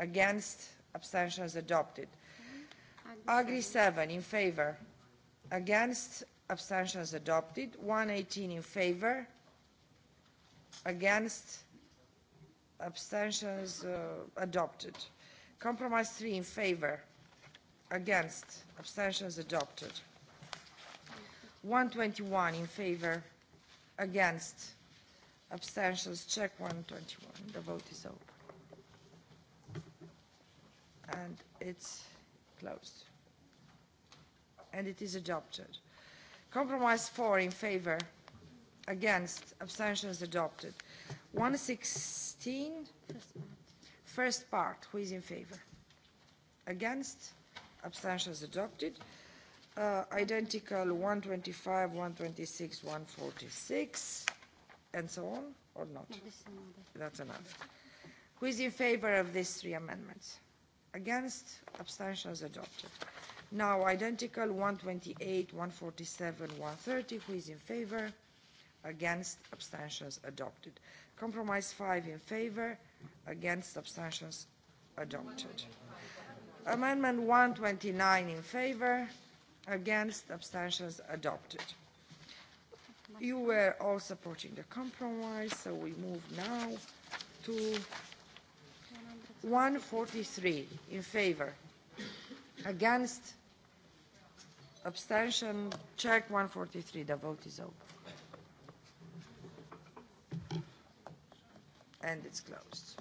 against abstentions adopted agri 7 in favor against abstentions adopted 118 in favor against abstentions uh, adopted compromise 3 in favor against abstentions adopted 121 in favor against abstentions check 121 the vote is open and it's closed and it is adopted compromise 4 in favor against abstentions adopted 116 first part who is in favor against abstentions adopted uh, identical 125, 126, 146, and so on, or not? No, this is another. That's another. Who is in favor of these three amendments? Against? Abstentions adopted. Now, identical 128, 147, 130. Who is in favor? Against? Abstentions adopted. Compromise 5 in favor. Against? Abstentions adopted. Amendment 129 in favor against abstentions adopted you were all supporting the compromise so we move now to 143 in favor against abstention check 143 the vote is open and it's closed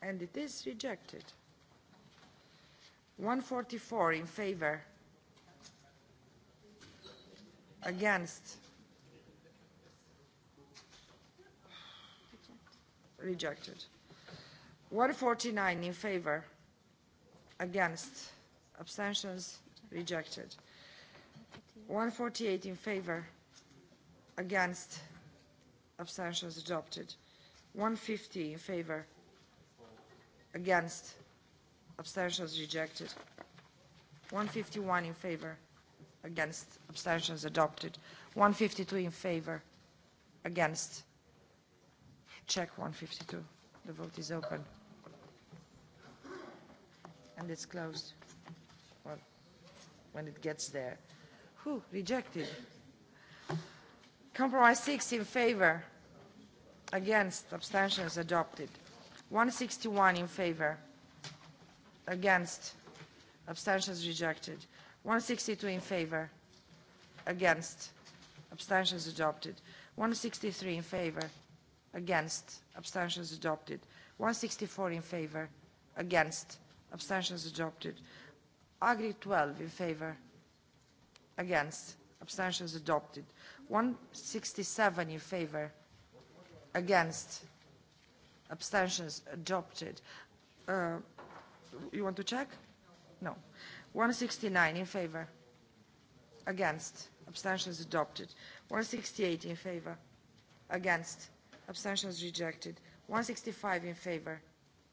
and it is rejected 144 in favor. Against. Rejected. 149 in favor. Against. Abstentions. Rejected. 148 in favor. Against. Abstentions adopted. 150 in favor. Against abstentions rejected. 151 in favor, against, abstentions adopted. 152 in favor, against. Check 152. The vote is open. And it's closed. Well, when it gets there. Whew, rejected. Compromise 6 in favor, against, abstentions adopted. 161 in favor, against, abstentions rejected. 162 in favor, against, abstentions adopted. 163 in favor, against, abstentions adopted. 164 in favor, against, abstentions adopted. Agri 12 in favor, against, abstentions adopted. 167 in favor, against, abstentions adopted. Uh, you want to check? No. 169 in favor. Against. Abstentions adopted. 168 in favor. Against. Abstentions rejected. 165 in favor.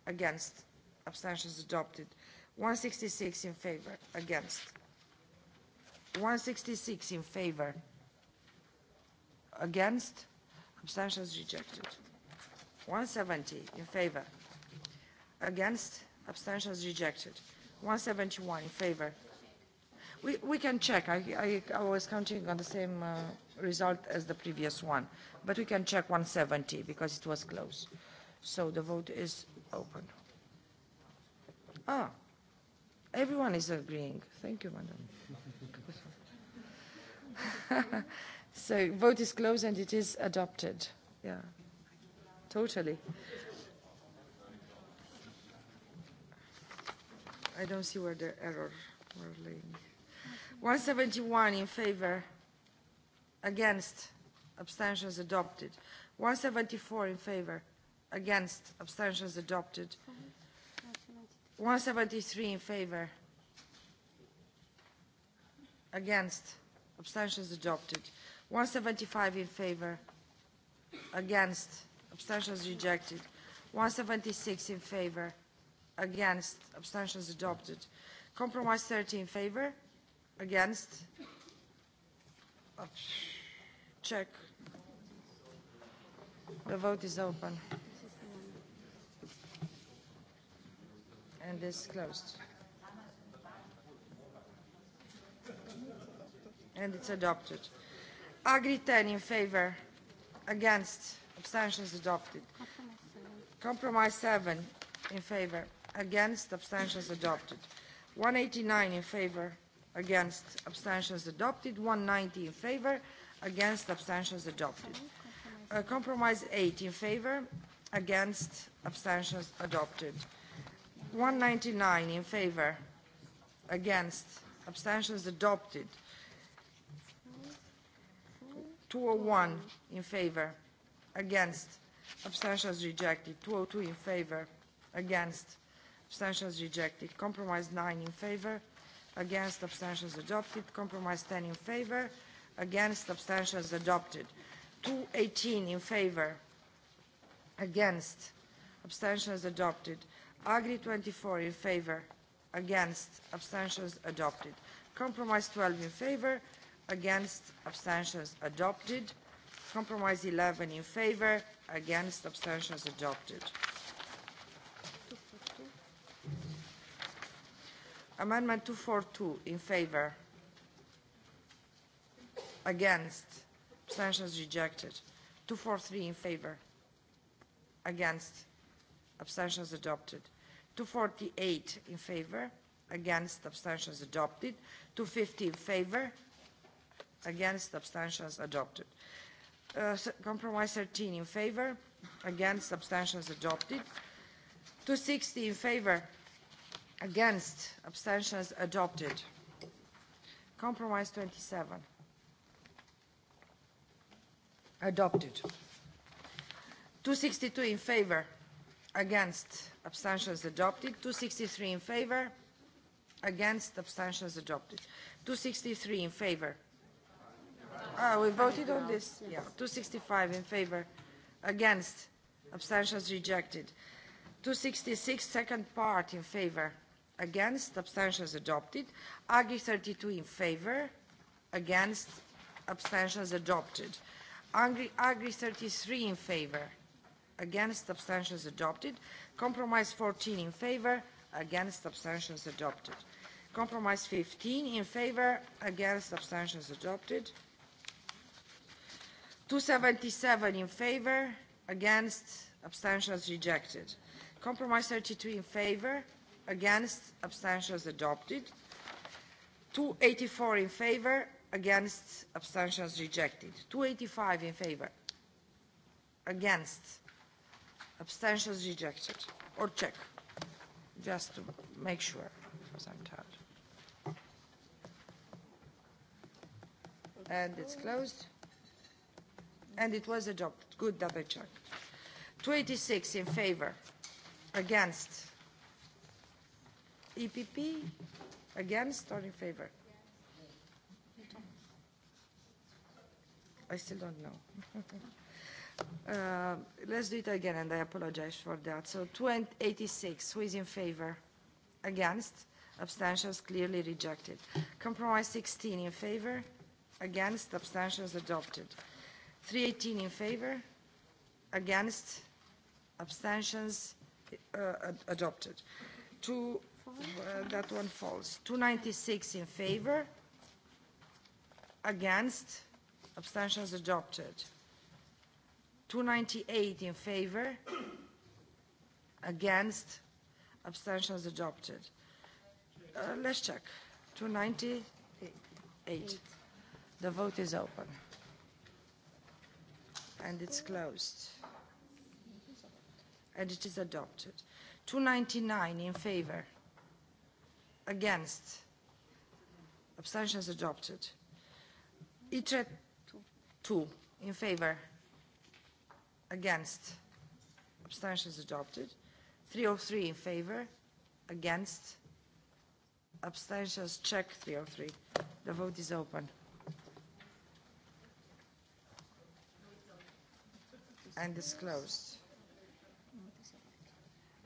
Against. Abstentions adopted. 166 in favor. Against. 166 in favor. Against. Abstentions rejected. 170 in favor. Against abstentions rejected. 171 in favor. We, we can check. I, I, I was counting on the same uh, result as the previous one. But we can check 170 because it was close. So the vote is open. Ah, everyone is agreeing. Thank you, madam. so vote is closed and it is adopted. Yeah, totally. I don't see where the error were laying. 171 in favor, against, abstentions adopted. 174 in favor, against, abstentions adopted. 173 in favor, against, abstentions adopted. 175 in favor, against, abstentions rejected. 176 in favor, against abstentions adopted compromise 30 in favor against uh, check the vote is open and is closed and it's adopted agri 10 in favor against abstentions adopted compromise 7 in favor against abstentions adopted 189 in favor against abstentions adopted 190 in favor against abstentions adopted uh, compromise 8 in favor against abstentions adopted 199 in favor against abstentions adopted 201 in favor against abstentions rejected 202 in favor against abstentions rejected. Compromise 9 in favor, against abstentions adopted. Compromise 10 in favor, against abstentions adopted. 218 in favor, against abstentions adopted. Agri 24 in favor, against abstentions adopted. Compromise 12 in favor, against abstentions adopted. Compromise 11 in favor, against abstentions adopted. Amendment 242 in favor. Against. Abstentions rejected. 243 in favor. Against. Abstentions adopted. 248 in favor. Against. Abstentions adopted. 250 in favor. Against. Abstentions adopted. Uh, compromise 13 in favor. Against. Abstentions adopted. 260 in favor Against. Abstentions adopted. Compromise 27. Adopted. 262 in favor. Against. Abstentions adopted. 263 in favor. Against. Abstentions adopted. 263 in favor. Ah, we voted on this. Yeah. 265 in favor. Against. Abstentions rejected. 266 second part in favor against, abstentions adopted. Agri 32 in favor, against, abstentions adopted. Agri, Agri 33 in favor, against, abstentions adopted. Compromise 14 in favor, against, abstentions adopted. Compromise 15 in favor, against, abstentions adopted. 277 in favor, against, abstentions rejected. Compromise 32 in favor, against, abstentions adopted. 284 in favor, against, abstentions rejected. 285 in favor, against, abstentions rejected. Or check, just to make sure, because I'm tired. And it's closed. And it was adopted. Good double check. 286 in favor, against, EPP against or in favor? I still don't know. uh, let's do it again, and I apologize for that. So 286, who is in favor? Against? Abstentions clearly rejected. Compromise 16 in favor? Against? Abstentions adopted. 318 in favor? Against? Abstentions uh, ad adopted. 2 Uh, that one falls. 296 in favor, against, abstentions adopted. 298 in favor, against, abstentions adopted. Uh, let's check. 298. The vote is open. And it's closed. And it is adopted. 299 in favor. Against? Abstentions adopted. ITRE 2 in favor? Against? Abstentions adopted. 303 in favor? Against? Abstentions check 303. The vote is open. And it's closed.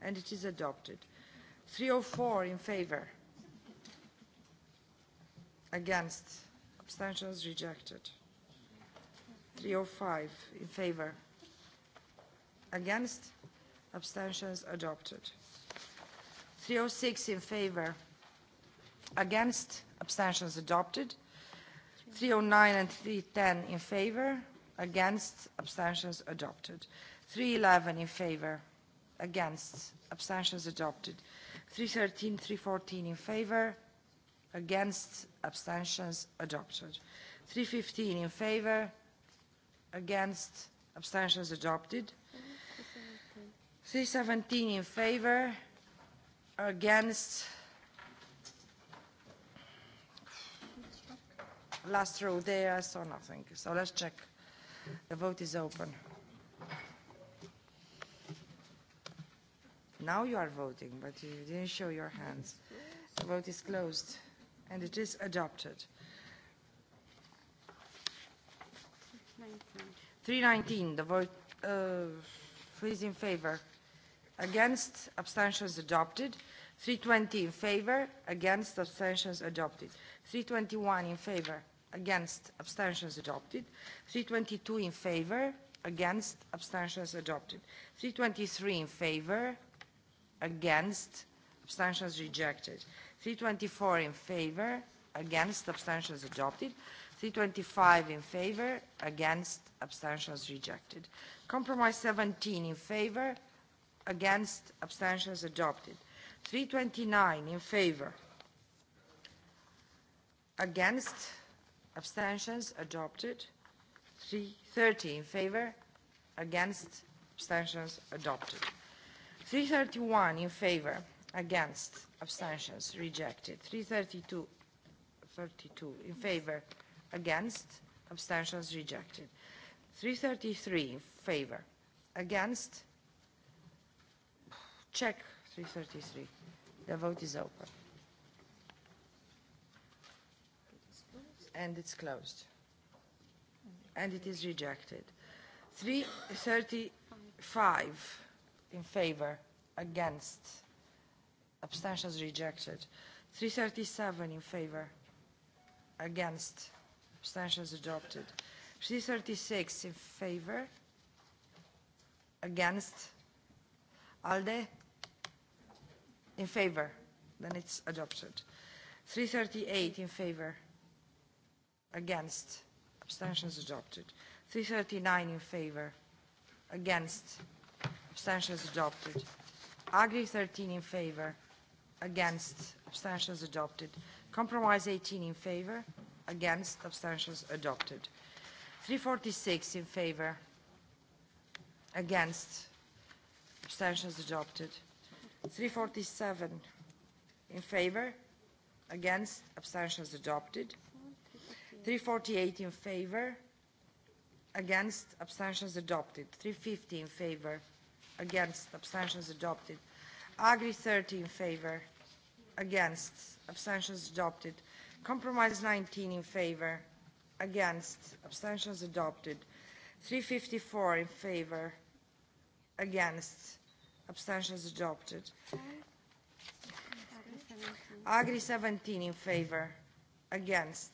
And it is adopted. 304 in favor? Against? Against. Abstentions rejected. 305 in favor. Against. Abstentions adopted. 306 in favor. Against. Abstentions adopted. 309 and 310 in favor. Against. Abstentions adopted. 311 in favor. Against. Abstentions adopted. 313, 314 in favor against abstentions adopted 315 in favor against abstentions adopted 317 in favor against last row there I saw nothing so let's check the vote is open now you are voting but you didn't show your hands the vote is closed and it is adopted. 319, the vote uh, who is in favor? Against, abstentions adopted. 320 in favor, against, abstentions adopted. 321 in favor, against, abstentions adopted. 322 in favor, against, abstentions adopted. 323 in favor, against, abstentions rejected. 324 324 in favor, against, abstentions adopted. 325 in favor, against, abstentions rejected. Compromise 17 in favor, against, abstentions adopted. 329 in favor, against, abstentions adopted. 330 in favor, against, abstentions adopted. 331 in favor, against abstentions rejected 332 32 in favor against abstentions rejected 333 in favor against check 333 the vote is open and it's closed and it is rejected 335 in favor against abstentions rejected. 337 in favor, against, abstentions adopted. 336 in favor, against, ALDE, in favor, then it's adopted. 338 in favor, against, abstentions adopted. 339 in favor, against, abstentions adopted. Agri 13 in favor, against, abstentions adopted. Compromise 18 in favor, against, abstentions adopted. 346 in favor, against, abstentions adopted. 347 in favor, against, abstentions adopted. 348 in favor, against, abstentions adopted. 350 in favor, against, abstentions adopted. 351 Agri 30 in favor, against, abstentions adopted. Compromise 19 in favor, against, abstentions adopted. 354 in favor, against, abstentions adopted. Agri 17 in favor, against,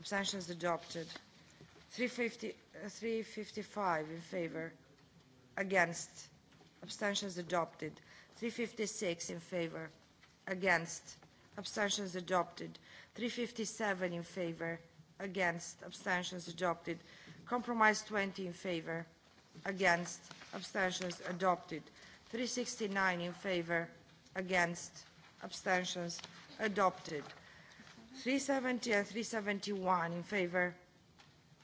abstentions adopted. 350, uh, 355 in favor, against, abstentions adopted. 356 in favor, against, abstentions adopted. 357 in favor, against, abstentions adopted. Compromise 20 in favor, against, abstentions adopted. 369 in favor, against, abstentions adopted. 370 and 371 in favor,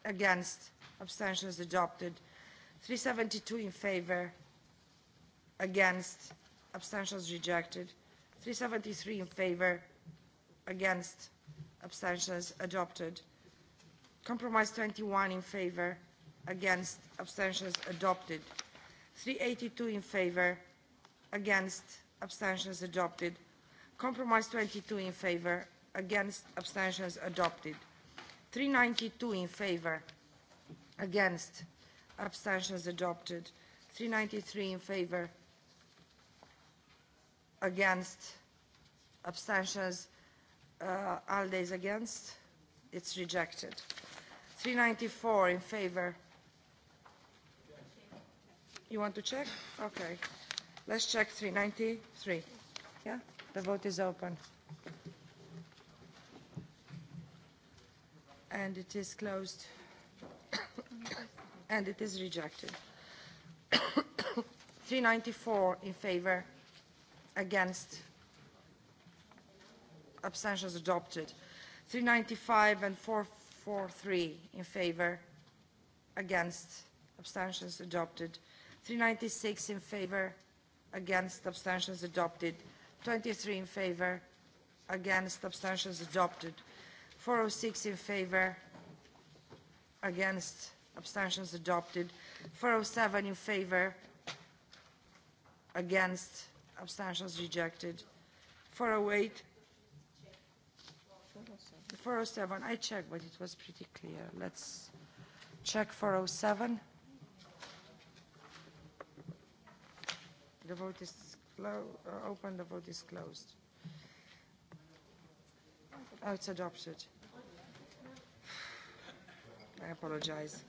against, abstentions adopted. 372 in favor, against, abstentions rejected. 373 in favor, against, abstentions adopted. Compromise 21 in favor, against, abstentions adopted. 382 in favor, against, abstentions adopted. Compromise 22 in favor, against, abstentions adopted. 392 in favor, against, abstentions adopted. 393 in favor, against abstentions uh, ALDE is against it's rejected 394 in favor you want to check okay let's check 393 yeah the vote is open and it is closed and it is rejected 394 in favor against abstentions adopted 395 and 443 in favor against abstentions adopted 396 in favor against abstentions adopted 23 in favor against abstentions adopted 406 in favor against abstentions adopted 407 in favor against abstentions rejected. 408, 407, I checked, but it was pretty clear. Let's check 407. The vote is uh, open, the vote is closed. Oh, it's adopted. I apologize.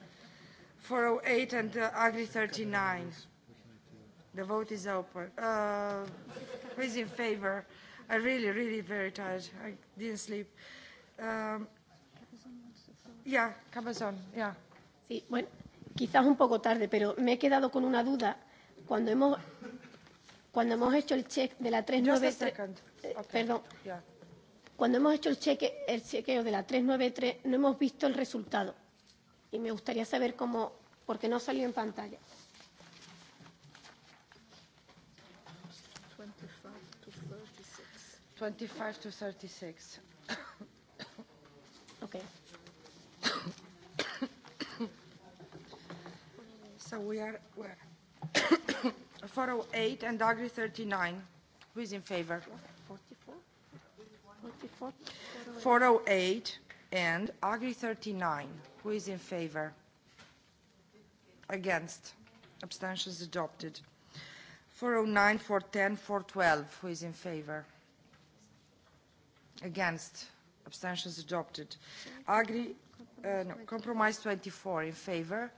408 and uh, Agri 39. The vote is open. Uh, who is in favor? I really, really very tired. I didn't sleep. Um, yeah, Cabazon, yeah. Sí, bueno, quizás un poco tarde, pero me he quedado con una duda. Cuando hemos, cuando hemos hecho el check de la 393... Eh, okay. Eh, perdón. Yeah. Cuando hemos hecho el, cheque, el chequeo de la 393 no hemos visto el resultado. Y me gustaría saber cómo, porque no salió en pantalla. 25 to 36. okay. so we are where? 408 and Agri 39. Who is in favor? 44? 44? 408 and Agri 39. Who is in favor? Against? Abstentions adopted. 409, 410, 412. Who is in favor? Against. Abstentions adopted. Agri, uh, no, compromise 24 in favor.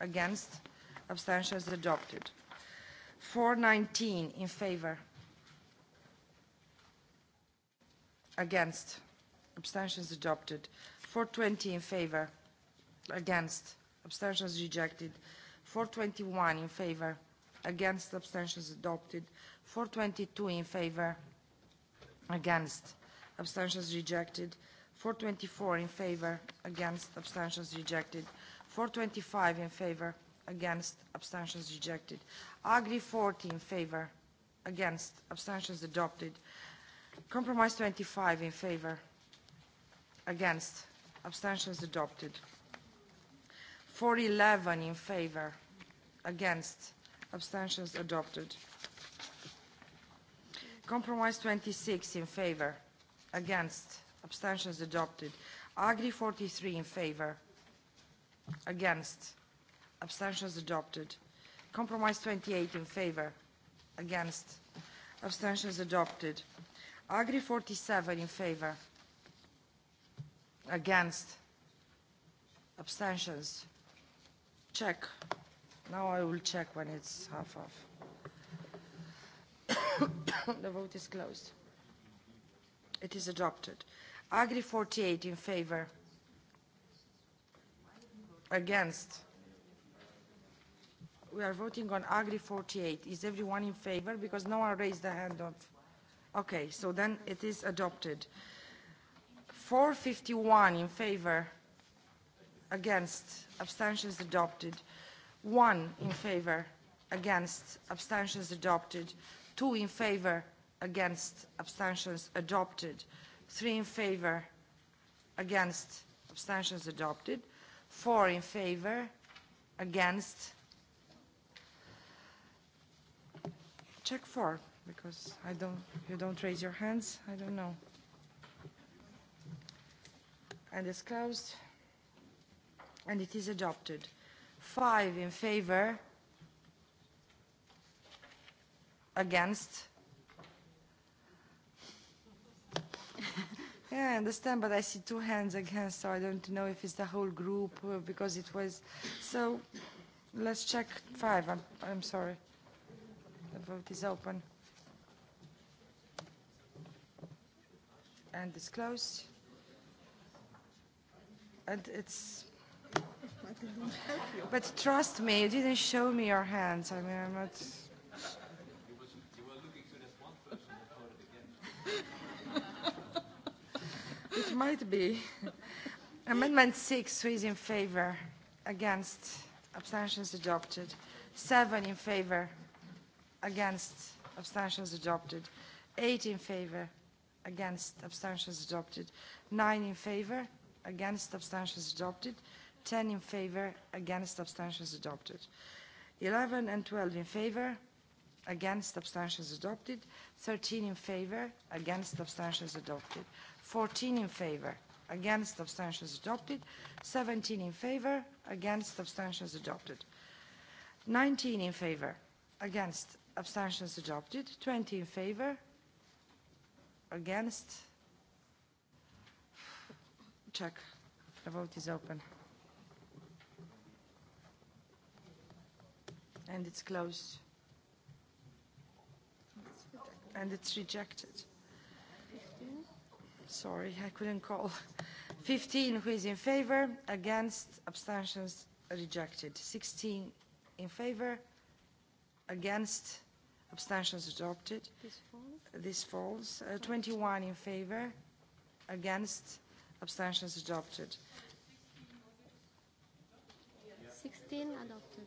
Against. Abstentions adopted. 419 in favor. Against. Abstentions adopted. 420 in favor. Against. Abstentions rejected. 421 in favor. Against. Abstentions adopted. 422 in favor. Against abstentions rejected. 424 in favor, against, abstentions rejected. 425 in favor, against, abstentions rejected. Agri 40 in favor, against, abstentions adopted. Compromise 25 in favor, against, abstentions adopted. 411 in favor, against, abstentions adopted. Compromise 26 in favor, against, abstentions adopted. Agri 43 in favor, against, abstentions adopted. Compromise 28 in favor, against, abstentions adopted. Agri 47 in favor, against, abstentions. Check. Now I will check when it's half-half. the vote is closed. It is adopted. Agri 48 in favor. Against. We are voting on Agri 48. Is everyone in favor? Because no one raised the hand of... Okay, so then it is adopted. 451 in favor. Against. Abstentions adopted. 1 in favor. Against. Abstentions adopted. 2 in favor against, abstentions adopted. Three in favor, against, abstentions adopted. Four in favor, against. Check four, because I don't, you don't raise your hands. I don't know. And it's closed. And it is adopted. Five in favor, against, Yeah, I understand, but I see two hands against, so I don't know if it's the whole group uh, because it was. So let's check five. I'm, I'm sorry. The vote is open. And it's closed. And it's. But trust me, you didn't show me your hands. I mean, I'm not. Might be. Amendment 6, who is in favor? Against? Abstentions adopted. 7 in favor? Against? Abstentions adopted. 8 in favor? Against? Abstentions adopted. 9 in favor? Against? Abstentions adopted. 10 in favor? Against? Abstentions adopted. 11 and 12 in favor? Against? Abstentions adopted. 13 in favor? Against? Abstentions adopted. 14 in favor, against abstentions adopted. 17 in favor, against abstentions adopted. 19 in favor, against abstentions adopted. 20 in favor, against. Check. The vote is open. And it's closed. And it's rejected. Sorry, I couldn't call. 15, who is in favor? Against, abstentions rejected. 16 in favor, against, abstentions adopted. This falls. This falls. Uh, 21 in favor, against, abstentions adopted. 16 adopted.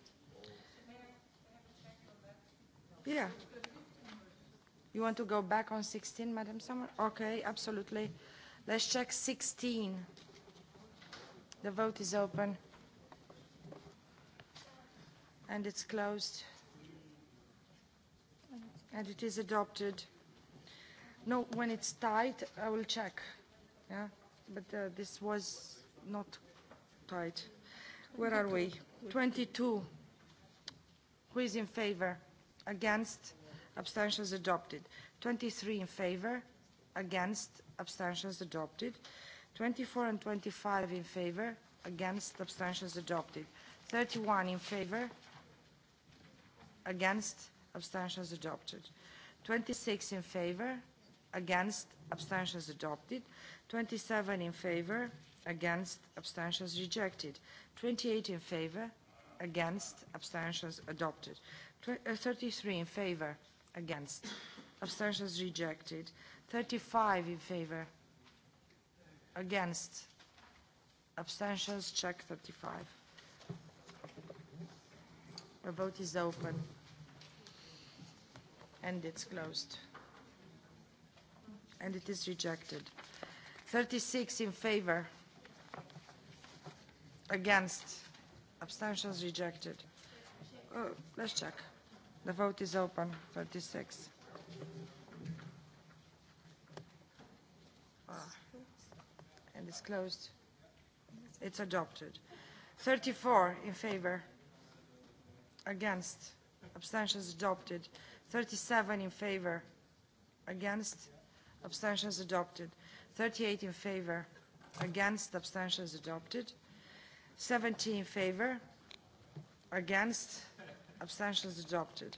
Yeah. You want to go back on 16, Madam Sommer? Okay, absolutely. Let's check 16. The vote is open. And it's closed. And it is adopted. No, when it's tight, I will check. Yeah, but uh, this was not tight. Where are we? 22. Who is in favor? Against? abstentions adopted. 23 in favor, against, abstentions adopted. 24 and 25 in favor, against, abstentions adopted. 31 in favor, against, abstentions adopted. 26 in favor, against, abstentions adopted. 27 in favor, against, abstentions rejected. 28 in favor, against, abstentions adopted. Tw uh, 33 in favor, against, abstentions rejected, 35 in favor, against, abstentions check 35. The vote is open and it's closed and it is rejected. 36 in favor, against, abstentions rejected. Oh, let's check. The vote is open. 36. Ah, and it's closed. It's adopted. 34 in favor. Against. Abstentions adopted. 37 in favor. Against. Abstentions adopted. 38 in favor. Against. Abstentions adopted. 17 in favor. Against abstentions adopted.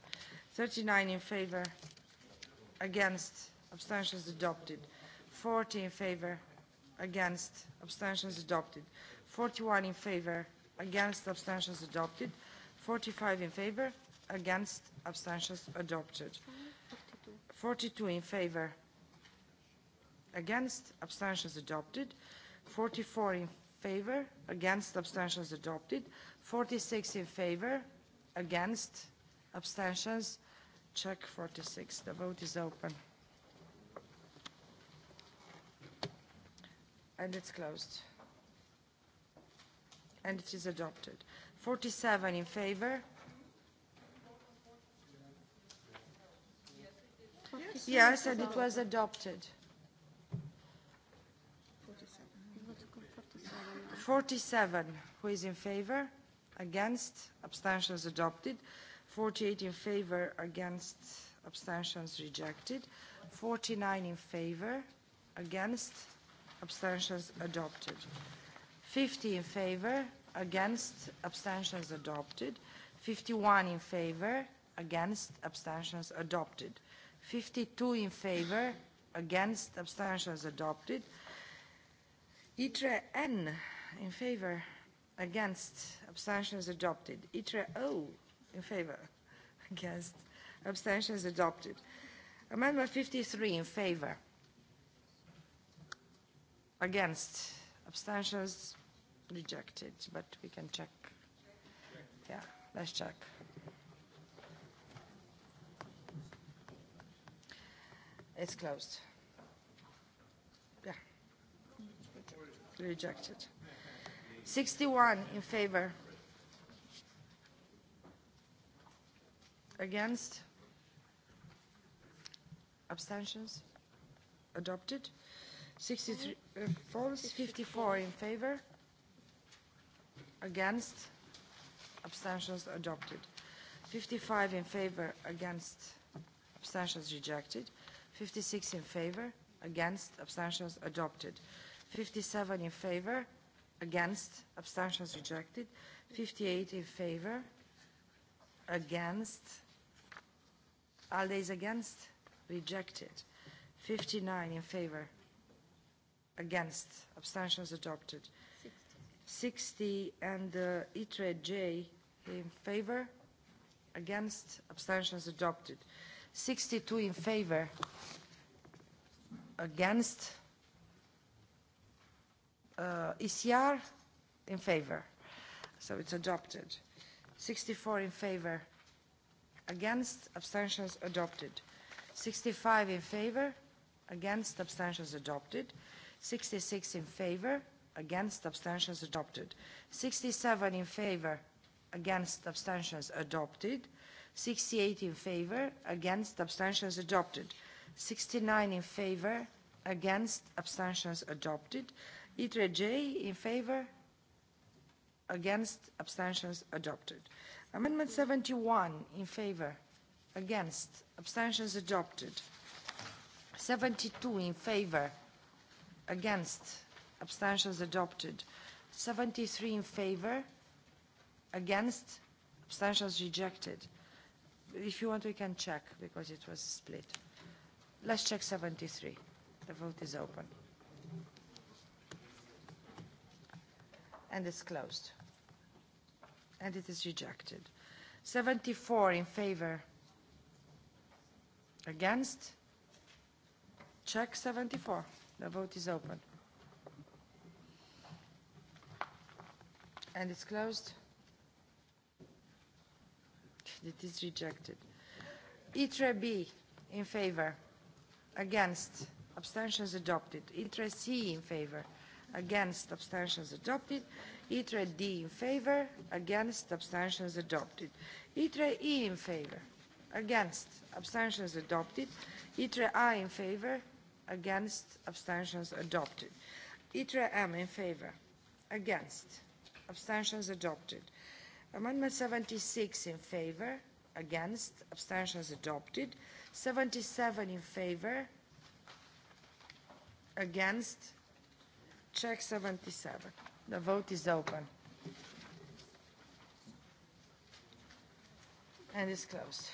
39 in favor, against, abstentions adopted. 40 in favor, against, abstentions adopted. 41 in favor, against, abstentions adopted. 45 in favor, against, abstentions adopted. 42 in favor, against, abstentions adopted. 44 in favor, against, abstentions adopted. 46 in favor, against, abstentions, check 46. The vote is open. And it's closed. And it is adopted. 47 in favor. Yes, yes and it was adopted. 47. 47. Who is in favor? against, abstentions adopted. 48 in favor, against, abstentions rejected. 49 in favor, against, abstentions adopted. 50 in favor, against, abstentions adopted. 51 in favor, against, abstentions adopted. 52 in favor, against, abstentions adopted. ITRE N in favor, against, abstentions adopted. ITRE O oh, in favor, against, abstentions adopted. Amendment 53 in favor, against, abstentions rejected, but we can check. Yeah, let's check. It's closed. Yeah. Rejected. 61 in favor. Against? Abstentions? Adopted. 63 uh, false. 54 in favor. Against? Abstentions adopted. 55 in favor. Against? Abstentions rejected. 56 in favor. Against? Abstentions adopted. 57 in favor. Against? Abstentions rejected. 58 in favor. Against? ALDE is against? Rejected. 59 in favor. Against. Abstentions adopted. 60 and uh, ITRE J in favor. Against. Abstentions adopted. 62 in favor. Against. Uh, ECR in favor. So it's adopted. 64 in favor against abstentions adopted 65 in favor against abstentions adopted 66 in favor against abstentions adopted 67 in favor against abstentions adopted 68 in favor against abstentions adopted 69 in favor against abstentions adopted itre j in favor against abstentions adopted Amendment 71 in favor, against, abstentions adopted. 72 in favor, against, abstentions adopted. 73 in favor, against, abstentions rejected. If you want, we can check because it was split. Let's check 73. The vote is open. And it's closed and it is rejected. 74 in favor, against, check 74. The vote is open. And it's closed. It is rejected. ITRE B in favor, against, abstentions adopted. ITRE C in favor, against, abstentions adopted. ITRE D in favor, against, abstentions adopted. ITRE E in favor, against, abstentions adopted. ITRE I in favor, against, abstentions adopted. ITRE M in favor, against, abstentions adopted. Amendment 76 in favor, against, abstentions adopted. 77 in favor, against, check 77. The vote is open. And is closed.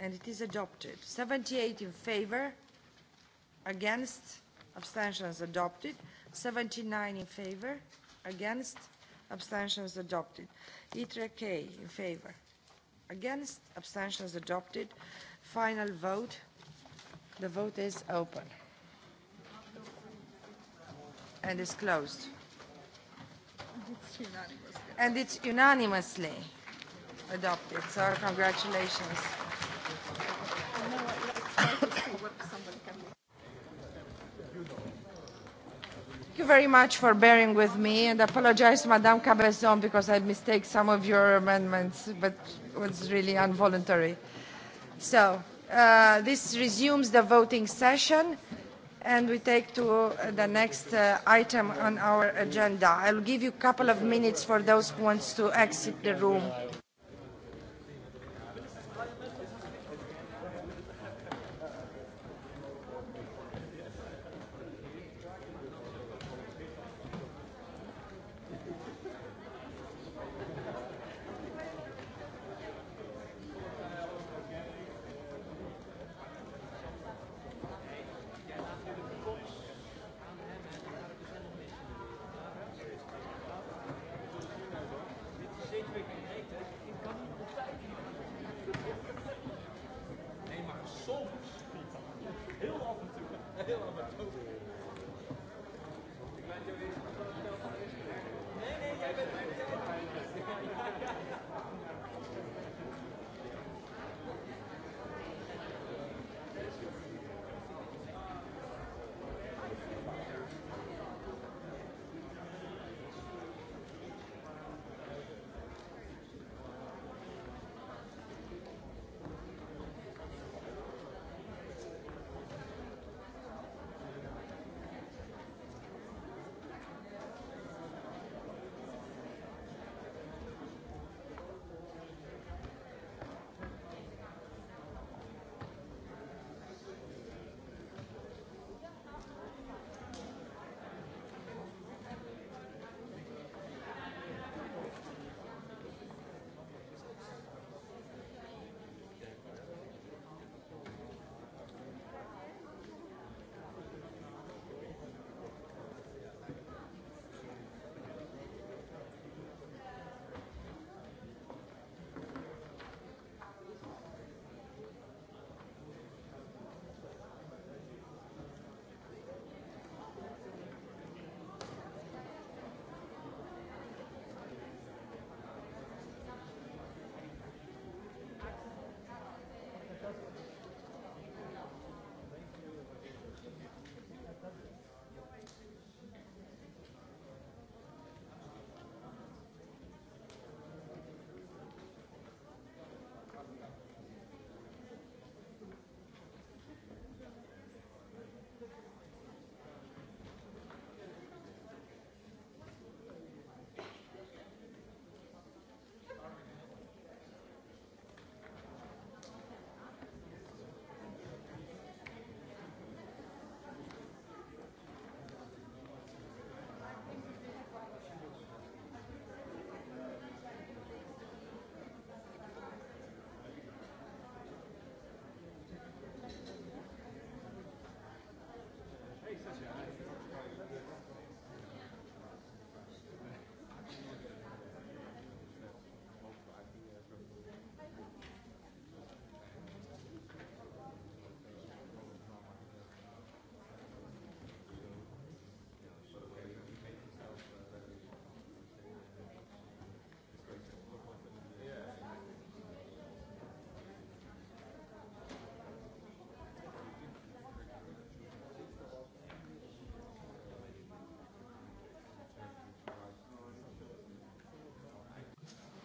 And it is adopted. 78 in favor, against, abstentions adopted. 79 in favor, against, abstentions adopted. ITRE K in favor, against, abstentions adopted. Final vote. The vote is open and is closed. It's unanimous. And it's unanimously adopted. So congratulations. Thank you very much for bearing with me and apologize to Madame Cabezon because I mistake some of your amendments, but it was really involuntary. So uh, this resumes the voting session and we take to uh, the next uh, item on our agenda. I'll give you a couple of minutes for those who wants to exit the room.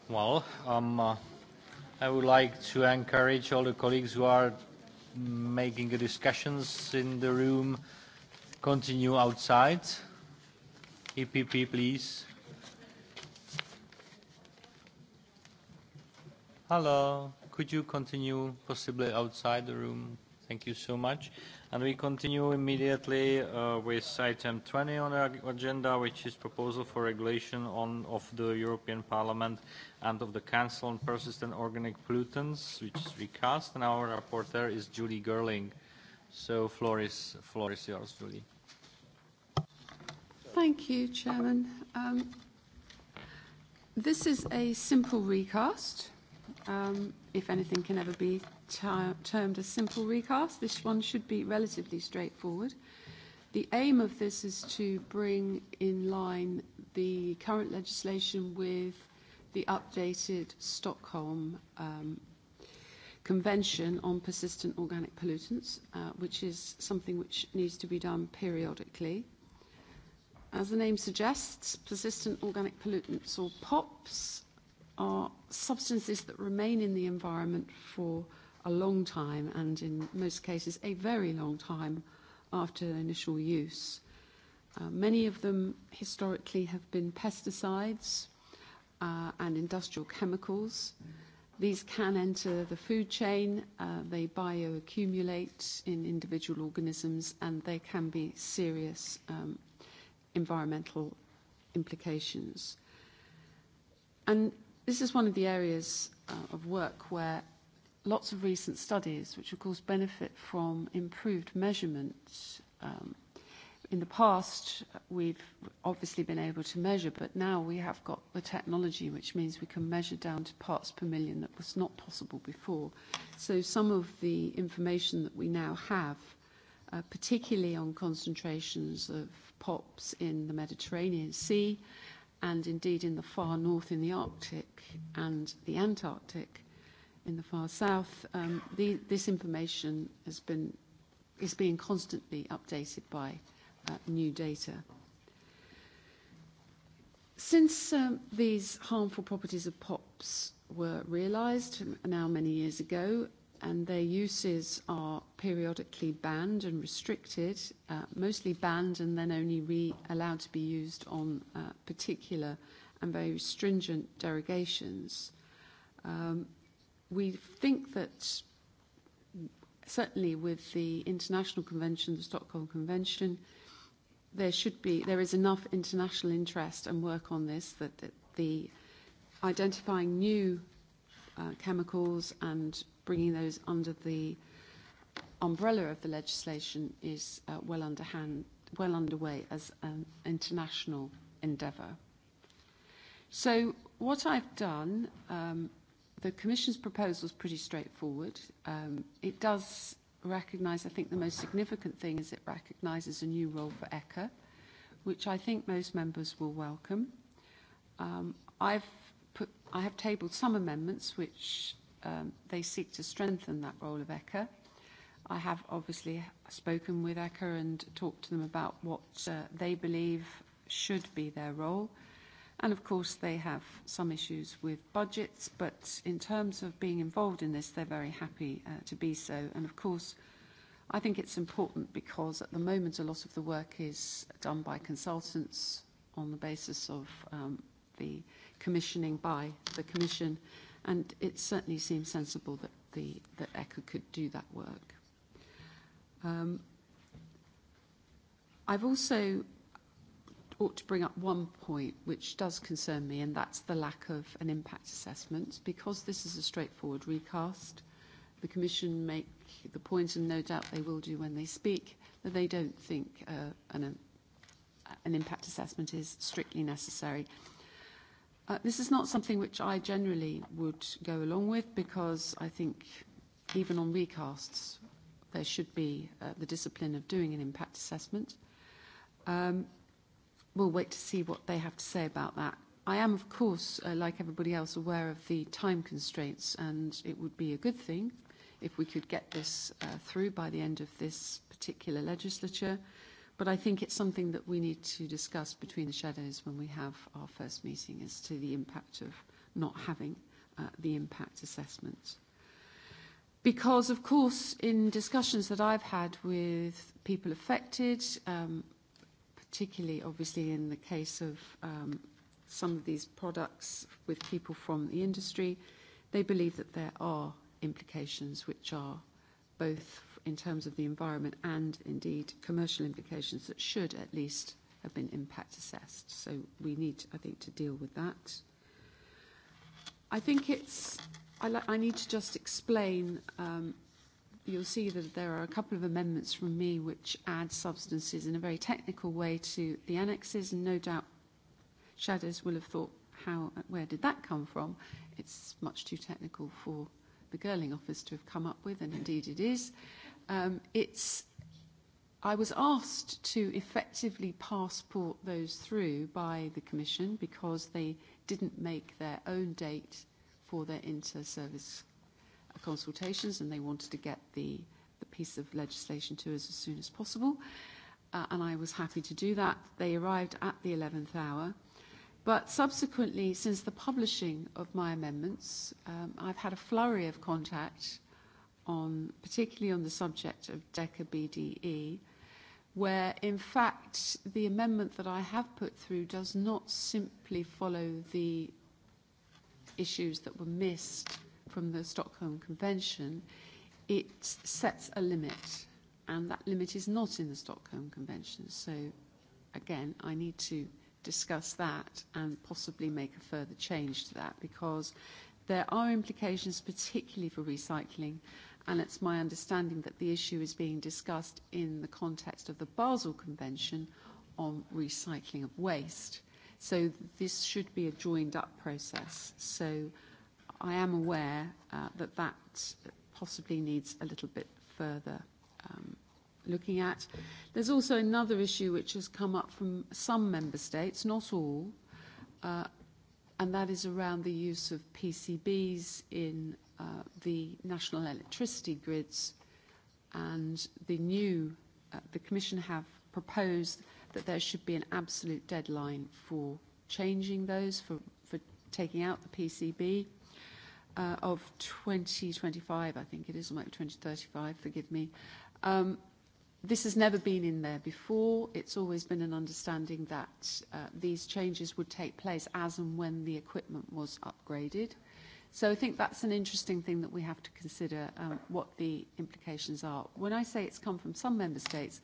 Well, um, uh, I would like to encourage all the colleagues who are making the discussions in the room continue outside. EPP, please. Hello. Could you continue possibly outside the room? Thank you so much. And we continue immediately uh, with item 20 on our agenda, which is proposal for regulation on, of the European Parliament and of the Council on Persistent Organic Pollutants, which is recast, and our rapporteur is Julie Gerling. So floor is, floor is yours, Julie. Thank you, Chairman. Um, this is a simple recast, um, if anything can ever be ter termed a simple recast. This one should be relatively straightforward. The aim of this is to bring in line the current legislation with the updated Stockholm um, Convention on Persistent Organic Pollutants, uh, which is something which needs to be done periodically. As the name suggests, persistent organic pollutants, or POPs, are substances that remain in the environment for a long time, and in most cases, a very long time after initial use. Uh, many of them historically have been pesticides uh, and industrial chemicals. These can enter the food chain, uh, they bioaccumulate in individual organisms, and they can be serious um, environmental implications. And this is one of the areas uh, of work where lots of recent studies which, of course, benefit from improved measurements. Um, in the past, we've obviously been able to measure, but now we have got the technology, which means we can measure down to parts per million that was not possible before. So some of the information that we now have, uh, particularly on concentrations of POPs in the Mediterranean Sea and indeed in the far north in the Arctic and the Antarctic, in the far south, um, the, this information has been, is being constantly updated by uh, new data. Since um, these harmful properties of POPs were realised now many years ago, and their uses are periodically banned and restricted, uh, mostly banned and then only re allowed to be used on uh, particular and very stringent derogations. Um, we think that certainly with the international convention, the Stockholm Convention, there should be there is enough international interest and work on this that, that the identifying new uh, chemicals and bringing those under the umbrella of the legislation is uh, well underhand, well underway as an international endeavour. So what I've done um, The Commission's proposal is pretty straightforward. Um, it does recognise, I think the most significant thing is it recognises a new role for ECHA, which I think most members will welcome. Um, I've put, I have tabled some amendments which um, they seek to strengthen that role of ECHA. I have obviously spoken with ECHA and talked to them about what uh, they believe should be their role. Uh, And of course, they have some issues with budgets, but in terms of being involved in this, they're very happy uh, to be so. And of course, I think it's important because at the moment, a lot of the work is done by consultants on the basis of um, the commissioning by the Commission, and it certainly seems sensible that, the, that ECHA could do that work. Um, I've also ought to bring up one point which does concern me, and that's the lack of an impact assessment. Because this is a straightforward recast, the Commission make the point, and no doubt they will do when they speak, that they don't think uh, an, uh, an impact assessment is strictly necessary. Uh, this is not something which I generally would go along with because I think even on recasts there should be uh, the discipline of doing an impact assessment. Um, we'll wait to see what they have to say about that. I am, of course, uh, like everybody else, aware of the time constraints, and it would be a good thing if we could get this uh, through by the end of this particular legislature. But I think it's something that we need to discuss between the shadows when we have our first meeting as to the impact of not having uh, the impact assessment. Because, of course, in discussions that I've had with people affected, um, particularly obviously in the case of um, some of these products with people from the industry, they believe that there are implications which are both in terms of the environment and indeed commercial implications that should at least have been impact assessed. So we need, I think, to deal with that. I think it's, I, I need to just explain um, you'll see that there are a couple of amendments from me which add substances in a very technical way to the annexes, and no doubt shadows will have thought, how, where did that come from? It's much too technical for the Girling office to have come up with, and indeed it is. Um, it's, I was asked to effectively passport those through by the Commission because they didn't make their own date for their inter-service consultations and they wanted to get the, the piece of legislation to us as soon as possible. Uh, and I was happy to do that. They arrived at the 11th hour. But subsequently, since the publishing of my amendments, um, I've had a flurry of contact on, particularly on the subject of DECA BDE, where in fact the amendment that I have put through does not simply follow the issues that were missed from the Stockholm Convention, it sets a limit, and that limit is not in the Stockholm Convention. So, again, I need to discuss that and possibly make a further change to that because there are implications, particularly for recycling. And it's my understanding that the issue is being discussed in the context of the Basel Convention on recycling of waste. So this should be a joined up process. So I am aware uh, that that possibly needs a little bit further um, looking at. There's also another issue which has come up from some member states, not all, uh, and that is around the use of PCBs in uh, the national electricity grids. And the new, uh, the Commission have proposed that there should be an absolute deadline for changing those, for, for taking out the PCB uh, of 2025, I think it is, or might be 2035, forgive me. Um, this has never been in there before. It's always been an understanding that uh, these changes would take place as and when the equipment was upgraded. So I think that's an interesting thing that we have to consider um, what the implications are. When I say it's come from some member states,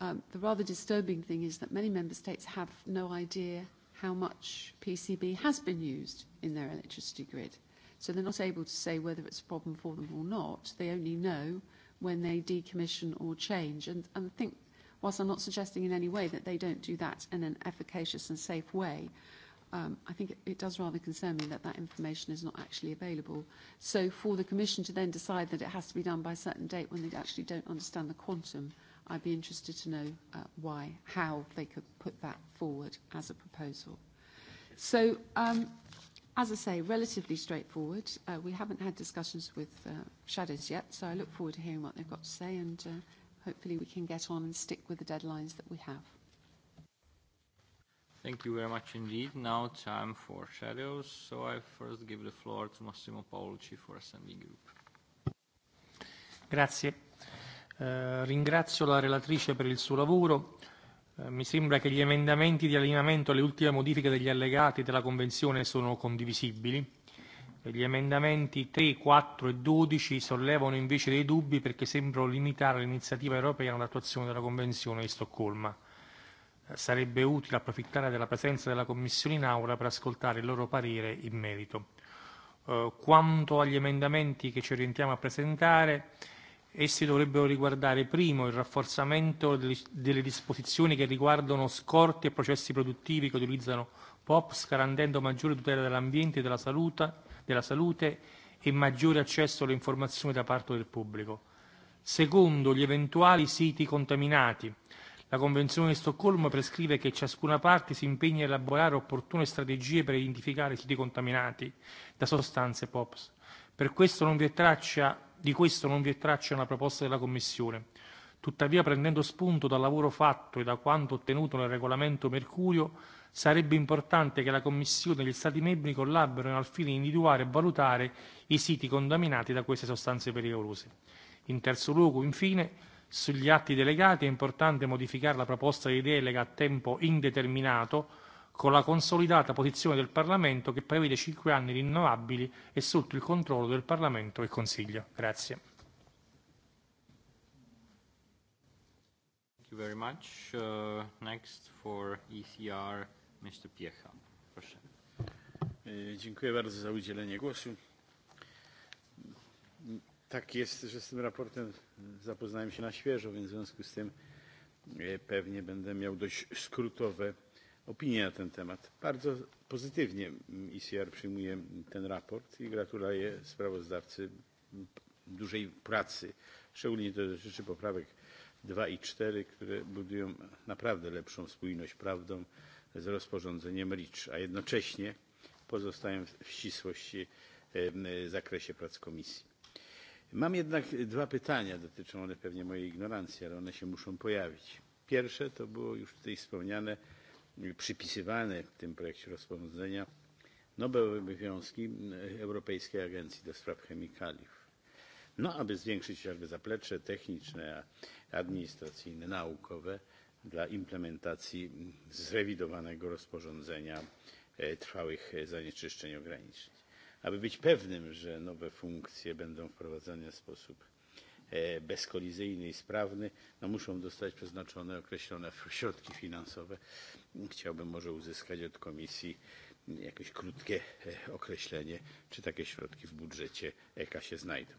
um, the rather disturbing thing is that many member states have no idea how much PCB has been used in their electricity grid. Uh, So they're not able to say whether it's a problem for them or not. They only know when they decommission or change. And, and I think, whilst I'm not suggesting in any way that they don't do that in an efficacious and safe way, um, I think it, it does rather concern me that that information is not actually available. So for the Commission to then decide that it has to be done by a certain date when they actually don't understand the quantum, I'd be interested to know uh, why, how they could put that forward as a proposal. So um, As I say, relatively straightforward. Uh, we haven't had discussions with uh, shadows yet, so I look forward to hearing what they've got to say, and uh, hopefully we can get on and stick with the deadlines that we have. Thank you very much indeed. Now time for shadows. So I first give the floor to Massimo Paolucci for SMB Group. Grazie. Eh, ringrazio la relatrice per il suo lavoro. Eh, mi sembra che gli emendamenti di allineamento alle ultime modifiche degli allegati della Convenzione sono condivisibili. E gli emendamenti 3, 4 e 12 sollevano invece dei dubbi perché sembrano limitare l'iniziativa europea all'attuazione della Convenzione di Stoccolma. Eh, sarebbe utile approfittare della presenza della Commissione in aula per ascoltare il loro parere in merito. Eh, quanto agli emendamenti che ci orientiamo a presentare, eh, Essi dovrebbero riguardare, primo, il rafforzamento delle disposizioni che riguardano scorte e processi produttivi che utilizzano POPs, garantendo maggiore tutela dell'ambiente e della salute e maggiore accesso alle informazioni da parte del pubblico; secondo, gli eventuali siti contaminati. La Convenzione di Stoccolma prescrive che ciascuna parte si impegni a elaborare opportune strategie per identificare siti contaminati da sostanze POPs. Per questo non vi è traccia Di questo non vi è traccia nella proposta della Commissione. Tuttavia, prendendo spunto dal lavoro fatto e da quanto ottenuto nel regolamento Mercurio, sarebbe importante che la Commissione e gli Stati membri collaborino al fine di individuare e valutare i siti contaminati da queste sostanze pericolose. In terzo luogo, infine, sugli atti delegati è importante modificare la proposta di delega a tempo indeterminato con la consolidata posizione del Parlamento che prevede cinque anni rinnovabili e sotto il controllo del Parlamento e Consiglio. Grazie. Thank you very much. Uh, next for ECR, Mr. Piecha. Proszę. E, dziękuję bardzo za udzielenie głosu. Tak jest, że z tym raportem zapoznałem się na świeżo, więc w związku z tym e, pewnie będę miał dość skrótowe opinię na ten temat. Bardzo pozytywnie ICR przyjmuje ten raport i gratuluję sprawozdawcy dużej pracy, szczególnie do rzeczy poprawek 2 i 4, które budują naprawdę lepszą spójność prawdą z rozporządzeniem RICZ, a jednocześnie pozostają w ścisłości zakresie prac komisji. Mam jednak dwa pytania, dotyczą one pewnie mojej ignorancji, ale one się muszą pojawić. Pierwsze to było już tutaj wspomniane przypisywane w tym projekcie rozporządzenia nowe obowiązki Europejskiej Agencji do Spraw Chemikaliów. No, aby zwiększyć jakby zaplecze techniczne, administracyjne, naukowe dla implementacji zrewidowanego rozporządzenia e, trwałych e, zanieczyszczeń ograniczeń. Aby być pewnym, że nowe funkcje będą wprowadzane w sposób e, bezkolizyjny i sprawny, no muszą dostać przeznaczone określone środki finansowe Chciałbym może uzyskać od komisji jakieś krótkie e, określenie, czy takie środki w budżecie EKA się znajdą.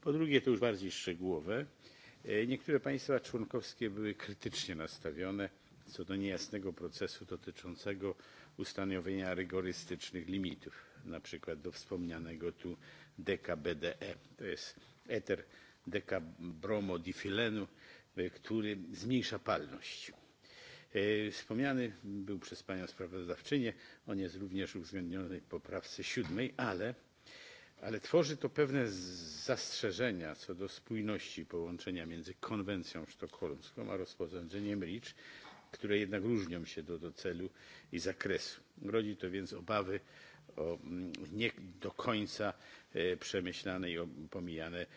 Po drugie, to już bardziej szczegółowe. E, niektóre państwa członkowskie były krytycznie nastawione co do niejasnego procesu dotyczącego ustanowienia rygorystycznych limitów, na przykład do wspomnianego tu DKBDE. To jest eter dekabromodifilenu, e, który zmniejsza palność E, wspomniany był przez panią sprawozdawczynię, on jest również uwzględniony w poprawce siódmej, ale, ale tworzy to pewne zastrzeżenia co do spójności połączenia między konwencją sztokholmską a rozporządzeniem REACH, które jednak różnią się do, do celu i zakresu. Rodzi to więc obawy o mm, nie do końca e, przemyślane i pomijane e,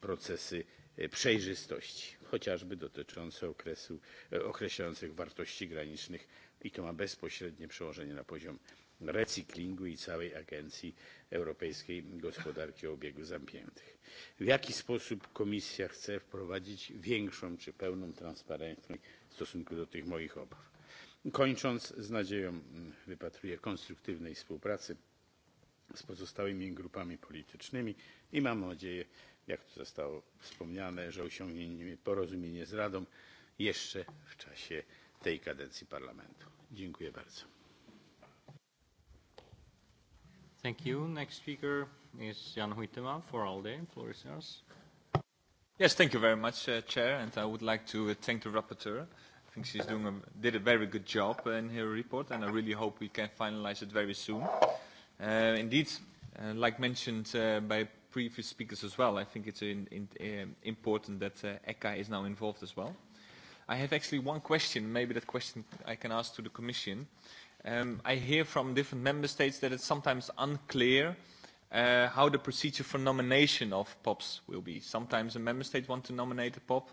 procesy E, przejrzystości, chociażby dotyczące okresu, e, określających wartości granicznych i to ma bezpośrednie przełożenie na poziom recyklingu i całej Agencji Europejskiej Gospodarki o Obiegu Zamkniętych. W jaki sposób Komisja chce wprowadzić większą czy pełną transparentność w stosunku do tych moich obaw? Kończąc, z nadzieją mm, wypatruję konstruktywnej współpracy z pozostałymi grupami politycznymi i mam nadzieję, jak tu zostało wspomniane, że osiągniemy porozumienie z Radą jeszcze w czasie tej kadencji Parlamentu. Dziękuję bardzo. Thank you. Next speaker is Jan Huitema for ALDE. Floor is yours. Yes, thank you very much, uh, Chair, and I would like to uh, thank the rapporteur. I think she's doing a, did a very good job uh, in her report, and I really hope we can finalize it very soon. Uh, indeed, uh, like mentioned uh, by previous speakers as well. I think it's in, in, um, important that uh, ECHA is now involved as well. I have actually one question. Maybe that question I can ask to the Commission. Um, I hear from different member states that it's sometimes unclear uh, how the procedure for nomination of POPs will be. Sometimes a member state wants to nominate a POP, uh,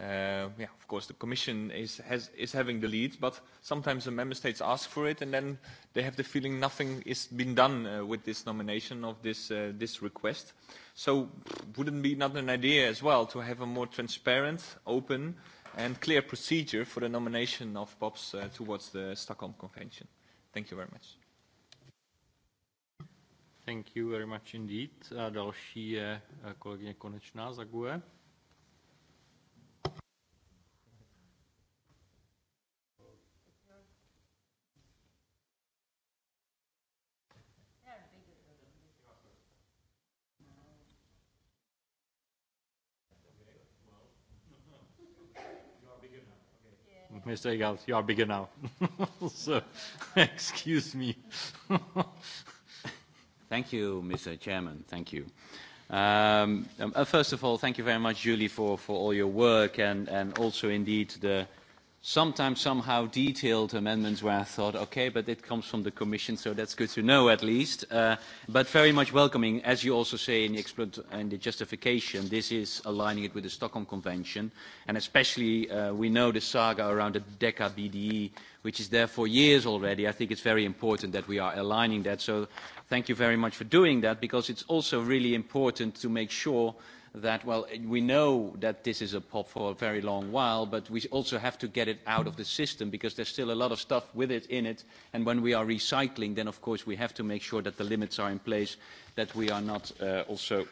uh, yeah, of course, the Commission is, has, is having the lead, but sometimes the member states ask for it, and then they have the feeling nothing is being done uh, with this nomination of this uh, this request. So, wouldn't be not an idea as well to have a more transparent, open, and clear procedure for the nomination of POPs uh, towards the Stockholm Convention? Thank you very much. Thank you very much indeed. A další je uh, kolegyně Konečná za GUE. Mr. Egalt, you are bigger now. so, excuse me. thank you, Mr. Chairman. Thank you. Um, um, uh, first of all, thank you very much, Julie, for, for all your work and, and also indeed the sometimes somehow detailed amendments where I thought, okay, but it comes from the Commission, so that's good to know at least. Uh, but very much welcoming, as you also say in the, in the justification, this is aligning it with the Stockholm Convention, and especially uh, we know the saga around the DECA BDE, which is there for years already. I think it's very important that we are aligning that, so thank you very much for doing that, because it's also really important to make sure – that, well, we know that this is a pop for a very long while, but we also have to get it out of the system because there's still a lot of stuff with it in it. And when we are recycling, then of course we have to make sure that the limits are in place, that we are not uh, also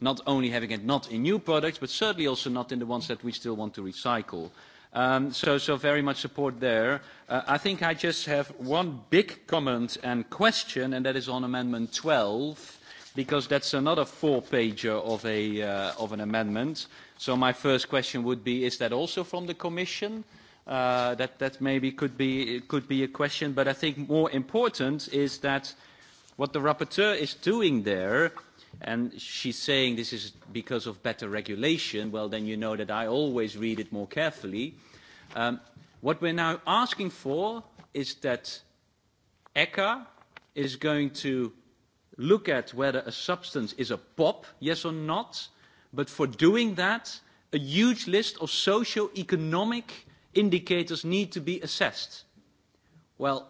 not only having it not in new products, but certainly also not in the ones that we still want to recycle. Um, so, so very much support there. Uh, I think I just have one big comment and question, and that is on Amendment 12 because that's another four-pager of, a, uh, of an amendment. So my first question would be, is that also from the Commission? Uh, that, that maybe could be, could be a question, but I think more important is that what the rapporteur is doing there and she's saying this is because of better regulation, well, then you know that I always read it more carefully. Um, what we're now asking for is that ECHA is going to look at whether a substance is a pop, yes or not, but for doing that, a huge list of socio-economic indicators need to be assessed. Well,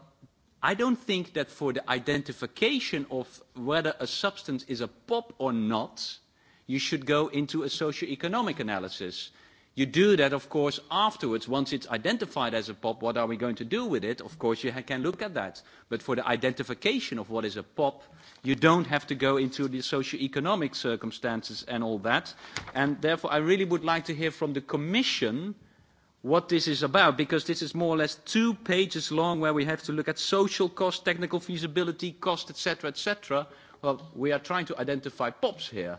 I don't think that for the identification of whether a substance is a pop or not, you should go into a socio-economic analysis You do that, of course, afterwards. Once it's identified as a POP, what are we going to do with it? Of course, you ha can look at that. But for the identification of what is a POP, you don't have to go into the socio-economic circumstances and all that. And therefore, I really would like to hear from the Commission what this is about, because this is more or less two pages long where we have to look at social cost, technical feasibility, cost, etc., etc. Well, we are trying to identify POPs here.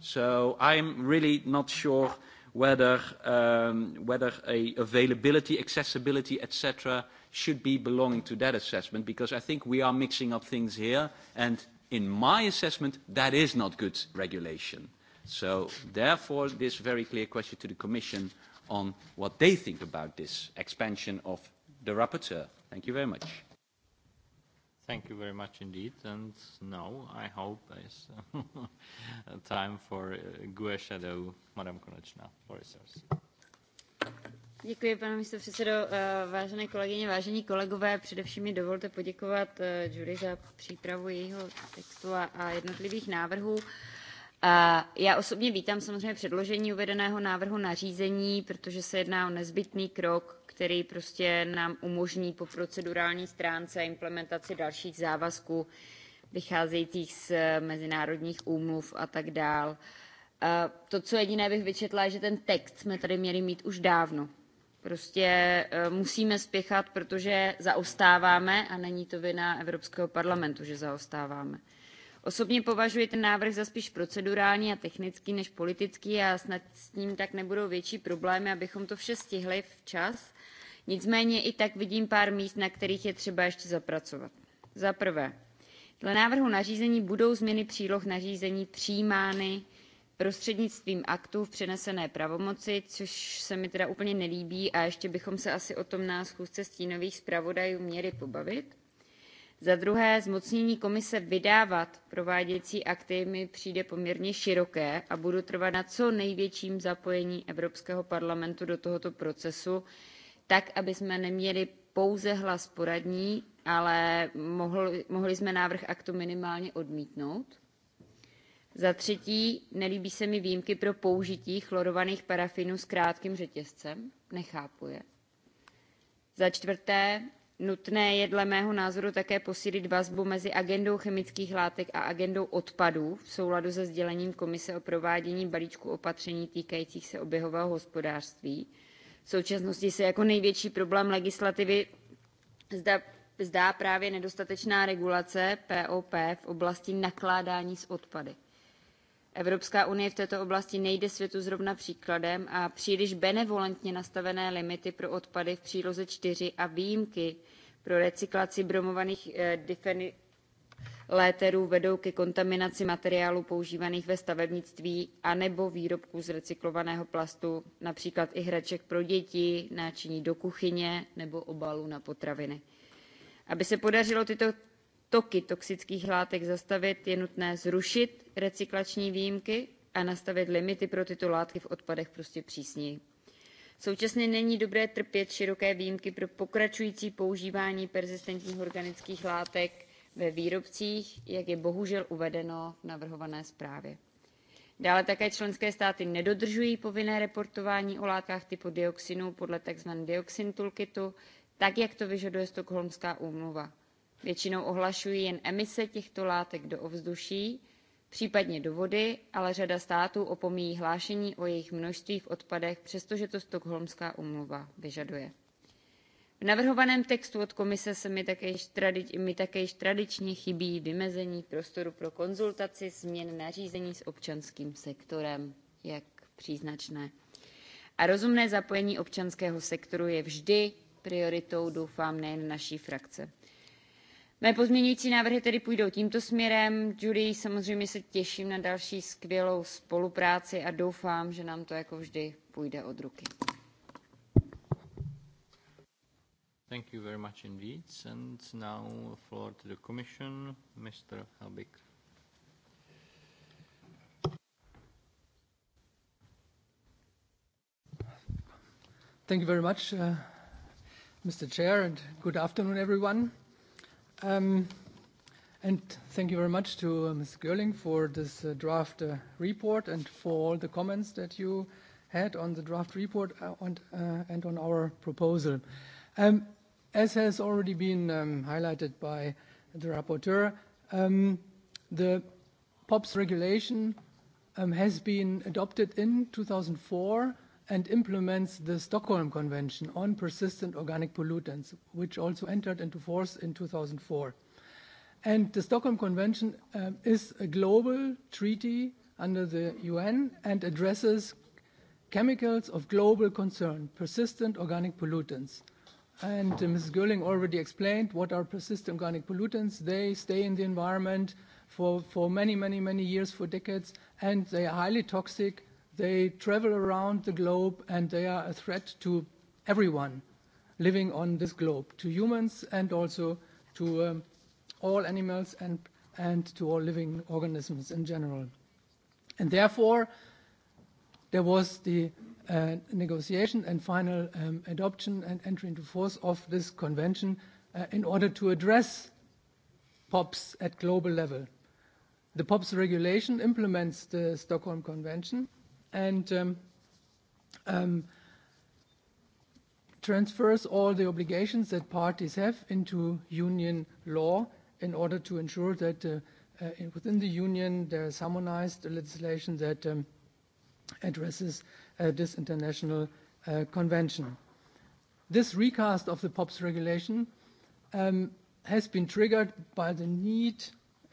So I'm really not sure whether, um, whether a availability, accessibility, etc., should be belonging to that assessment, because I think we are mixing up things here, and in my assessment, that is not good regulation. So therefore, this very clear question to the Commission on what they think about this expansion of the rapporteur. Thank you very much. Thank you very much indeed. And now I hope it's time for uh, GUE Shadow, Madam Konečná, for resource. Děkuji, pane místo předsedo. Eh, vážené kolegyně, vážení kolegové, především mi dovolte poděkovat eh, Judy za přípravu jejího textu a jednotlivých návrhů. Eh, já osobně vítám samozřejmě předložení uvedeného návrhu nařízení, protože se jedná o nezbytný krok který prostě nám umožní po procedurální stránce implementaci dalších závazků vycházejících z eh, mezinárodních úmluv a tak dál. Eh, to, co jediné bych vyčetla, je, že ten text jsme tady měli mít už dávno. Prostě eh, musíme spěchat, protože zaostáváme a není to vina Evropského parlamentu, že zaostáváme. Osobně považuji ten návrh za spíš procedurální a technický než politický a snad s ním tak nebudou větší problémy, abychom to vše stihli včas. Nicméně i tak vidím pár míst, na kterých je třeba ještě zapracovat. Za prvé, dle návrhu nařízení budou změny příloh nařízení přijímány prostřednictvím aktů v přenesené pravomoci, což se mi teda úplně nelíbí a ještě bychom se asi o tom na schůzce stínových zpravodajů měli pobavit. Za druhé, zmocnění komise vydávat prováděcí akty mi přijde poměrně široké a budu trvat na co největším zapojení Evropského parlamentu do tohoto procesu, tak, aby jsme neměli pouze hlas poradní, ale mohl, mohli jsme návrh aktu minimálně odmítnout. Za třetí, nelíbí se mi výjimky pro použití chlorovaných parafinů s krátkým řetězcem. Nechápu je. Za čtvrté, nutné je dle mého názoru také posílit vazbu mezi agendou chemických látek a agendou odpadů v souladu se sdělením Komise o provádění balíčku opatření týkajících se oběhového hospodářství, v současnosti se jako největší problém legislativy zda, zdá právě nedostatečná regulace POP v oblasti nakládání s odpady. Evropská unie v této oblasti nejde světu zrovna příkladem a příliš benevolentně nastavené limity pro odpady v příloze 4 a výjimky pro recyklaci bromovaných eh, léterů vedou ke kontaminaci materiálů používaných ve stavebnictví anebo výrobků z recyklovaného plastu například i hraček pro děti náčiní do kuchyně nebo obalů na potraviny. aby se podařilo tyto toky toxických látek zastavit je nutné zrušit recyklační výjimky a nastavit limity pro tyto látky v odpadech prostě přísněji. Současně není dobré trpět široké výjimky pro pokračující používání perzistentních organických látek ve výrobcích, jak je bohužel uvedeno v navrhované zprávě. Dále také členské státy nedodržují povinné reportování o látkách typu dioxinu podle tzv. dioxin toolkitu, tak jak to vyžaduje Stockholmská úmluva. Většinou ohlašují jen emise těchto látek do ovzduší, případně do vody, ale řada států opomíjí hlášení o jejich množství v odpadech, přestože to Stockholmská úmluva vyžaduje. V navrhovaném textu od komise se mi také, již tradič, mi také již tradičně chybí vymezení prostoru pro konzultaci změn nařízení s občanským sektorem, jak příznačné. A rozumné zapojení občanského sektoru je vždy prioritou, doufám, nejen naší frakce. Mé pozměňující návrhy tedy půjdou tímto směrem. Judy, samozřejmě se těším na další skvělou spolupráci a doufám, že nám to jako vždy půjde od ruky. Thank you very much indeed. And now floor to the Commission, Mr. Helbig. Thank you very much, uh, Mr. Chair, and good afternoon, everyone. Um, and thank you very much to uh, Ms. Görling for this uh, draft uh, report and for all the comments that you had on the draft report and, uh, uh, and on our proposal. Um, As has already been um, highlighted by the rapporteur, um, the POPs regulation um, has been adopted in 2004 and implements the Stockholm Convention on persistent organic pollutants, which also entered into force in 2004. And the Stockholm Convention um, is a global treaty under the UN and addresses chemicals of global concern, persistent organic pollutants. And uh, Ms. Gerling already explained what are persistent organic pollutants. They stay in the environment for, for many, many, many years, for decades, and they are highly toxic. They travel around the globe, and they are a threat to everyone living on this globe, to humans and also to um, all animals and, and to all living organisms in general. And therefore, there was the uh, negotiation and final um, adoption and entry into force of this convention uh, in order to address POPs at global level. The POPs regulation implements the Stockholm Convention and um, um, transfers all the obligations that parties have into union law in order to ensure that uh, uh, within the union there is harmonized legislation that um, addresses uh, uh, this international uh, convention. This recast of the POPs regulation um, has been triggered by the need,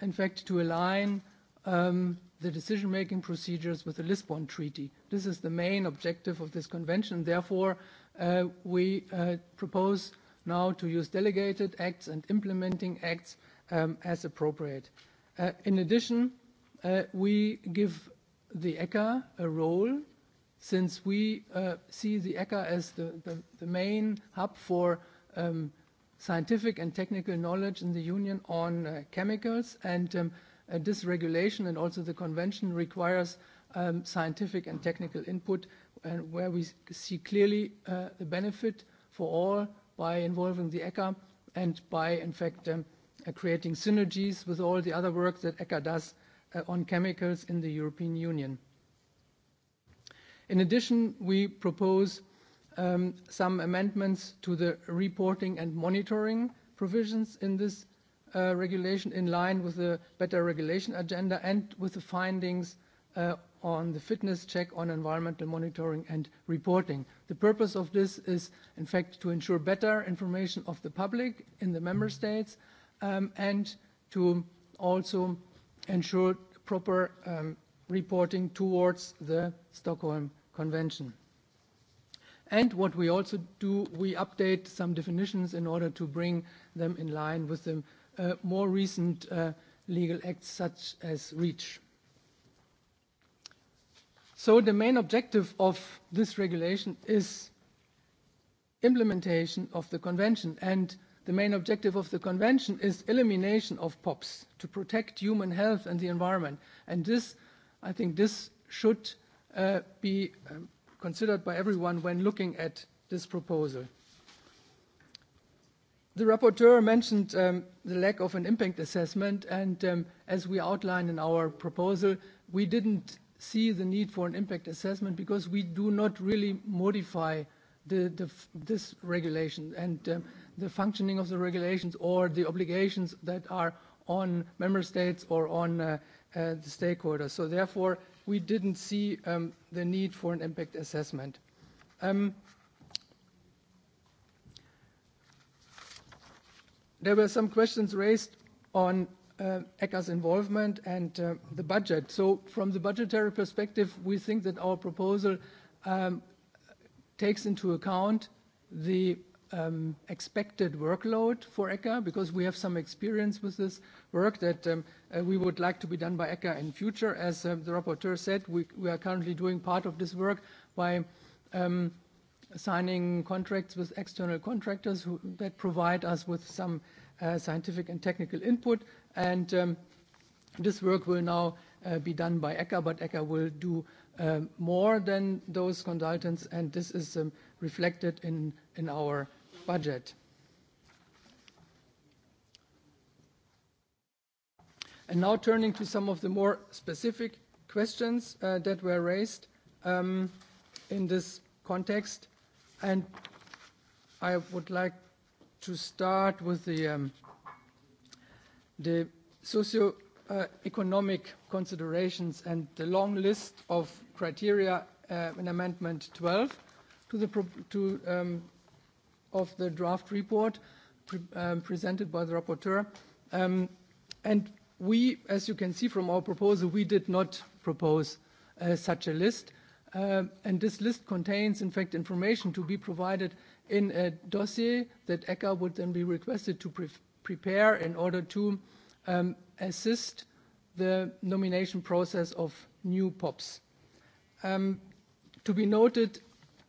in fact, to align um, the decision-making procedures with the Lisbon Treaty. This is the main objective of this convention. Therefore, uh, we uh, propose now to use delegated acts and implementing acts um, as appropriate. Uh, in addition, uh, we give the ECHA a role since we uh, see the ECHA as the, the, the main hub for um, scientific and technical knowledge in the Union on uh, chemicals. And um, uh, this regulation and also the convention requires um, scientific and technical input, and uh, where we see clearly uh, the benefit for all by involving the ECHA and by, in fact, um, uh, creating synergies with all the other work that ECHA does uh, on chemicals in the European Union. In addition, we propose um, some amendments to the reporting and monitoring provisions in this uh, regulation in line with the better regulation agenda and with the findings uh, on the fitness check on environmental monitoring and reporting. The purpose of this is, in fact, to ensure better information of the public in the member states um, and to also ensure proper um, reporting towards the Stockholm Convention. And what we also do, we update some definitions in order to bring them in line with the uh, more recent uh, legal acts such as REACH. So the main objective of this regulation is implementation of the convention, and the main objective of the convention is elimination of POPs to protect human health and the environment. And this, I think this should uh, be um, considered by everyone when looking at this proposal. The rapporteur mentioned um, the lack of an impact assessment, and um, as we outlined in our proposal, we didn't see the need for an impact assessment because we do not really modify the, the, this regulation and um, the functioning of the regulations or the obligations that are on member states or on uh, uh, the stakeholders. So therefore, we didn't see um, the need for an impact assessment. Um, there were some questions raised on uh, ECA's involvement and uh, the budget. So from the budgetary perspective, we think that our proposal um, takes into account the um, expected workload for ECHA? Because we have some experience with this work that um, uh, we would like to be done by ECHA in future. As um, the rapporteur said, we, we are currently doing part of this work by um, signing contracts with external contractors who, that provide us with some uh, scientific and technical input. And um, this work will now uh, be done by ECHA, but ECHA will do uh, more than those consultants, and this is um, reflected in, in our budget. And now turning to some of the more specific questions uh, that were raised um, in this context, and I would like to start with the, um, the socioeconomic considerations and the long list of criteria uh, in Amendment 12 to the, pro to, um, of the draft report pre um, presented by the rapporteur. Um, and we, as you can see from our proposal, we did not propose uh, such a list. Uh, and this list contains, in fact, information to be provided in a dossier that ECHA would then be requested to pre prepare in order to um, assist the nomination process of new POPs. Um, to be noted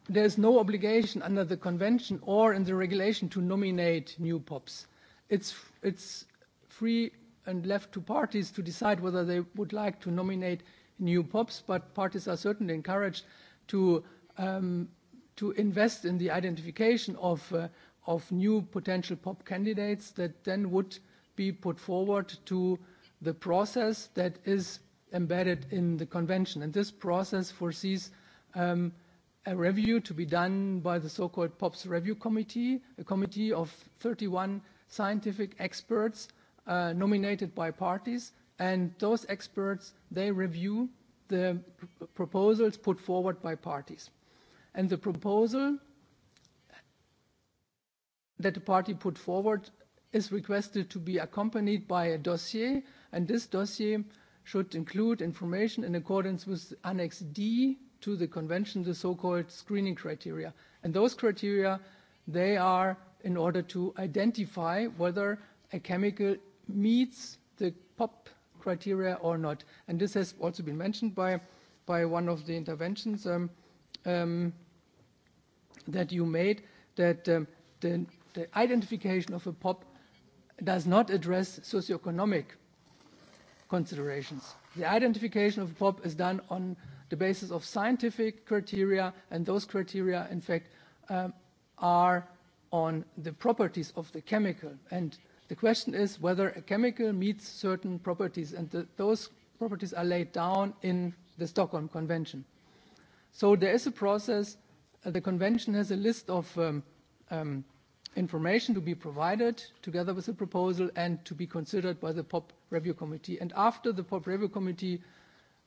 there is no obligation under the convention or in the regulation to nominate new pops. It's, it's free and left to parties to decide whether they would like to nominate new pops, but parties are certainly encouraged to, um, to invest in the identification of, uh, of new potential pop candidates that then would be put forward to the process that is embedded in the convention. And this process foresees um, – a review to be done by the so-called POPS Review Committee, a committee of 31 scientific experts uh, nominated by parties, and those experts, they review the pr proposals put forward by parties. And the proposal that a party put forward is requested to be accompanied by a dossier, and this dossier should include information in accordance with Annex D to the convention, the so-called screening criteria. And those criteria, they are in order to identify whether a chemical meets the POP criteria or not. And this has also been mentioned by, by one of the interventions um, um, that you made, that um, the, the identification of a POP does not address socioeconomic considerations. The identification of a POP is done on the basis of scientific criteria, and those criteria, in fact, um, are on the properties of the chemical. And the question is whether a chemical meets certain properties, and the, those properties are laid down in the Stockholm Convention. So there is a process. Uh, the convention has a list of um, um, information to be provided together with a proposal and to be considered by the POP Review Committee. And after the POP Review Committee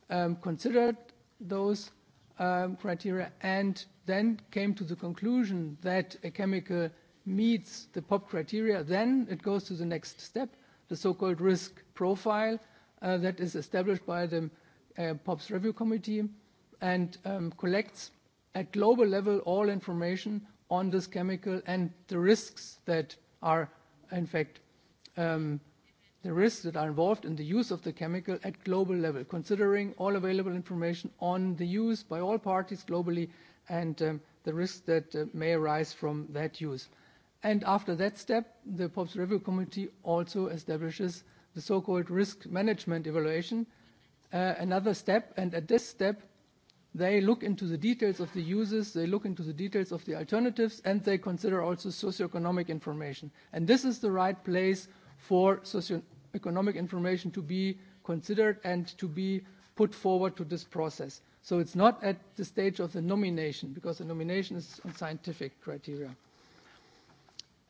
um, considered those um, criteria and then came to the conclusion that a chemical meets the POP criteria, then it goes to the next step, the so-called risk profile uh, that is established by the uh, POPs review committee and um, collects at global level all information on this chemical and the risks that are in fact um, the risks that are involved in the use of the chemical at global level, considering all available information on the use by all parties globally and um, the risks that uh, may arise from that use. And after that step, the POPs Review Committee also establishes the so-called risk management evaluation, uh, another step. And at this step, they look into the details of the uses, they look into the details of the alternatives, and they consider also socioeconomic information. And this is the right place for socio economic information to be considered and to be put forward to this process. So it's not at the stage of the nomination, because the nomination is on scientific criteria.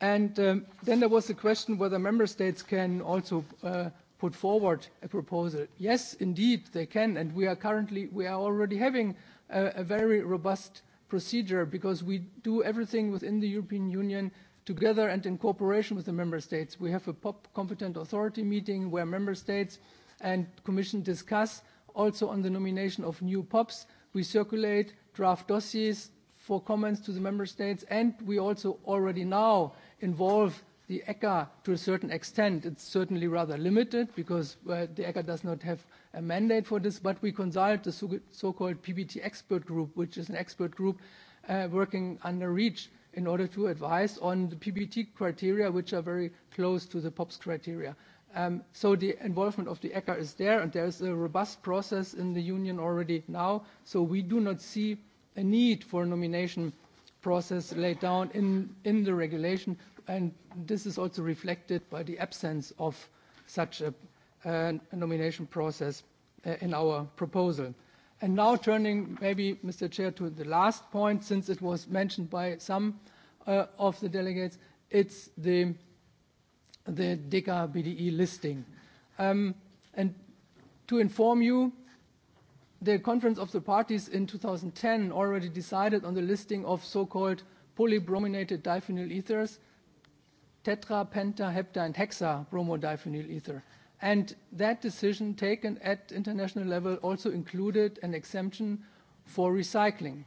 And um, then there was the question whether member states can also uh, put forward a proposal. Yes, indeed, they can, and we are currently, we are already having a, a very robust procedure because we do everything within the European Union uh, Together and in cooperation with the member states, we have a POP competent authority meeting where member states and commission discuss also on the nomination of new POPs. We circulate draft dossiers for comments to the member states, and we also already now involve the ECHA to a certain extent. It's certainly rather limited because uh, the ECHA does not have a mandate for this, but we consult the so-called PBT expert group, which is an expert group uh, working under REACH in order to advise on the PBT criteria, which are very close to the POPs criteria. Um, so the involvement of the ECHA is there, and there is a robust process in the union already now. So we do not see a need for a nomination process laid down in, in the regulation, and this is also reflected by the absence of such a, a nomination process uh, in our proposal. And now turning maybe, Mr. Chair, to the last point, since it was mentioned by some uh, of the delegates, it's the, the DECA BDE listing. Um, and to inform you, the Conference of the Parties in 2010 already decided on the listing of so-called polybrominated diphenyl ethers, tetra, penta, hepta, and hexa bromodiphenyl ether. Uh, And that decision taken at international level also included an exemption for recycling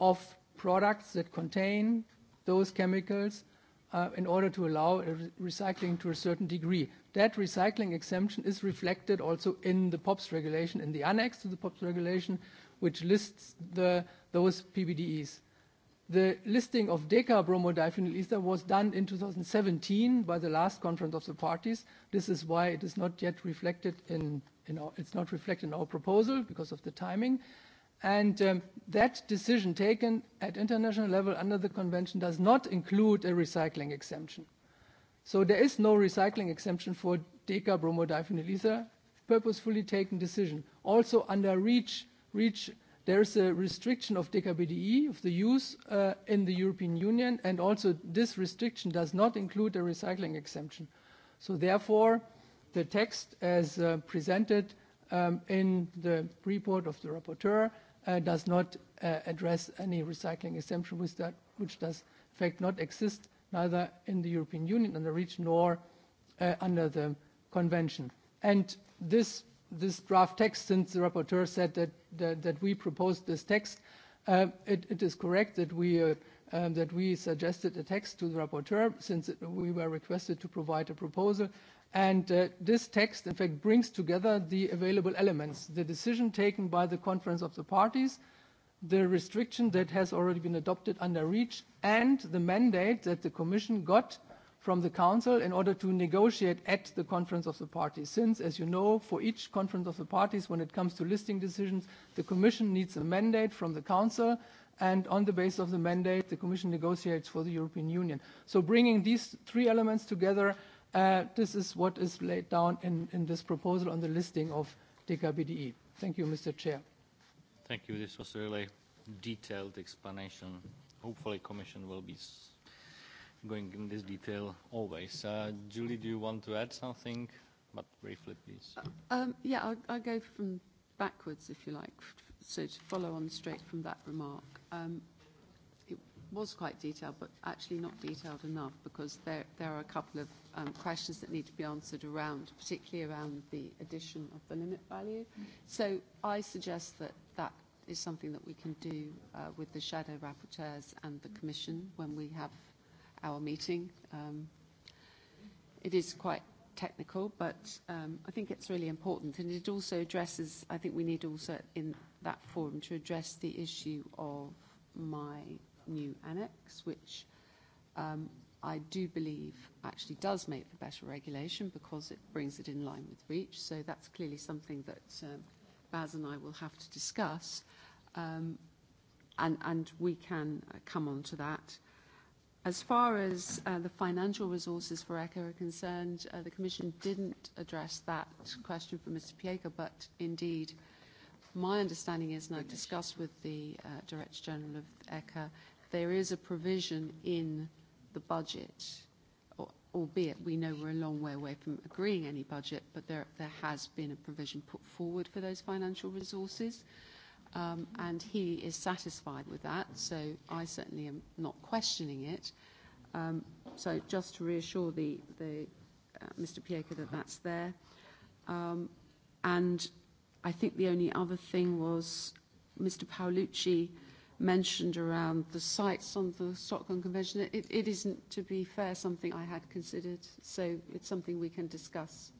of products that contain those chemicals uh, in order to allow re recycling to a certain degree. That recycling exemption is reflected also in the POPs regulation, in the annex to the POPs regulation, which lists the, those PBDEs. The listing of deca-bromodiphenyl ether was done in 2017 by the last conference of the parties. This is why it is not yet reflected in, in our, it's not reflected in our proposal because of the timing. And um, that decision taken at international level under the convention does not include a recycling exemption. So there is no recycling exemption for deca-bromodiphenyl ether, purposefully taken decision. Also under REACH, REACH there's a restriction of DKBDE, of the use uh, in the European Union, and also this restriction does not include a recycling exemption. So therefore, the text as uh, presented um, in the report of the rapporteur uh, does not uh, address any recycling exemption with that, which does in fact not exist neither in the European Union and the region nor uh, under the convention. And this this draft text, since the rapporteur said that, that, that we proposed this text, uh, it, it is correct that we, uh, um, that we suggested a text to the rapporteur, since it, we were requested to provide a proposal. And uh, this text, in fact, brings together the available elements, the decision taken by the Conference of the Parties, the restriction that has already been adopted under REACH, and the mandate that the Commission got from the Council in order to negotiate at the Conference of the Parties. Since, as you know, for each Conference of the Parties, when it comes to listing decisions, the Commission needs a mandate from the Council, and on the basis of the mandate, the Commission negotiates for the European Union. So bringing these three elements together, uh, this is what is laid down in, in this proposal on the listing of DKBDE. Thank you, Mr. Chair. Thank you. This was a really detailed explanation. Hopefully, Commission will be going in this detail always. Uh, Julie, do you want to add something? But briefly, please. Uh, um, yeah, I'll, I'll go from backwards, if you like, so to follow on straight from that remark. Um, it was quite detailed, but actually not detailed enough because there, there are a couple of um, questions that need to be answered around, particularly around the addition of the limit value. So I suggest that that is something that we can do uh, with the shadow rapporteurs and the Commission when we have our meeting. Um, it is quite technical, but um, I think it's really important. And it also addresses, I think we need also in that forum to address the issue of my new annex, which um, I do believe actually does make for better regulation because it brings it in line with REACH. So that's clearly something that um, Baz and I will have to discuss. Um, and, and we can uh, come on to that. As far as uh, the financial resources for ECHO are concerned, uh, the Commission didn't address that question from Mr. Pieka, but indeed, my understanding is, and I've discussed with the uh, Director General of ECHO, there is a provision in the budget, or, albeit we know we're a long way away from agreeing any budget, but there, there has been a provision put forward for those financial resources. Uh, um, and he is satisfied with that, so I certainly am not questioning it. Um, so just to reassure the, the, uh, Mr Pieker that that's there. Um, and I think the only other thing was Mr Paolucci mentioned around the sites on the Stockholm Convention. It, it isn't, to be fair, something I had considered, so it's something we can discuss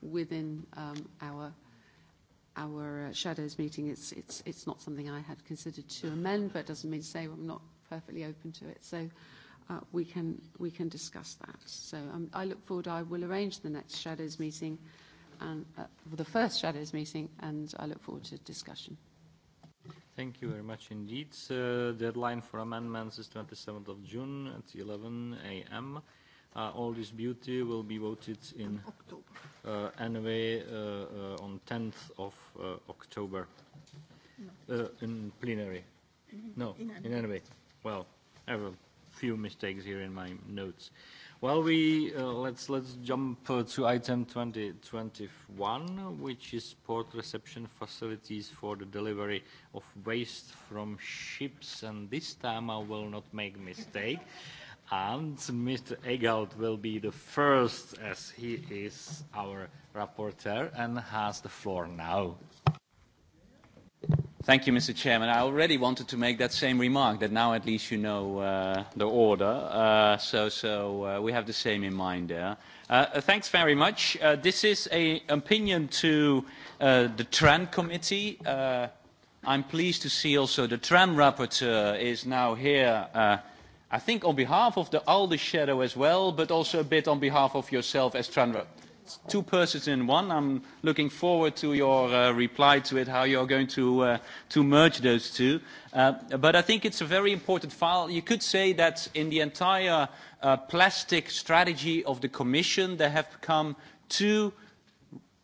within um, our our uh, shadows meeting, it's, it's, it's not something I had considered to amend, but it doesn't mean to say I'm not perfectly open to it. So uh, we, can, we can discuss that. So um, I look forward, I will arrange the next shadows meeting, and, uh, well, the first shadows meeting, and I look forward to discussion. Thank you very much indeed. Uh, deadline for amendments is 27th of June at 11 a.m uh, all this beauty will be voted in uh, anyway uh, uh, on 10th of uh, October no. uh, in plenary. Mm-hmm. No, in, in anyway. Well, I have a few mistakes here in my notes. Well, we uh, let's let's jump uh, to item 20, 21, which is port reception facilities for the delivery of waste from ships. And this time I will not make mistake and Mr. Egaut will be the first as he is our rapporteur and has the floor now. Thank you, Mr. Chairman. I already wanted to make that same remark, that now at least you know uh, the order. Uh, so so uh, we have the same in mind there. Uh, uh, thanks very much. Uh, this is an opinion to uh, the TRAN committee. Uh, I'm pleased to see also the TRAN rapporteur is now here uh, I think on behalf of the ALDE shadow as well, but also a bit on behalf of yourself as Tranra. It's two persons in one. I'm looking forward to your uh, reply to it, how you're going to, uh, to merge those two. Uh, but I think it's a very important file. You could say that in the entire uh, plastic strategy of the Commission, there have come two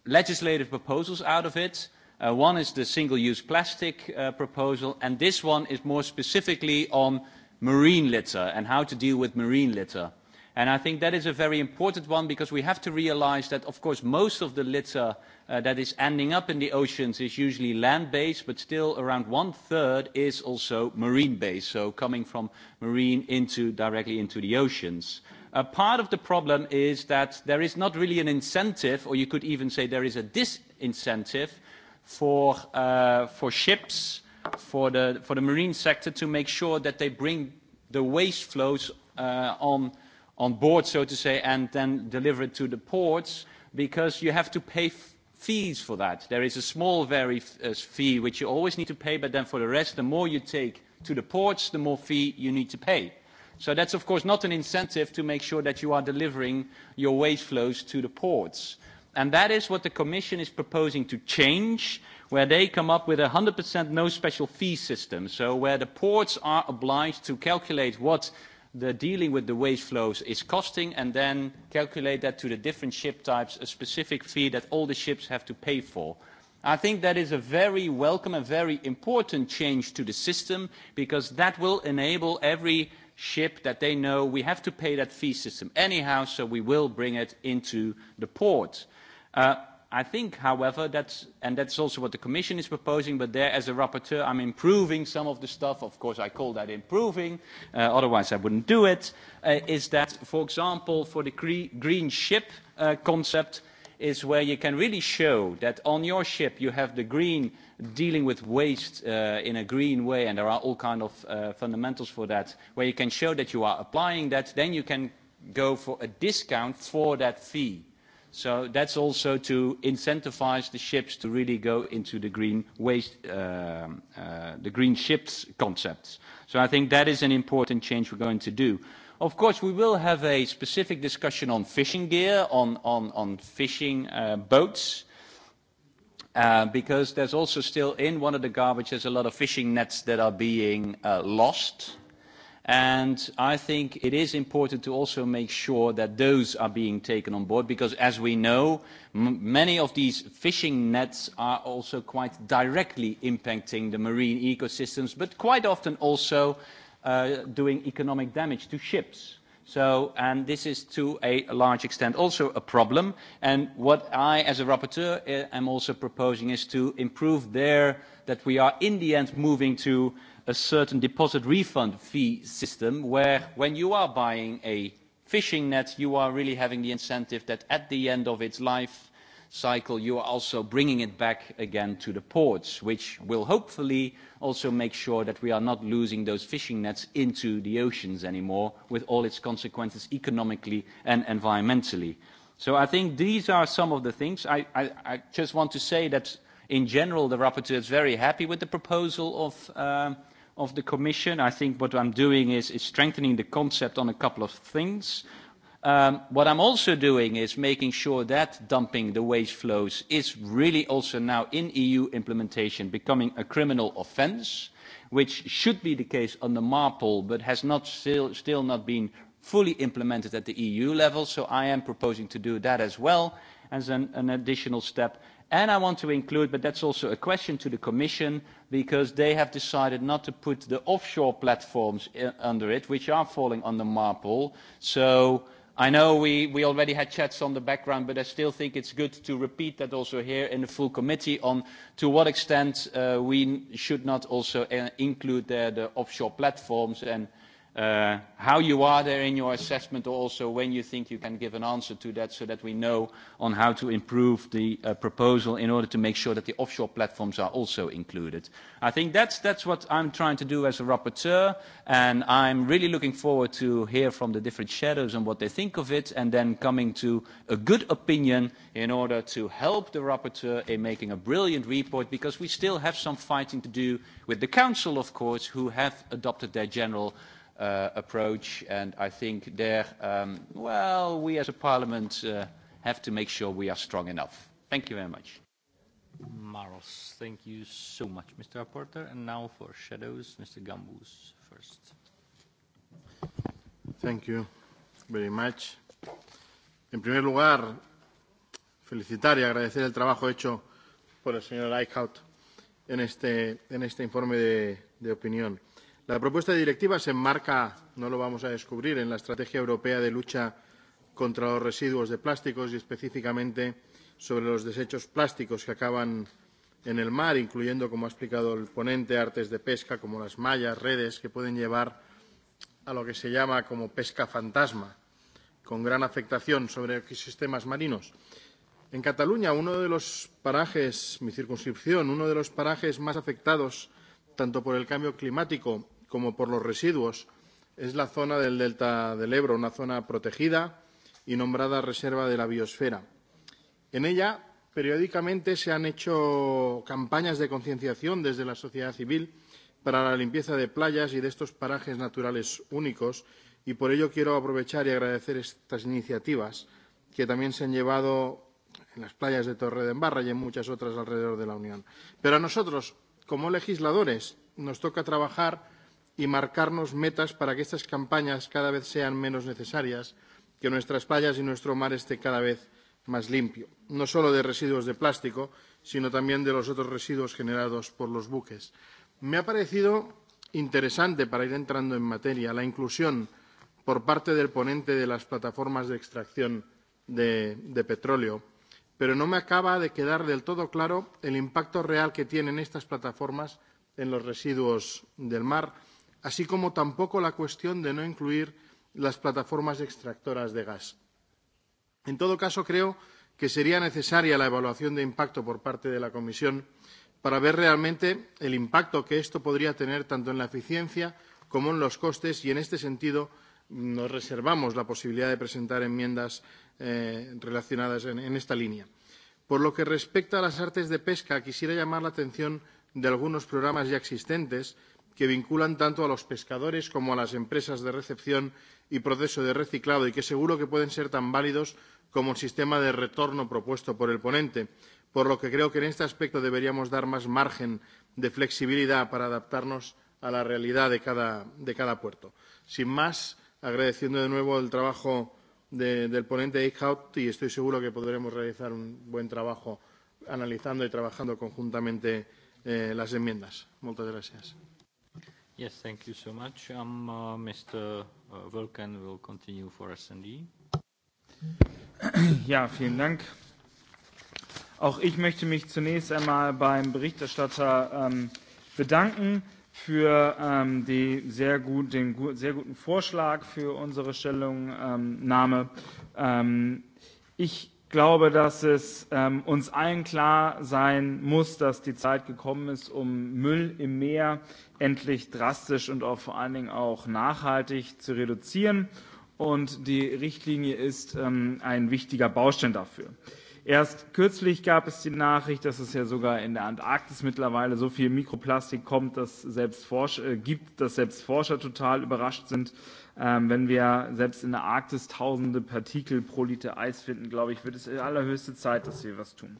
legislative proposals out of it. Uh, one is the single-use plastic uh, proposal, and this one is more specifically on uh, marine litter and how to deal with marine litter. And I think that is a very important one because we have to realize that, of course, most of the litter uh, that is ending up in the oceans is usually land-based, but still around one-third is also marine-based, so coming from marine into, directly into the oceans. Uh, part of the problem is that there is not really an incentive, or you could even say there is a disincentive for, uh, for ships uh, for the, for the marine sector to make sure that they bring the waste flows uh, on, on board, so to say, and then deliver it to the ports, because you have to pay f fees for that. There is a small very uh, fee which you always need to pay, but then for the rest, the more you take to the ports, the more fee you need to pay. So that's, of course, not an incentive to make sure that you are delivering your waste flows to the ports. And that is what the Commission is proposing to change where they come up with a 100% no special fee system. So where the ports are obliged to calculate what the dealing with the waste flows is costing and then calculate that to the different ship types, a specific fee that all the ships have to pay for. I think that is a very welcome and very important change to the system because that will enable every ship that they know we have to pay that fee system anyhow, so we will bring it into the port. Uh, I think, however, that's, and that's also what the Commission is proposing, but there as a rapporteur I'm improving some of the stuff, of course I call that improving, uh, otherwise I wouldn't do it, uh, is that, for example, for the gre green ship uh, concept, is where you can really show that on your ship you have the green dealing with waste uh, in a green way, and there are all kind of uh, fundamentals for that, where you can show that you are applying that, then you can go for a discount for that fee. So that's also to incentivize the ships to really go into the green waste, uh, uh, the green ships concepts. So I think that is an important change we're going to do. Of course, we will have a specific discussion on fishing gear, on, on, on fishing uh, boats, uh, because there's also still in one of the garbage, there's a lot of fishing nets that are being uh, lost. Uh, And I think it is important to also make sure that those are being taken on board because, as we know, m many of these fishing nets are also quite directly impacting the marine ecosystems, but quite often also uh, doing economic damage to ships. So, and this is to a large extent also a problem. And what I, as a rapporteur, eh, am also proposing is to improve there that we are in the end moving to a certain deposit refund fee system where when you are buying a fishing net, you are really having the incentive that at the end of its life, cycle, you are also bringing it back again to the ports, which will hopefully also make sure that we are not losing those fishing nets into the oceans anymore, with all its consequences economically and environmentally. So I think these are some of the things. I, I, I just want to say that in general, the rapporteur is very happy with the proposal of, um, of the Commission. I think what I'm doing is, is strengthening the concept on a couple of things. Uh, Um, what I'm also doing is making sure that dumping the waste flows is really also now in EU implementation becoming a criminal offence, which should be the case under MARPOL but has not still, still not been fully implemented at the EU level. So I am proposing to do that as well as an, an additional step. And I want to include, but that's also a question to the Commission, because they have decided not to put the offshore platforms uh, under it, which are falling under MARPOL. So I know we, we already had chats on the background, but I still think it's good to repeat that also here in the full committee on to what extent uh, we should not also uh, include there the offshore platforms and uh, how you are there in your assessment, or also when you think you can give an answer to that so that we know on how to improve the uh, proposal in order to make sure that the offshore platforms are also included. I think that's, that's what I'm trying to do as a rapporteur, and I'm really looking forward to hear from the different shadows and what they think of it, and then coming to a good opinion in order to help the rapporteur in making a brilliant report, because we still have some fighting to do with the Council, of course, who have adopted their general uh, approach. And I think there, um, well, we as a parliament uh, have to make sure we are strong enough. Thank you very much. Maros, thank you so much, Mr. Apporter. And now for shadows, Mr. Gambus first. Thank you very much. En primer lugar, felicitar y agradecer el trabajo hecho por el señor Eichhout en este, en este informe de, de opinión. La propuesta de directiva se enmarca, no lo vamos a descubrir, en la Estrategia Europea de Lucha contra los Residuos de Plásticos y específicamente sobre los desechos plásticos que acaban en el mar, incluyendo, como ha explicado el ponente, artes de pesca como las mallas, redes, que pueden llevar a lo que se llama como pesca fantasma, con gran afectación sobre ecosistemas marinos. En Cataluña, uno de los parajes, mi circunscripción, uno de los parajes más afectados tanto por el cambio climático como por los residuos, es la zona del delta del Ebro, una zona protegida y nombrada Reserva de la Biosfera. En ella, periódicamente, se han hecho campañas de concienciación desde la sociedad civil para la limpieza de playas y de estos parajes naturales únicos y por ello quiero aprovechar y agradecer estas iniciativas que también se han llevado en las playas de Torredembarra y en muchas otras alrededor de la Unión. Pero a nosotros, como legisladores, nos toca trabajar y marcarnos metas para que estas campañas cada vez sean menos necesarias, que nuestras playas y nuestro mar esté cada vez más limpio, no solo de residuos de plástico, sino también de los otros residuos generados por los buques. Me ha parecido interesante, para ir entrando en materia, la inclusión por parte del ponente de las plataformas de extracción de, de petróleo, pero no me acaba de quedar del todo claro el impacto real que tienen estas plataformas en los residuos del mar así como tampoco la cuestión de no incluir las plataformas extractoras de gas. En todo caso, creo que sería necesaria la evaluación de impacto por parte de la Comisión para ver realmente el impacto que esto podría tener tanto en la eficiencia como en los costes y, en este sentido, nos reservamos la posibilidad de presentar enmiendas eh, relacionadas en, en esta línea. Por lo que respecta a las artes de pesca, quisiera llamar la atención de algunos programas ya existentes que vinculan tanto a los pescadores como a las empresas de recepción y proceso de reciclado y que seguro que pueden ser tan válidos como el sistema de retorno propuesto por el ponente, por lo que creo que en este aspecto deberíamos dar más margen de flexibilidad para adaptarnos a la realidad de cada, de cada puerto. Sin más, agradeciendo de nuevo el trabajo de, del ponente Eichhout y estoy seguro que podremos realizar un buen trabajo analizando y trabajando conjuntamente eh, las enmiendas. Muchas gracias. Yes, thank you so much. Um, uh, Mr. Wilken uh, will continue for S&D. Ja, vielen Dank. Auch ich möchte mich zunächst einmal beim Berichterstatter ähm, bedanken für ähm, die sehr gut, den gu sehr guten Vorschlag für unsere Stellungnahme. Ähm, ich glaube, dass es ähm, uns allen klar sein muss, dass die Zeit gekommen ist, um Müll im Meer endlich drastisch und auch vor allen Dingen auch nachhaltig zu reduzieren. Und die Richtlinie ist ähm, ein wichtiger Baustein dafür. Erst kürzlich gab es die Nachricht, dass es ja sogar in der Antarktis mittlerweile so viel Mikroplastik kommt, dass selbst Forscher, äh, gibt, dass selbst Forscher total überrascht sind. Äh, Ähm, wenn wir selbst in der Arktis tausende Partikel pro Liter Eis finden, glaube ich, wird es allerhöchste Zeit, dass wir was tun.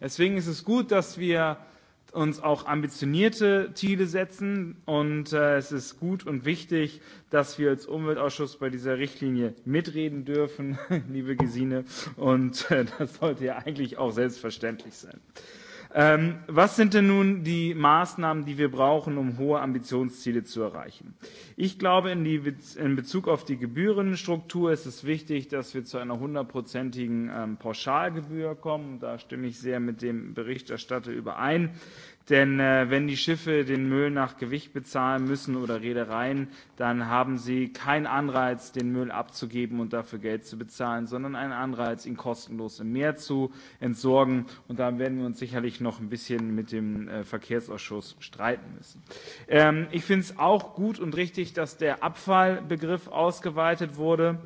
Deswegen ist es gut, dass wir uns auch ambitionierte Ziele setzen. Und äh, es ist gut und wichtig, dass wir als Umweltausschuss bei dieser Richtlinie mitreden dürfen, liebe Gesine. Und äh, das sollte ja eigentlich auch selbstverständlich sein. Äh, Ähm, was sind denn nun die Maßnahmen, die wir brauchen, um hohe Ambitionsziele zu erreichen? Ich glaube, in, die, in Bezug auf die Gebührenstruktur ist es wichtig, dass wir zu einer hundertprozentigen ähm, Pauschalgebühr kommen. Da stimme ich sehr mit dem Berichterstatter überein. Denn äh, wenn die Schiffe den Müll nach Gewicht bezahlen müssen oder Reedereien, dann haben sie keinen Anreiz, den Müll abzugeben und dafür Geld zu bezahlen, sondern einen Anreiz, ihn kostenlos im Meer zu entsorgen. Und da werden wir uns sicherlich noch ein bisschen mit dem äh, Verkehrsausschuss streiten müssen. Ähm, ich finde es auch gut und richtig, dass der Abfallbegriff ausgeweitet wurde.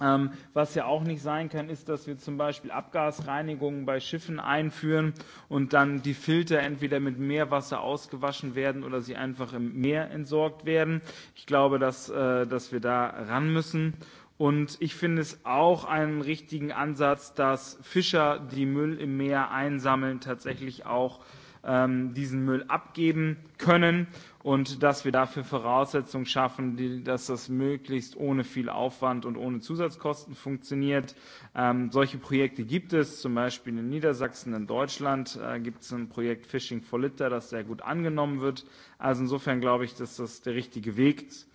Ähm, was ja auch nicht sein kann, ist, dass wir zum Beispiel Abgasreinigungen bei Schiffen einführen und dann die Filter entweder mit Meerwasser ausgewaschen werden oder sie einfach im Meer entsorgt werden. Ich glaube, dass, äh, dass wir da ran müssen. Und ich finde es auch einen richtigen Ansatz, dass Fischer, die Müll im Meer einsammeln, tatsächlich auch ähm, diesen Müll abgeben können und dass wir dafür Voraussetzungen schaffen, die, dass das möglichst ohne viel Aufwand und ohne Zusatzkosten funktioniert. Ähm, solche Projekte gibt es, zum Beispiel in Niedersachsen, in Deutschland äh, gibt es ein Projekt Fishing for Litter, das sehr gut angenommen wird. Also insofern glaube ich, dass das der richtige Weg ist.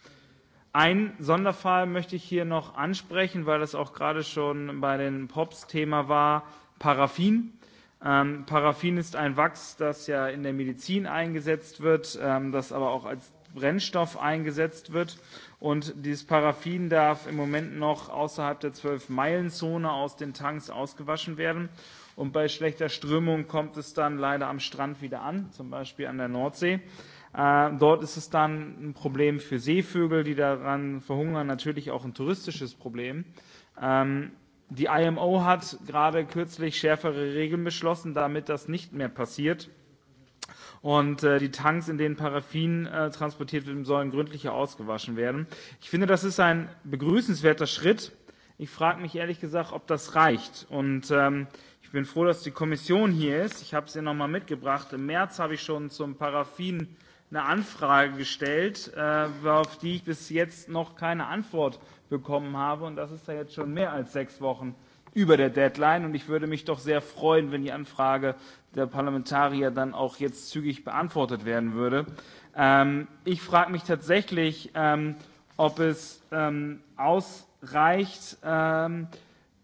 Ein Sonderfall möchte ich hier noch ansprechen, weil das auch gerade schon bei den Pops Thema war, Paraffin. Ähm, Paraffin ist ein Wachs, das ja in der Medizin eingesetzt wird, ähm, das aber auch als Brennstoff eingesetzt wird. Und dieses Paraffin darf im Moment noch außerhalb der Zwölf-Meilen-Zone aus den Tanks ausgewaschen werden. Und bei schlechter Strömung kommt es dann leider am Strand wieder an, zum Beispiel an der Nordsee. Äh, dort ist es dann ein Problem für Seevögel, die daran verhungern, natürlich auch ein touristisches Problem. Ähm, Die IMO hat gerade kürzlich schärfere Regeln beschlossen, damit das nicht mehr passiert. Und äh, die Tanks, in denen Paraffin äh, transportiert wird, sollen gründlicher ausgewaschen werden. Ich finde, das ist ein begrüßenswerter Schritt. Ich frage mich ehrlich gesagt, ob das reicht. Und ähm, ich bin froh, dass die Kommission hier ist. Ich habe es ihr nochmal mitgebracht. Im März habe ich schon zum Paraffin eine Anfrage gestellt, äh, auf die ich bis jetzt noch keine Antwort bekommen habe. Und das ist ja jetzt schon mehr als sechs Wochen über der Deadline. Und ich würde mich doch sehr freuen, wenn die Anfrage der Parlamentarier dann auch jetzt zügig beantwortet werden würde. Ähm, ich frage mich tatsächlich, ähm, ob es ähm, ausreicht, ähm,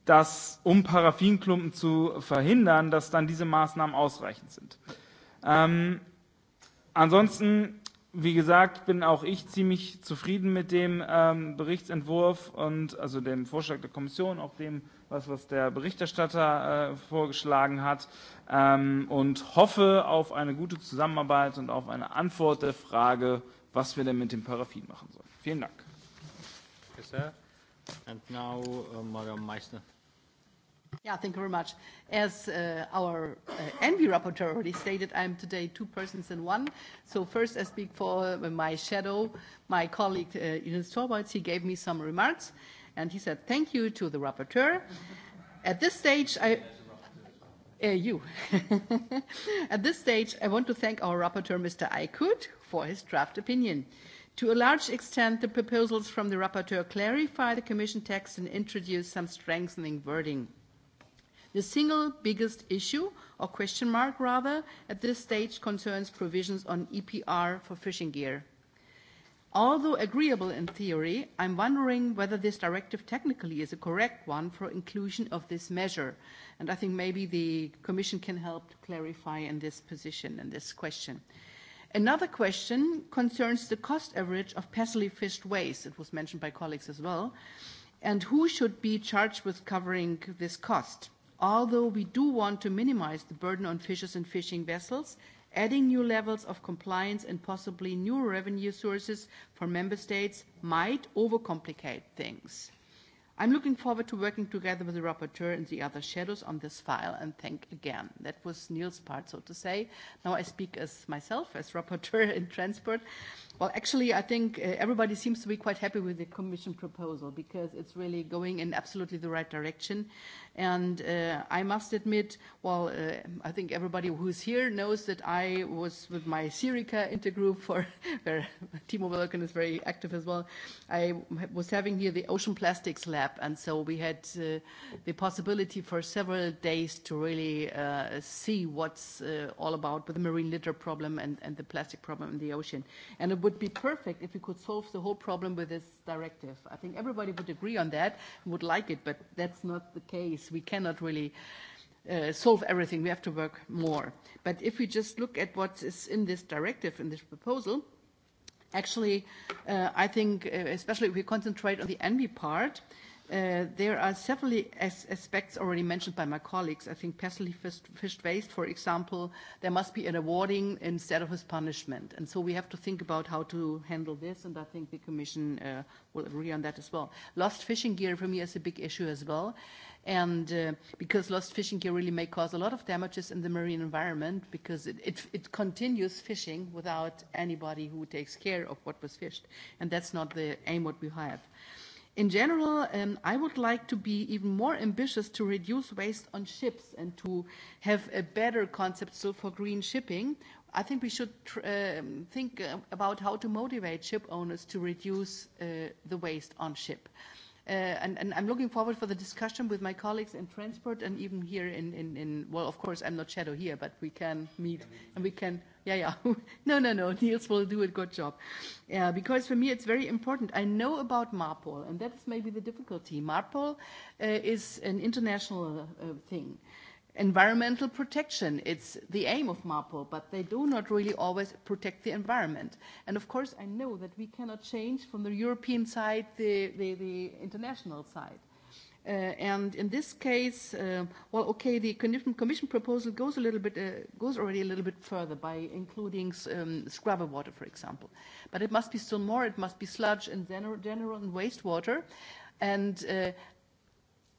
dass, um Paraffinklumpen zu verhindern, dass dann diese Maßnahmen ausreichend sind. Ähm, ansonsten wie gesagt, bin auch ich ziemlich zufrieden mit dem ähm, Berichtsentwurf und also dem Vorschlag der Kommission, auch dem, was, was der Berichterstatter äh, vorgeschlagen hat ähm, und hoffe auf eine gute Zusammenarbeit und auf eine Antwort der Frage, was wir denn mit dem Paraffin machen sollen. Vielen Dank. Yes, sir. And now, uh, Madam Meissner. Yeah, thank you very much. As uh, our uh, envy rapporteur already stated, I'm today two persons in one. So first I speak for uh, my shadow, my colleague uh, Ines Torvalds. He gave me some remarks and he said thank you to the rapporteur. At this stage, I... Uh, you. At this stage, I want to thank our rapporteur, Mr. Aykut, for his draft opinion. To a large extent, the proposals from the rapporteur clarify the Commission text and introduce some strengthening wording. The single biggest issue, or question mark rather, at this stage concerns provisions on EPR for fishing gear. Although agreeable in theory, I'm wondering whether this directive technically is a correct one for inclusion of this measure. And I think maybe the Commission can help to clarify in this position and this question. Another question concerns the cost average of passively fished waste. It was mentioned by colleagues as well. And who should be charged with covering this cost? although we do want to minimize the burden on fishers and fishing vessels, adding new levels of compliance and possibly new revenue sources for member states might overcomplicate things. I'm looking forward to working together with the rapporteur and the other shadows on this file and thank again. That was Neil's part, so to say. Now I speak as myself, as rapporteur in transport. Well, actually, I think uh, everybody seems to be quite happy with the Commission proposal because it's really going in absolutely the right direction. And uh, I must admit, well, uh, I think everybody who's here knows that I was with my Syrica intergroup for, where Timo Wilken is very active as well. I was having here the Ocean Plastics Lab, and so we had uh, the possibility for several days to really uh, see what's uh, all about with the marine litter problem and, and the plastic problem in the ocean. And it would would be perfect if we could solve the whole problem with this directive. I think everybody would agree on that and would like it, but that's not the case. We cannot really uh, solve everything. We have to work more. But if we just look at what is in this directive, in this proposal, actually, uh, I think, uh, especially if we concentrate on the envy part, uh, Uh, there are several as aspects already mentioned by my colleagues. I think personally fished, fished waste, for example, there must be an awarding instead of his punishment. And so we have to think about how to handle this, and I think the Commission uh, will agree on that as well. Lost fishing gear for me is a big issue as well. And uh, because lost fishing gear really may cause a lot of damages in the marine environment because it, it, it continues fishing without anybody who takes care of what was fished. And that's not the aim what we have. Uh, In general, um, I would like to be even more ambitious to reduce waste on ships and to have a better concept still for green shipping. I think we should tr um, think uh, about how to motivate ship owners to reduce uh, the waste on ship. Uh, uh, and, and I'm looking forward for the discussion with my colleagues in transport and even here in, in, in well, of course, I'm not shadow here, but we can meet and we can, yeah, yeah. no, no, no, Niels will do a good job. Uh, because for me, it's very important. I know about MARPOL, and that's maybe the difficulty. MARPOL uh, is an international uh, thing. Uh, environmental protection. It's the aim of MAPO, but they do not really always protect the environment. And of course, I know that we cannot change from the European side the, the, the international side. Uh, and in this case, uh, well, okay, the Commission proposal goes a little bit, uh, goes already a little bit further by including um, scrubber water, for example. But it must be still more. It must be sludge and general, general and wastewater. And uh,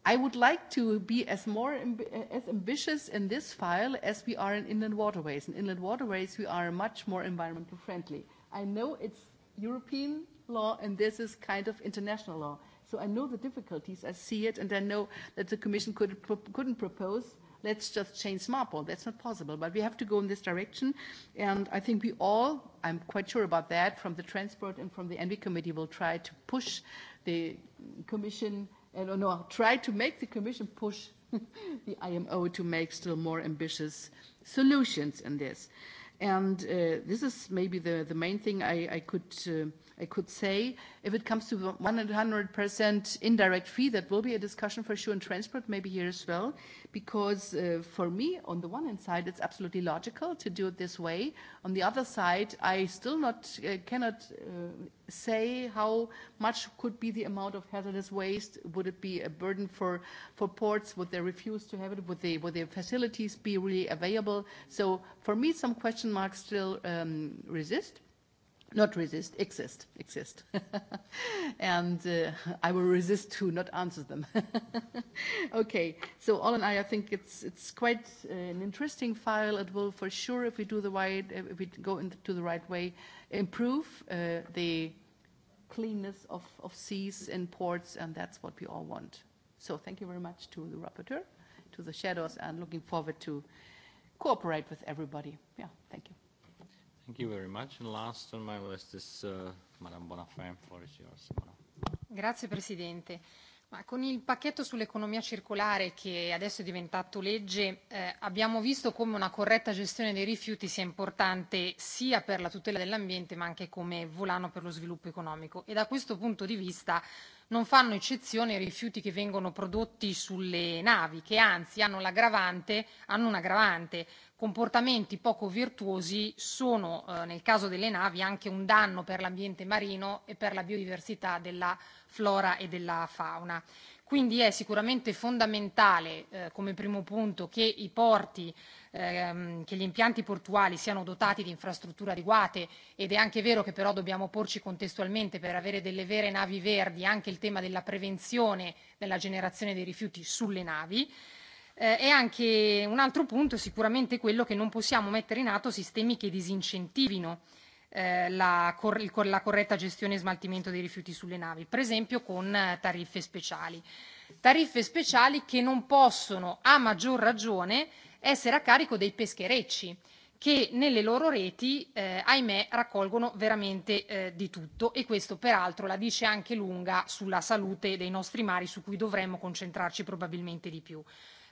I would like to be as more as ambitious in this file as we are in inland waterways. In inland waterways, we are much more environmental friendly. I know it's European law and this is kind of international law. So I know the difficulties. I see it, and I know that the Commission could, couldn't propose. Let's just change MARPOL. That's not possible. But we have to go in this direction, and I think we all, I'm quite sure about that, from the transport and from the Envy committee, will try to push the Commission and no, no, try to make the Commission push the IMO to make still more ambitious solutions in this. And uh, this is maybe the, the main thing I, I could uh, I could say. If it comes to 100% indirect fee, that will be a discussion for sure in transport, maybe here as well, because uh, for me, on the one hand side, it's absolutely logical to do it this way. On the other side, I still not uh, cannot uh, say how much could be the amount of hazardous waste. Would it be a burden for, for ports? Would they refuse to have it? Would they would their facilities be really available? So for me, some question marks still um, resist not resist, exist, exist. and uh, I will resist to not answer them. okay, so all in all, I think it's, it's quite uh, an interesting file. It will for sure, if we do the right, if we go into the right way, improve uh, the cleanness of, of seas and ports, and that's what we all want. So thank you very much to the rapporteur, to the shadows, and looking forward to cooperate with everybody. Yeah, thank you. Thank you very much. And last on my list is uh, Madame Bonafè. Floor is yours, Madame. Grazie Presidente. Ma con il pacchetto sull'economia circolare che adesso è diventato legge eh, abbiamo visto come una corretta gestione dei rifiuti sia importante sia per la tutela dell'ambiente ma anche come volano per lo sviluppo economico e da questo punto di vista non fanno eccezione i rifiuti che vengono prodotti sulle navi, che anzi hanno, l'aggravante, hanno un aggravante. Comportamenti poco virtuosi sono, eh, nel caso delle navi, anche un danno per l'ambiente marino e per la biodiversità della flora e della fauna. Quindi è sicuramente fondamentale eh, come primo punto che i porti, ehm, che gli impianti portuali siano dotati di infrastrutture adeguate ed è anche vero che però dobbiamo porci contestualmente per avere delle vere navi verdi anche il tema della prevenzione della generazione dei rifiuti sulle navi. Eh, e anche un altro punto è sicuramente quello che non possiamo mettere in atto sistemi che disincentivino eh, eh, la, cor- il, la corretta gestione e smaltimento dei rifiuti sulle navi, per esempio con eh, tariffe speciali. Tariffe speciali che non possono, a maggior ragione, essere a carico dei pescherecci che nelle loro reti, eh, ahimè, raccolgono veramente eh, di tutto e questo peraltro la dice anche lunga sulla salute dei nostri mari su cui dovremmo concentrarci probabilmente di più.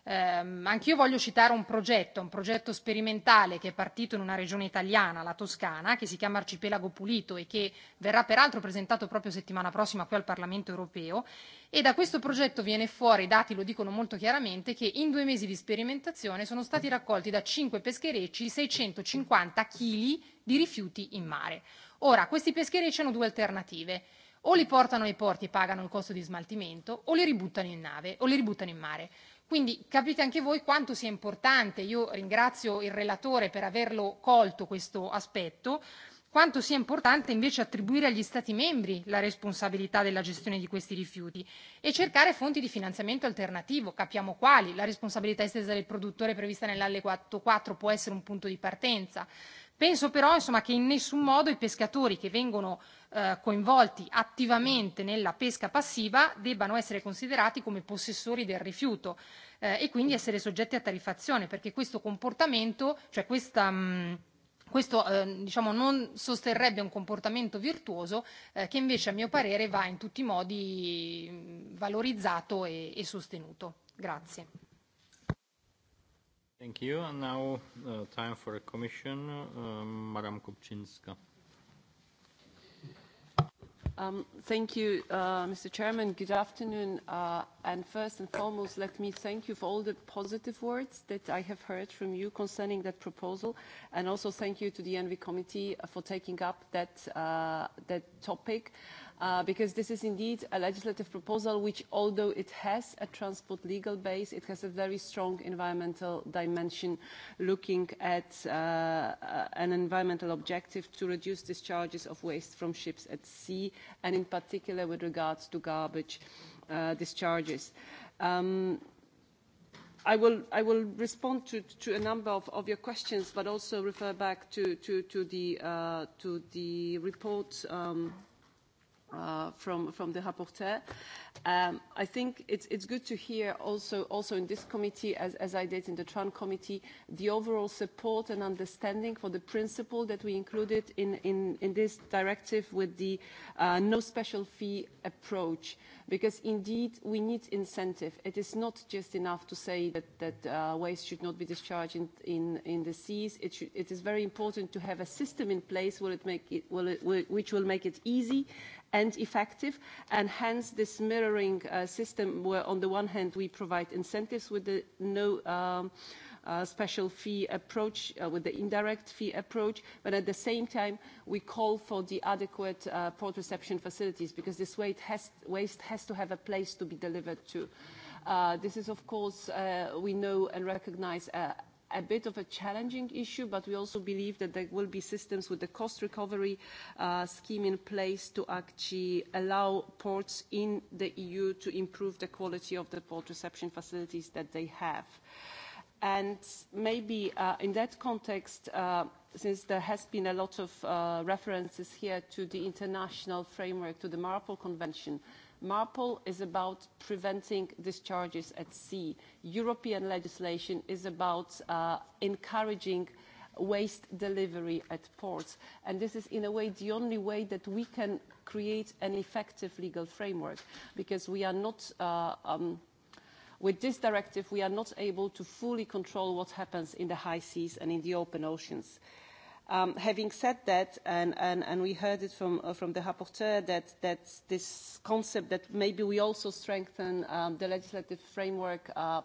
Ehm, anch'io voglio citare un progetto, un progetto sperimentale che è partito in una regione italiana, la Toscana, che si chiama Arcipelago Pulito e che verrà peraltro presentato proprio settimana prossima qui al Parlamento europeo. E da questo progetto viene fuori, i dati lo dicono molto chiaramente, che in due mesi di sperimentazione sono stati raccolti da cinque pescherecci 650 kg di rifiuti in mare. Ora, questi pescherecci hanno due alternative o li portano nei porti e pagano il costo di smaltimento, o li ributtano in nave, o li ributtano in mare. Quindi capite anche voi quanto sia importante - io ringrazio il relatore per averlo colto questo aspetto - invece attribuire agli Stati membri la responsabilità della gestione di questi rifiuti e cercare fonti di finanziamento alternativo. Capiamo quali: la responsabilità estesa del produttore prevista nell'allegato 4 può essere un punto di partenza; Penso però insomma, che in nessun modo i pescatori che vengono eh, coinvolti attivamente nella pesca passiva debbano essere considerati come possessori del rifiuto eh, e quindi essere soggetti a tarifazione, perché questo comportamento, cioè questa, mh, mm, questo eh, diciamo, non sosterrebbe un comportamento virtuoso eh, che invece a mio parere va in tutti i modi mh, mm, valorizzato e, e sostenuto. Grazie. Thank you. And now uh, time for a commission. Um, uh, Madam Kupczynska. Um, thank you, uh, Mr. Chairman. Good afternoon. Uh, and first and foremost, let me thank you for all the positive words that I have heard from you concerning that proposal. And also thank you to the Envy Committee for taking up that, uh, that topic. Uh, uh, because this is indeed a legislative proposal which, although it has a transport legal base, it has a very strong environmental dimension looking at uh, uh, an environmental objective to reduce discharges of waste from ships at sea, and in particular with regards to garbage uh, discharges. Um, I will, I will respond to, to a number of, of your questions, but also refer back to, to, to the, uh, the report um, uh, from, from the rapporteur. Um, I think it's, it's good to hear also, also in this committee, as, as I did in the TRAN committee, the overall support and understanding for the principle that we included in, in, in this directive with the uh, no special fee approach. Because indeed, we need incentive. It is not just enough to say that, that uh, waste should not be discharged in, in, in the seas. It, should, it is very important to have a system in place will it make it, will it, will, which will make it easy and effective. And hence, this mirroring uh, system, where on the one hand we provide incentives with the no um, uh, special fee approach, uh, with the indirect fee approach, but at the same time we call for the adequate uh, port reception facilities because this waste has, waste has to have a place to be delivered to. Uh, this is, of course, uh, we know and recognize uh, a bit of a challenging issue, but we also believe that there will be systems with the cost recovery uh, scheme in place to actually allow ports in the EU to improve the quality of the port reception facilities that they have. And maybe uh, in that context, uh, since there has been a lot of uh, references here to the international framework, to the Marpol Convention, MARPOL is about preventing discharges at sea. European legislation is about uh, encouraging waste delivery at ports. And this is, in a way, the only way that we can create an effective legal framework, because we are not... Uh, um, with this directive, we are not able to fully control what happens in the high seas and in the open oceans. Uh, Um, having said that, and, and, and we heard it from, uh, from the rapporteur, that, that this concept that maybe we also strengthen um, the legislative framework uh,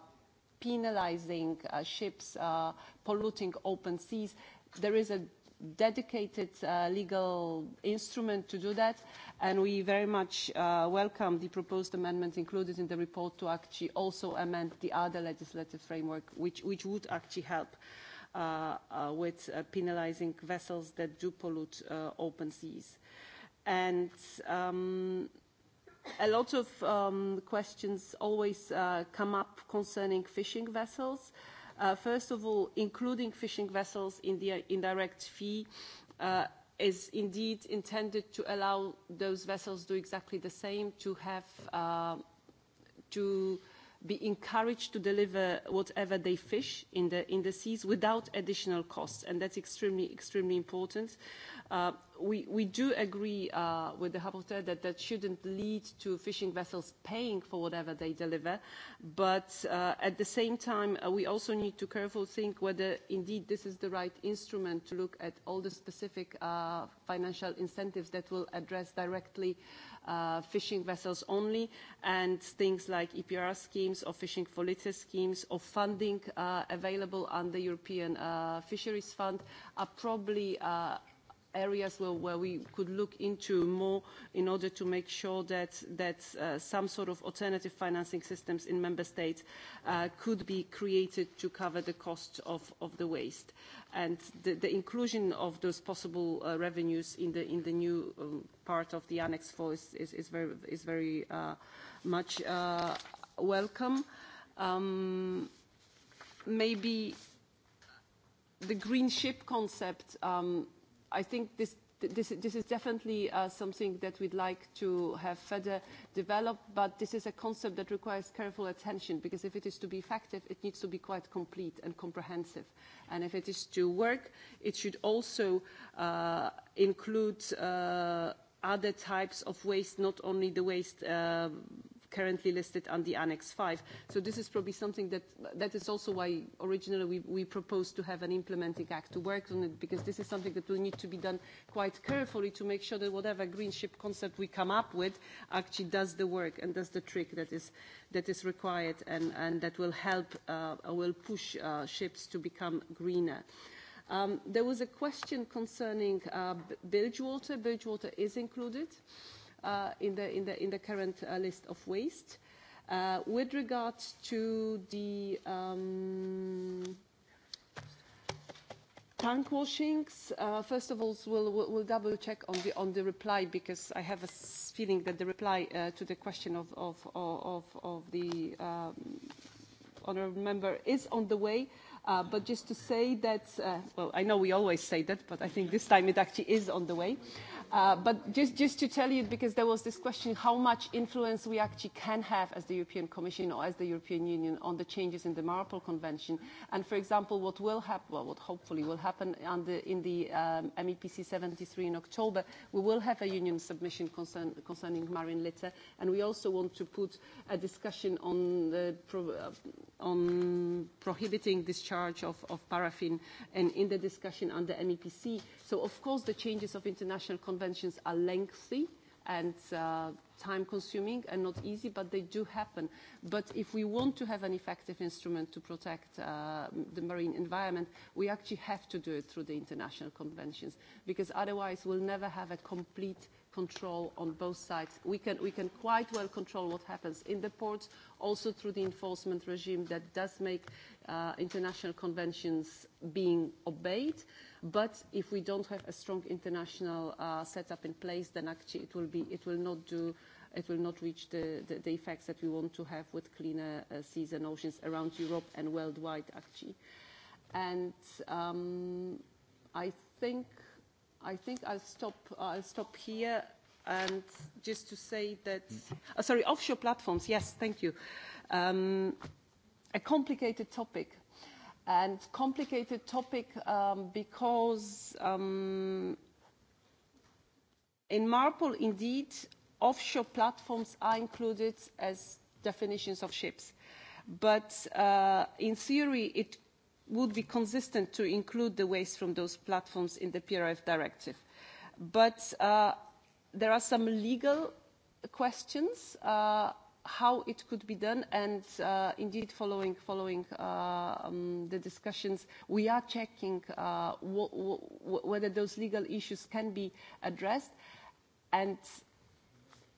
penalizing uh, ships uh, polluting open seas, there is a dedicated uh, legal instrument to do that, and we very much uh, welcome the proposed amendments included in the report to actually also amend the other legislative framework, which, which would actually help. Uh, uh, uh, with uh, penalizing vessels that do pollute uh, open seas. And um, a lot of um, questions always uh, come up concerning fishing vessels. Uh, first of all, including fishing vessels in the uh, indirect fee uh, is indeed intended to allow those vessels do exactly the same, to have uh, to uh, be encouraged to deliver whatever they fish in the, in the seas without additional costs, and that's extremely, extremely important. Uh, we, we do agree uh, with the rapporteur that that shouldn't lead to fishing vessels paying for whatever they deliver. But uh, at the same time, uh, we also need to carefully think whether indeed this is the right instrument to look at all the specific uh, financial incentives that will address directly uh, fishing vessels only and things like EPR schemes or fishing for litter schemes or funding uh, available under European uh, Fisheries Fund are probably uh, areas where, where we could look into more in order to make sure that, that uh, some sort of alternative financing systems in member states uh, could be created to cover the cost of, of the waste. And the, the inclusion of those possible uh, revenues in the, in the new um, part of the Annex 4 is, is, is very, is very uh, much uh, welcome. Um, maybe the green ship concept um, I think this this, this is definitely uh, something that we'd like to have further developed, but this is a concept that requires careful attention because if it is to be effective, it needs to be quite complete and comprehensive. And if it is to work, it should also uh, include uh, other types of waste, not only the waste um, currently listed on the Annex 5. So this is probably something that, that is also why originally we, we proposed to have an implementing act to work on it, because this is something that will need to be done quite carefully to make sure that whatever green ship concept we come up with actually does the work and does the trick that is, that is required and, and that will help uh, or will push uh, ships to become greener. Um, there was a question concerning uh, bilge water. Bilge water is included. Uh, uh, in, the, in, the, in the current uh, list of waste. Uh, with regards to the um, tank washings, uh, first of all, we'll, we'll, we'll double check on the, on the reply because I have a feeling that the reply uh, to the question of, of, of, of the um, honourable member is on the way. Uh, but just to say that, uh, well, I know we always say that, but I think this time it actually is on the way. Uh, but just, just to tell you, because there was this question, how much influence we actually can have as the European Commission or as the European Union on the changes in the Marpol Convention. And for example, what will happen, well, what hopefully will happen on the, in the um, MEPC 73 in October, we will have a union submission concern, concerning marine litter. And we also want to put a discussion on, the pro, uh, on prohibiting discharge of, of paraffin and in the discussion under MEPC. So of course the changes of international convention conventions are lengthy and uh, time consuming and not easy, but they do happen. But if we want to have an effective instrument to protect uh, the marine environment, we actually have to do it through the international conventions, because otherwise we'll never have a complete control on both sides. We can, we can quite well control what happens in the ports, also through the enforcement regime that does make uh, international conventions being obeyed. But if we don't have a strong international uh, setup in place, then actually it will, be, it will not do it will not reach the, the, the effects that we want to have with cleaner uh, seas and oceans around Europe and worldwide, actually. And um, I think I think I'll stop. Uh, I'll stop here. And just to say that, oh, sorry, offshore platforms. Yes, thank you. Um, a complicated topic and complicated topic um, because um, in MARPOL, indeed, offshore platforms are included as definitions of ships. But uh, in theory, it would be consistent to include the waste from those platforms in the PRF directive. But uh, there are some legal questions. Uh, how it could be done and uh, indeed following following uh, um, the discussions we are checking uh, w w whether those legal issues can be addressed and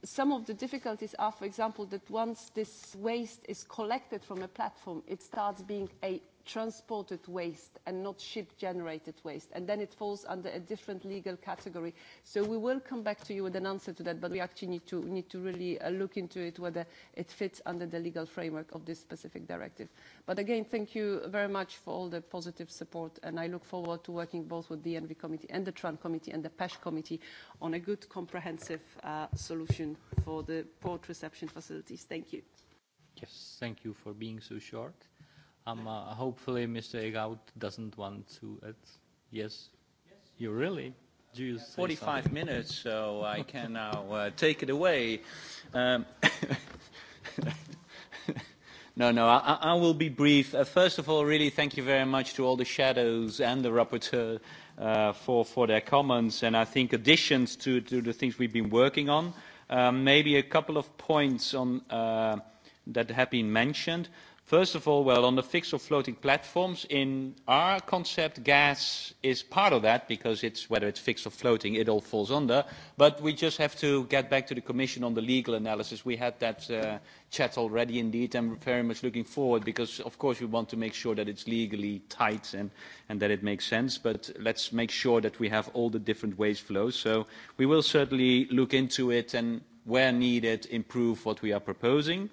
some of the difficulties are for example that once this waste is collected from a platform it starts being a transported waste and not ship-generated waste, and then it falls under a different legal category. So we will come back to you with an answer to that, but we actually need to, need to really uh, look into it, whether it fits under the legal framework of this specific directive. But again, thank you very much for all the positive support, and I look forward to working both with the ENVI Committee and the TRAN Committee and the PESH Committee on a good comprehensive uh, solution for the port reception facilities. Thank you. Yes, thank you for being so short. Um, uh, hopefully, Mr. Egaut doesn't want to. Add. Yes, you really. Do you 45 something? minutes, so I can now uh, take it away. Um, No, no, I, I will be brief. Uh, first of all, really thank you very much to all the shadows and the rapporteur uh, for, for their comments and I think additions to, to the things we've been working on. Um, maybe a couple of points on, uh, that have been mentioned. Uh, First of all, well, on the fixed or floating platforms, in our concept, gas is part of that because it's whether it's fixed or floating, it all falls under. But we just have to get back to the Commission on the legal analysis. We had that uh, chat already indeed, and we're very much looking forward because, of course, we want to make sure that it's legally tight and, and that it makes sense. But let's make sure that we have all the different waste flows. So we will certainly look into it and, where needed, improve what we are proposing.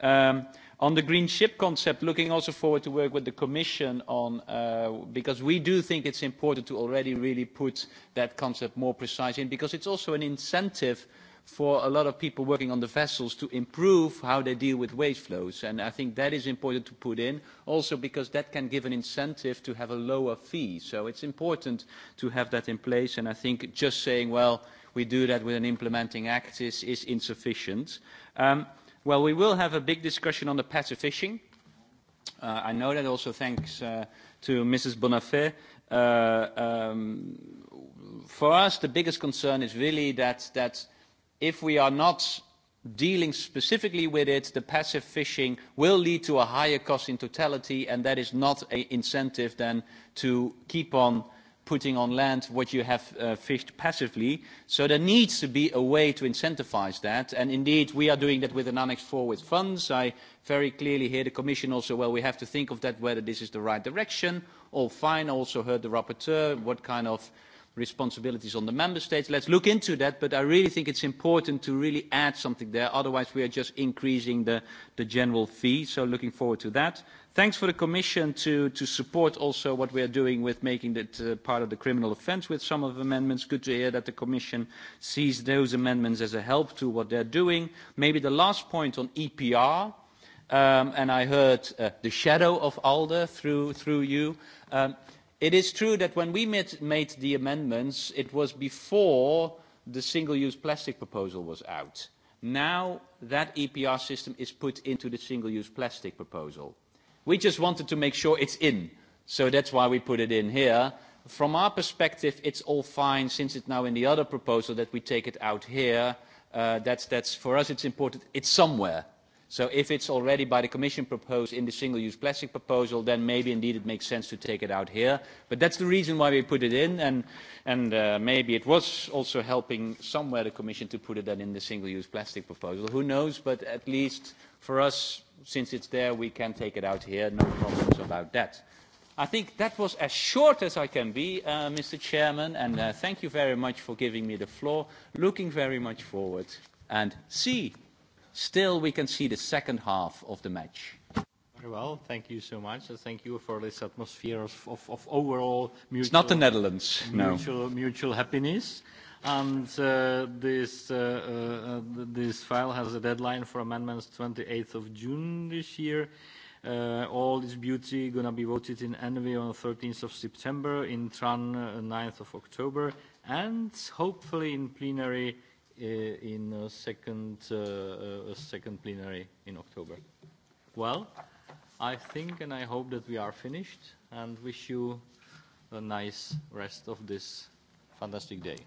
Um, On the green ship concept, looking also forward to work with the Commission on, uh, because we do think it's important to already really put that concept more precise in, because it's also an incentive for a lot of people working on the vessels to improve how they deal with waste flows. And I think that is important to put in, also because that can give an incentive to have a lower fee. So it's important to have that in place, and I think just saying, well, we do that with an implementing act is, is insufficient. Um, Well, we will have a big discussion on the PETA fishing. Uh, I know that also thanks uh, to Mrs. Bonafé. Uh, um, for us, the biggest concern is really that, that if we are not dealing specifically with it, the passive fishing will lead to a higher cost in totality, and that is not an incentive then to keep on uh, putting on land what you have uh, fished passively. So there needs to be a way to incentivize that. And indeed, we are doing that with an Annex 4 with funds. I very clearly hear the Commission also, well, we have to think of that, whether this is the right direction. All fine. I also heard the rapporteur, what kind of uh, responsibilities on the member states. Let's look into that, but I really think it's important to really add something there. Otherwise, we are just increasing the, the general fee. So looking forward to that. Thanks for the Commission to, to support also what we are doing with making it uh, part of the criminal offence with some of the amendments. Good to hear that the Commission sees those amendments as a help to what they're doing. Maybe the last point on EPR, um, and I heard uh, the shadow of ALDE through, through you. Um, It is true that when we made, made the amendments, it was before the single-use plastic proposal was out. Now that EPR system is put into the single-use plastic proposal. We just wanted to make sure it's in, so that's why we put it in here. From our perspective, it's all fine since it's now in the other proposal that we take it out here. Uh, that's, that's, for us, it's important. It's somewhere so if it's already by the commission proposed in the single use plastic proposal then maybe indeed it makes sense to take it out here but that's the reason why we put it in and and uh, maybe it was also helping somewhere the commission to put it then in the single use plastic proposal who knows but at least for us since it's there we can take it out here no problems about that I think that was as short as I can be, uh, Mr. Chairman, and uh, thank you very much for giving me the floor. Looking very much forward and see still we can see the second half of the match. Very well. Thank you so much. And thank you for this atmosphere of, of, of overall mutual... It's not the Netherlands, no. Mutual, mutual happiness. And uh, this, uh, uh, uh this file has a deadline for amendments 28th of June this year. Uh, all this beauty gonna be voted in Envy on the 13th of September, in Tran uh, 9th of October, and hopefully in plenary uh, in a uh, second, uh, a uh, second plenary in October. Well, I think and I hope that we are finished and wish you a nice rest of this fantastic day.